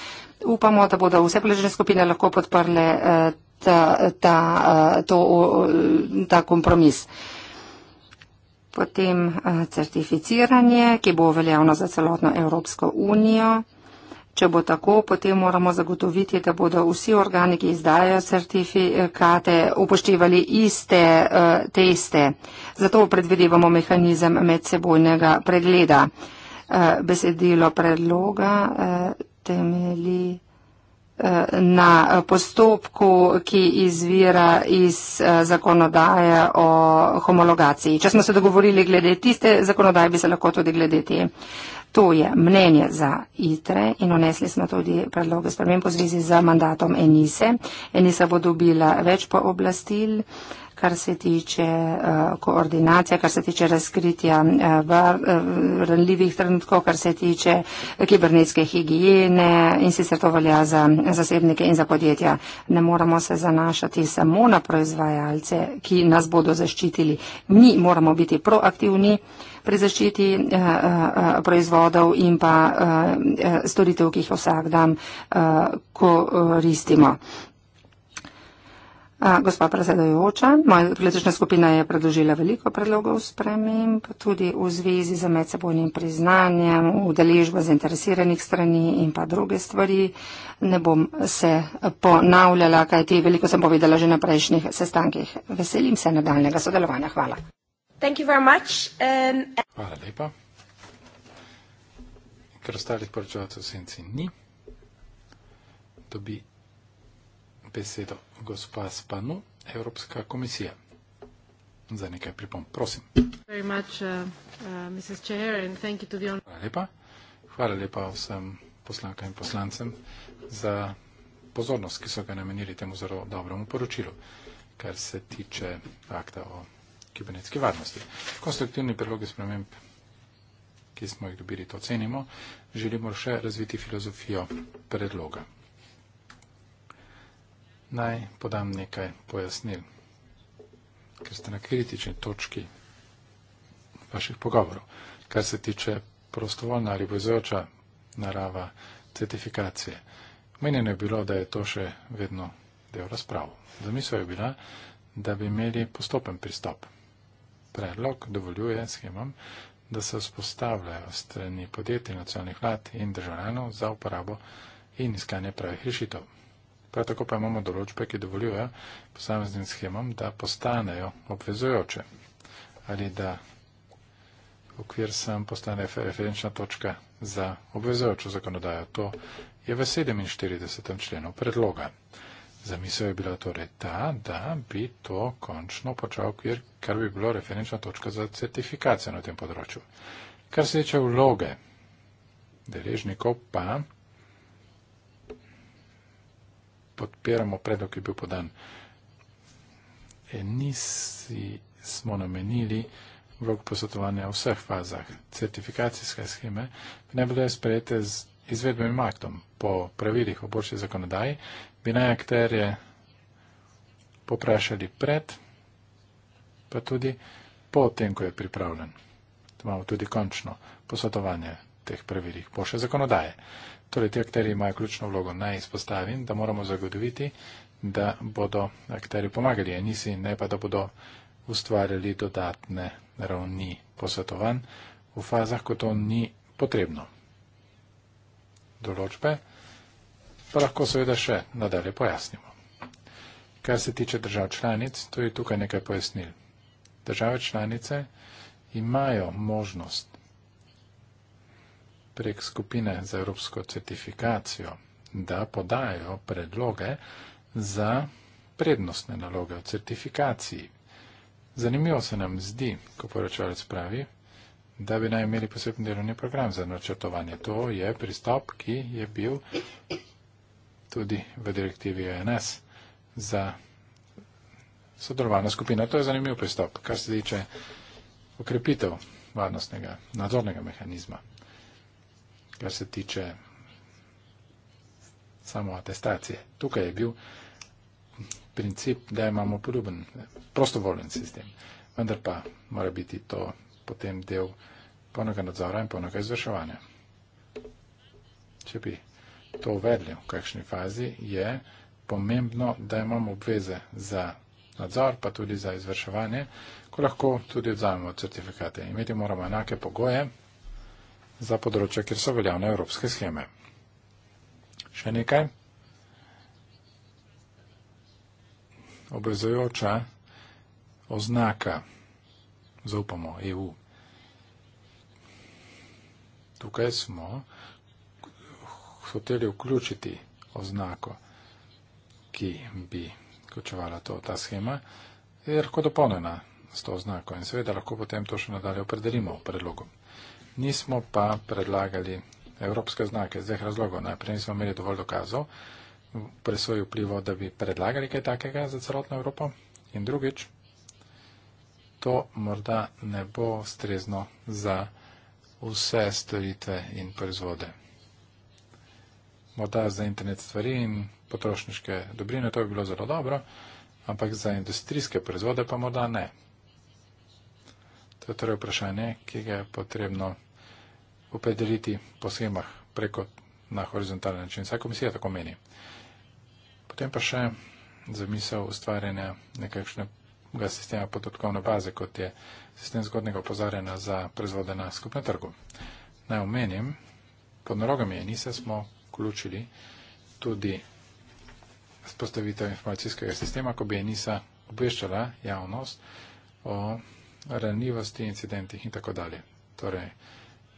Speaker 2: Upamo, da bodo vse politične skupine lahko podprle. Uh, ta, ta, eh, to, ta kompromis. Potem eh, certificiranje, ki bo veljavno za celotno Evropsko unijo. Če bo tako, potem moramo zagotoviti, da bodo vsi organi, ki izdajo certifikate, upoštevali iste eh, teste. Zato predvidevamo mehanizem medsebojnega pregleda. Besedilo predloga temeli. Eh, na postopku, ki izvira iz eh, zakonodaje o homologaciji. Če smo se dogovorili glede tiste zakonodaje, bi se lahko tudi glede te. To je mnenje za ITRE in unesli smo tudi predloge spremem po zvezi z mandatom Enise. Enisa bo dobila več pooblastil. oblastil kar se tiče uh, koordinacije, kar se tiče razkritja uh, ranljivih trenutkov, kar se tiče kibernetske higijene in sicer to velja za zasebnike in za podjetja. Ne moramo se zanašati samo na proizvajalce, ki nas bodo zaščitili. Mi moramo biti proaktivni pri zaščiti uh, uh, proizvodov in pa uh, storitev, ki jih vsak dan uh, koristimo. Uh, Gospa predsedajoča, moja politična skupina je predložila veliko predlogov sprememb, tudi v zvezi z medsebojnim priznanjem, udeležbo zainteresiranih strani in pa druge stvari. Ne bom se ponavljala, kaj ti veliko sem povedala že na prejšnjih sestankih. Veselim se nadaljnega sodelovanja. Hvala.
Speaker 3: Um, Hvala lepa. Ker ostalih poročevalcev senci ni, dobi besedo gospa Spanu, Evropska komisija. Za nekaj pripom, prosim.
Speaker 1: Much, uh, uh Chair, the... Hvala
Speaker 3: lepa. Hvala lepa vsem poslankam in poslancem za pozornost, ki so ga namenili temu zelo dobremu poročilu, kar se tiče akta o kibernetski varnosti. Konstruktivni predlogi sprememb, ki smo jih dobili, to cenimo. Želimo še razviti filozofijo predloga naj podam nekaj pojasnil, ker ste na kritični točki vaših pogovorov, kar se tiče prostovoljna ali vezoča narava certifikacije. Menjeno je bilo, da je to še vedno del razprav. Zamisel je bila, da bi imeli postopen pristop. Predlog dovoljuje schemam, da se vzpostavljajo strani podjetij, nacionalnih vlad in državljanov za uporabo in iskanje pravih rešitev. Prav tako pa imamo določbe, ki dovoljujejo posameznim schemam, da postanejo obvezujoče ali da okvir sam postane referenčna točka za obvezujočo zakonodajo. To je v 47. členu predloga. Zamisel je bila torej ta, da bi to končno počal okvir, kar bi bilo referenčna točka za certifikacijo na tem področju. Kar se tiče vloge deležnikov, pa podpiramo predlog, ki je bil podan. E, nisi smo namenili vlog posvetovanja v vseh fazah. Certifikacijske scheme bi naj bile sprejete z izvedbenim aktom po pravilih o boljši zakonodaji, bi naj akterje poprašali pred, pa tudi po tem, ko je pripravljen. To imamo tudi končno posvetovanje teh pravilih boljše zakonodaje torej ti akteri imajo ključno vlogo. Naj izpostavim, da moramo zagotoviti, da bodo akteri pomagali enisi, ne pa da bodo ustvarjali dodatne ravni posvetovanj v fazah, ko to ni potrebno. Določbe pa lahko seveda še nadalje pojasnimo. Kar se tiče držav članic, to je tukaj nekaj pojasnil. Države članice imajo možnost prek skupine za evropsko certifikacijo, da podajo predloge za prednostne naloge v certifikaciji. Zanimivo se nam zdi, ko poročalec pravi, da bi naj imeli poseben delovni program za načrtovanje. To je pristop, ki je bil tudi v direktivi ONS e za sodelovalna skupina. To je zanimiv pristop, kar se tiče okrepitev varnostnega nadzornega mehanizma kar se tiče samo atestacije. Tukaj je bil princip, da imamo podoben prostovoljen sistem. Vendar pa mora biti to potem del ponega nadzora in ponega izvrševanja. Če bi to uvedli v kakšni fazi, je pomembno, da imamo obveze za nadzor, pa tudi za izvrševanje, ko lahko tudi odzajemo certifikate. Imeti moramo enake pogoje za področja, kjer so veljavne evropske scheme. Še nekaj? Obvezujoča oznaka, zaupamo EU. Tukaj smo hoteli vključiti oznako, ki bi vključevala to, ta schema, je lahko dopolnjena s to oznako in seveda lahko potem to še nadalje opredelimo v predlogu nismo pa predlagali evropske znake iz dveh razlogov. Najprej nismo imeli dovolj dokazov, presoji vplivo, da bi predlagali kaj takega za celotno Evropo. In drugič, to morda ne bo strezno za vse storitve in proizvode. Morda za internet stvari in potrošniške dobrine to bi bilo zelo dobro, ampak za industrijske proizvode pa morda ne. To je torej vprašanje, ki ga je potrebno opredeliti po schemah preko na horizontalni način. Vsaka komisija tako meni. Potem pa še zamisel ustvarjanja nekakšnega sistema podatkovne baze, kot je sistem zgodnega opozarjanja za proizvode na skupnem trgu. Naj omenim, pod nalogami ENISA smo vključili tudi spostavitev informacijskega sistema, ko bi ENISA obveščala javnost o ranljivosti, incidentih in tako dalje. Torej,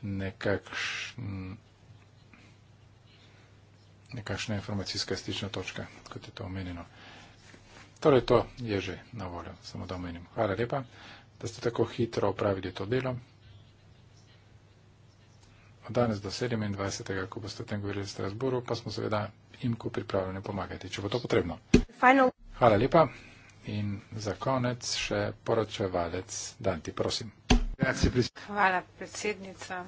Speaker 3: nekakšne informacijske stične točke, kot je to omenjeno. Torej, to je že na voljo, samo da omenim. Hvala lepa, da ste tako hitro opravili to delo. Od danes do 27. ko boste o tem govorili v Strasburu, pa smo seveda imku pripravljeni pomagati, če bo to potrebno. Final. Hvala lepa in za konec še poročevalec Danti, prosim.
Speaker 1: Hvala, predsednica.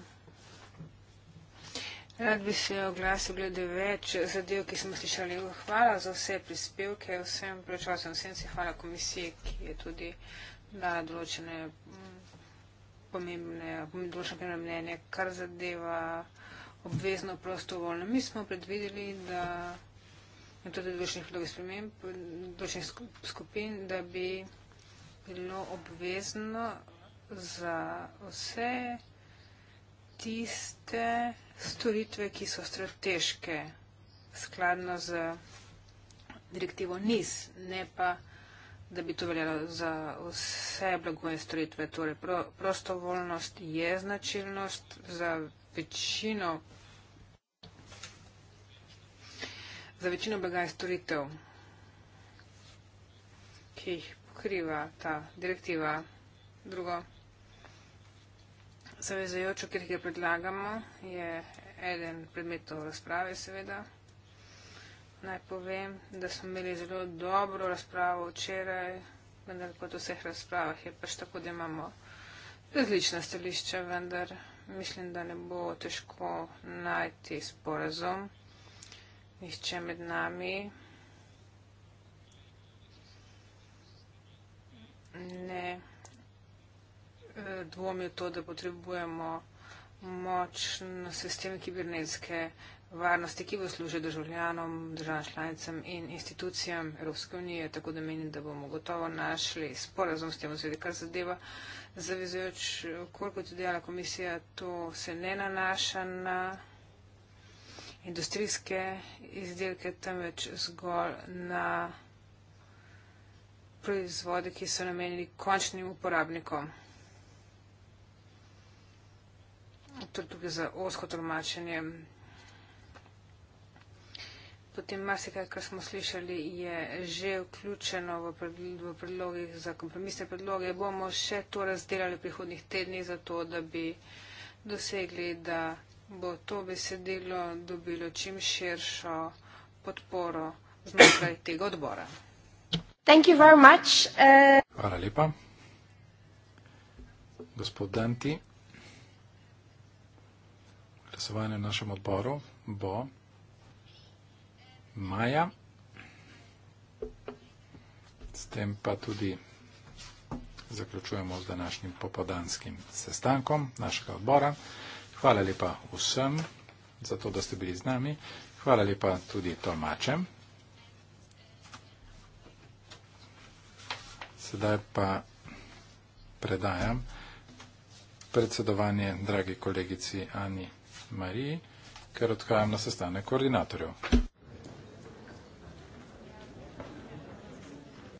Speaker 1: Rad bi se oglasil glede več zadev, ki smo slišali. Hvala za vse prispevke, vsem prečasem, vsem si hvala komisiji, ki je tudi dala določene mm, pomembne, določene pomembne mnenje, kar zadeva obvezno prostovoljno. Mi smo predvideli, da je tudi določenih predlogov sprememb, določenih skupin, da bi bilo obvezno za vse tiste storitve, ki so strateške, skladno z direktivo NIS, ne pa, da bi to veljalo za vse blago in storitve. Torej, pro, prostovoljnost je značilnost za večino, za večino blaga in storitev, ki jih pokriva ta direktiva. Drugo. Zavezujoč ukrep, ki ga predlagamo, je eden predmetov razprave, seveda. Naj povem, da smo imeli zelo dobro razpravo včeraj, vendar kot v vseh razpravah je pač tako, da imamo različna stališča, vendar mislim, da ne bo težko najti sporazum. Nihče med nami ne dvomi v to, da potrebujemo močen sistem kibernetske varnosti, ki bo služil državljanom, državam članicam in institucijam Evropske unije, tako da menim, da bomo gotovo našli sporazum s tem v zvedi, kar zadeva. Zavezujoč, koliko je tudi komisija, to se ne nanaša na industrijske izdelke, temveč zgolj na proizvode, ki so namenili končnim uporabnikom. tudi tukaj za osko tolmačenje. Potem marsikaj, kar smo slišali, je že vključeno v predlogih za kompromisne predloge. Bomo še to razdelali v prihodnih tednih, zato da bi dosegli, da bo to besedilo dobilo čim širšo podporo znotraj tega odbora. Thank you very much. Uh...
Speaker 3: Hvala lepa. Gospod Danti glasovanje v našem odboru bo maja. S tem pa tudi zaključujemo z današnjim popodanskim sestankom našega odbora. Hvala lepa vsem za to, da ste bili z nami. Hvala lepa tudi tolmačem. Sedaj pa predajam predsedovanje dragi kolegici Ani Mariji, ker odhajam na sestanek koordinatorjev.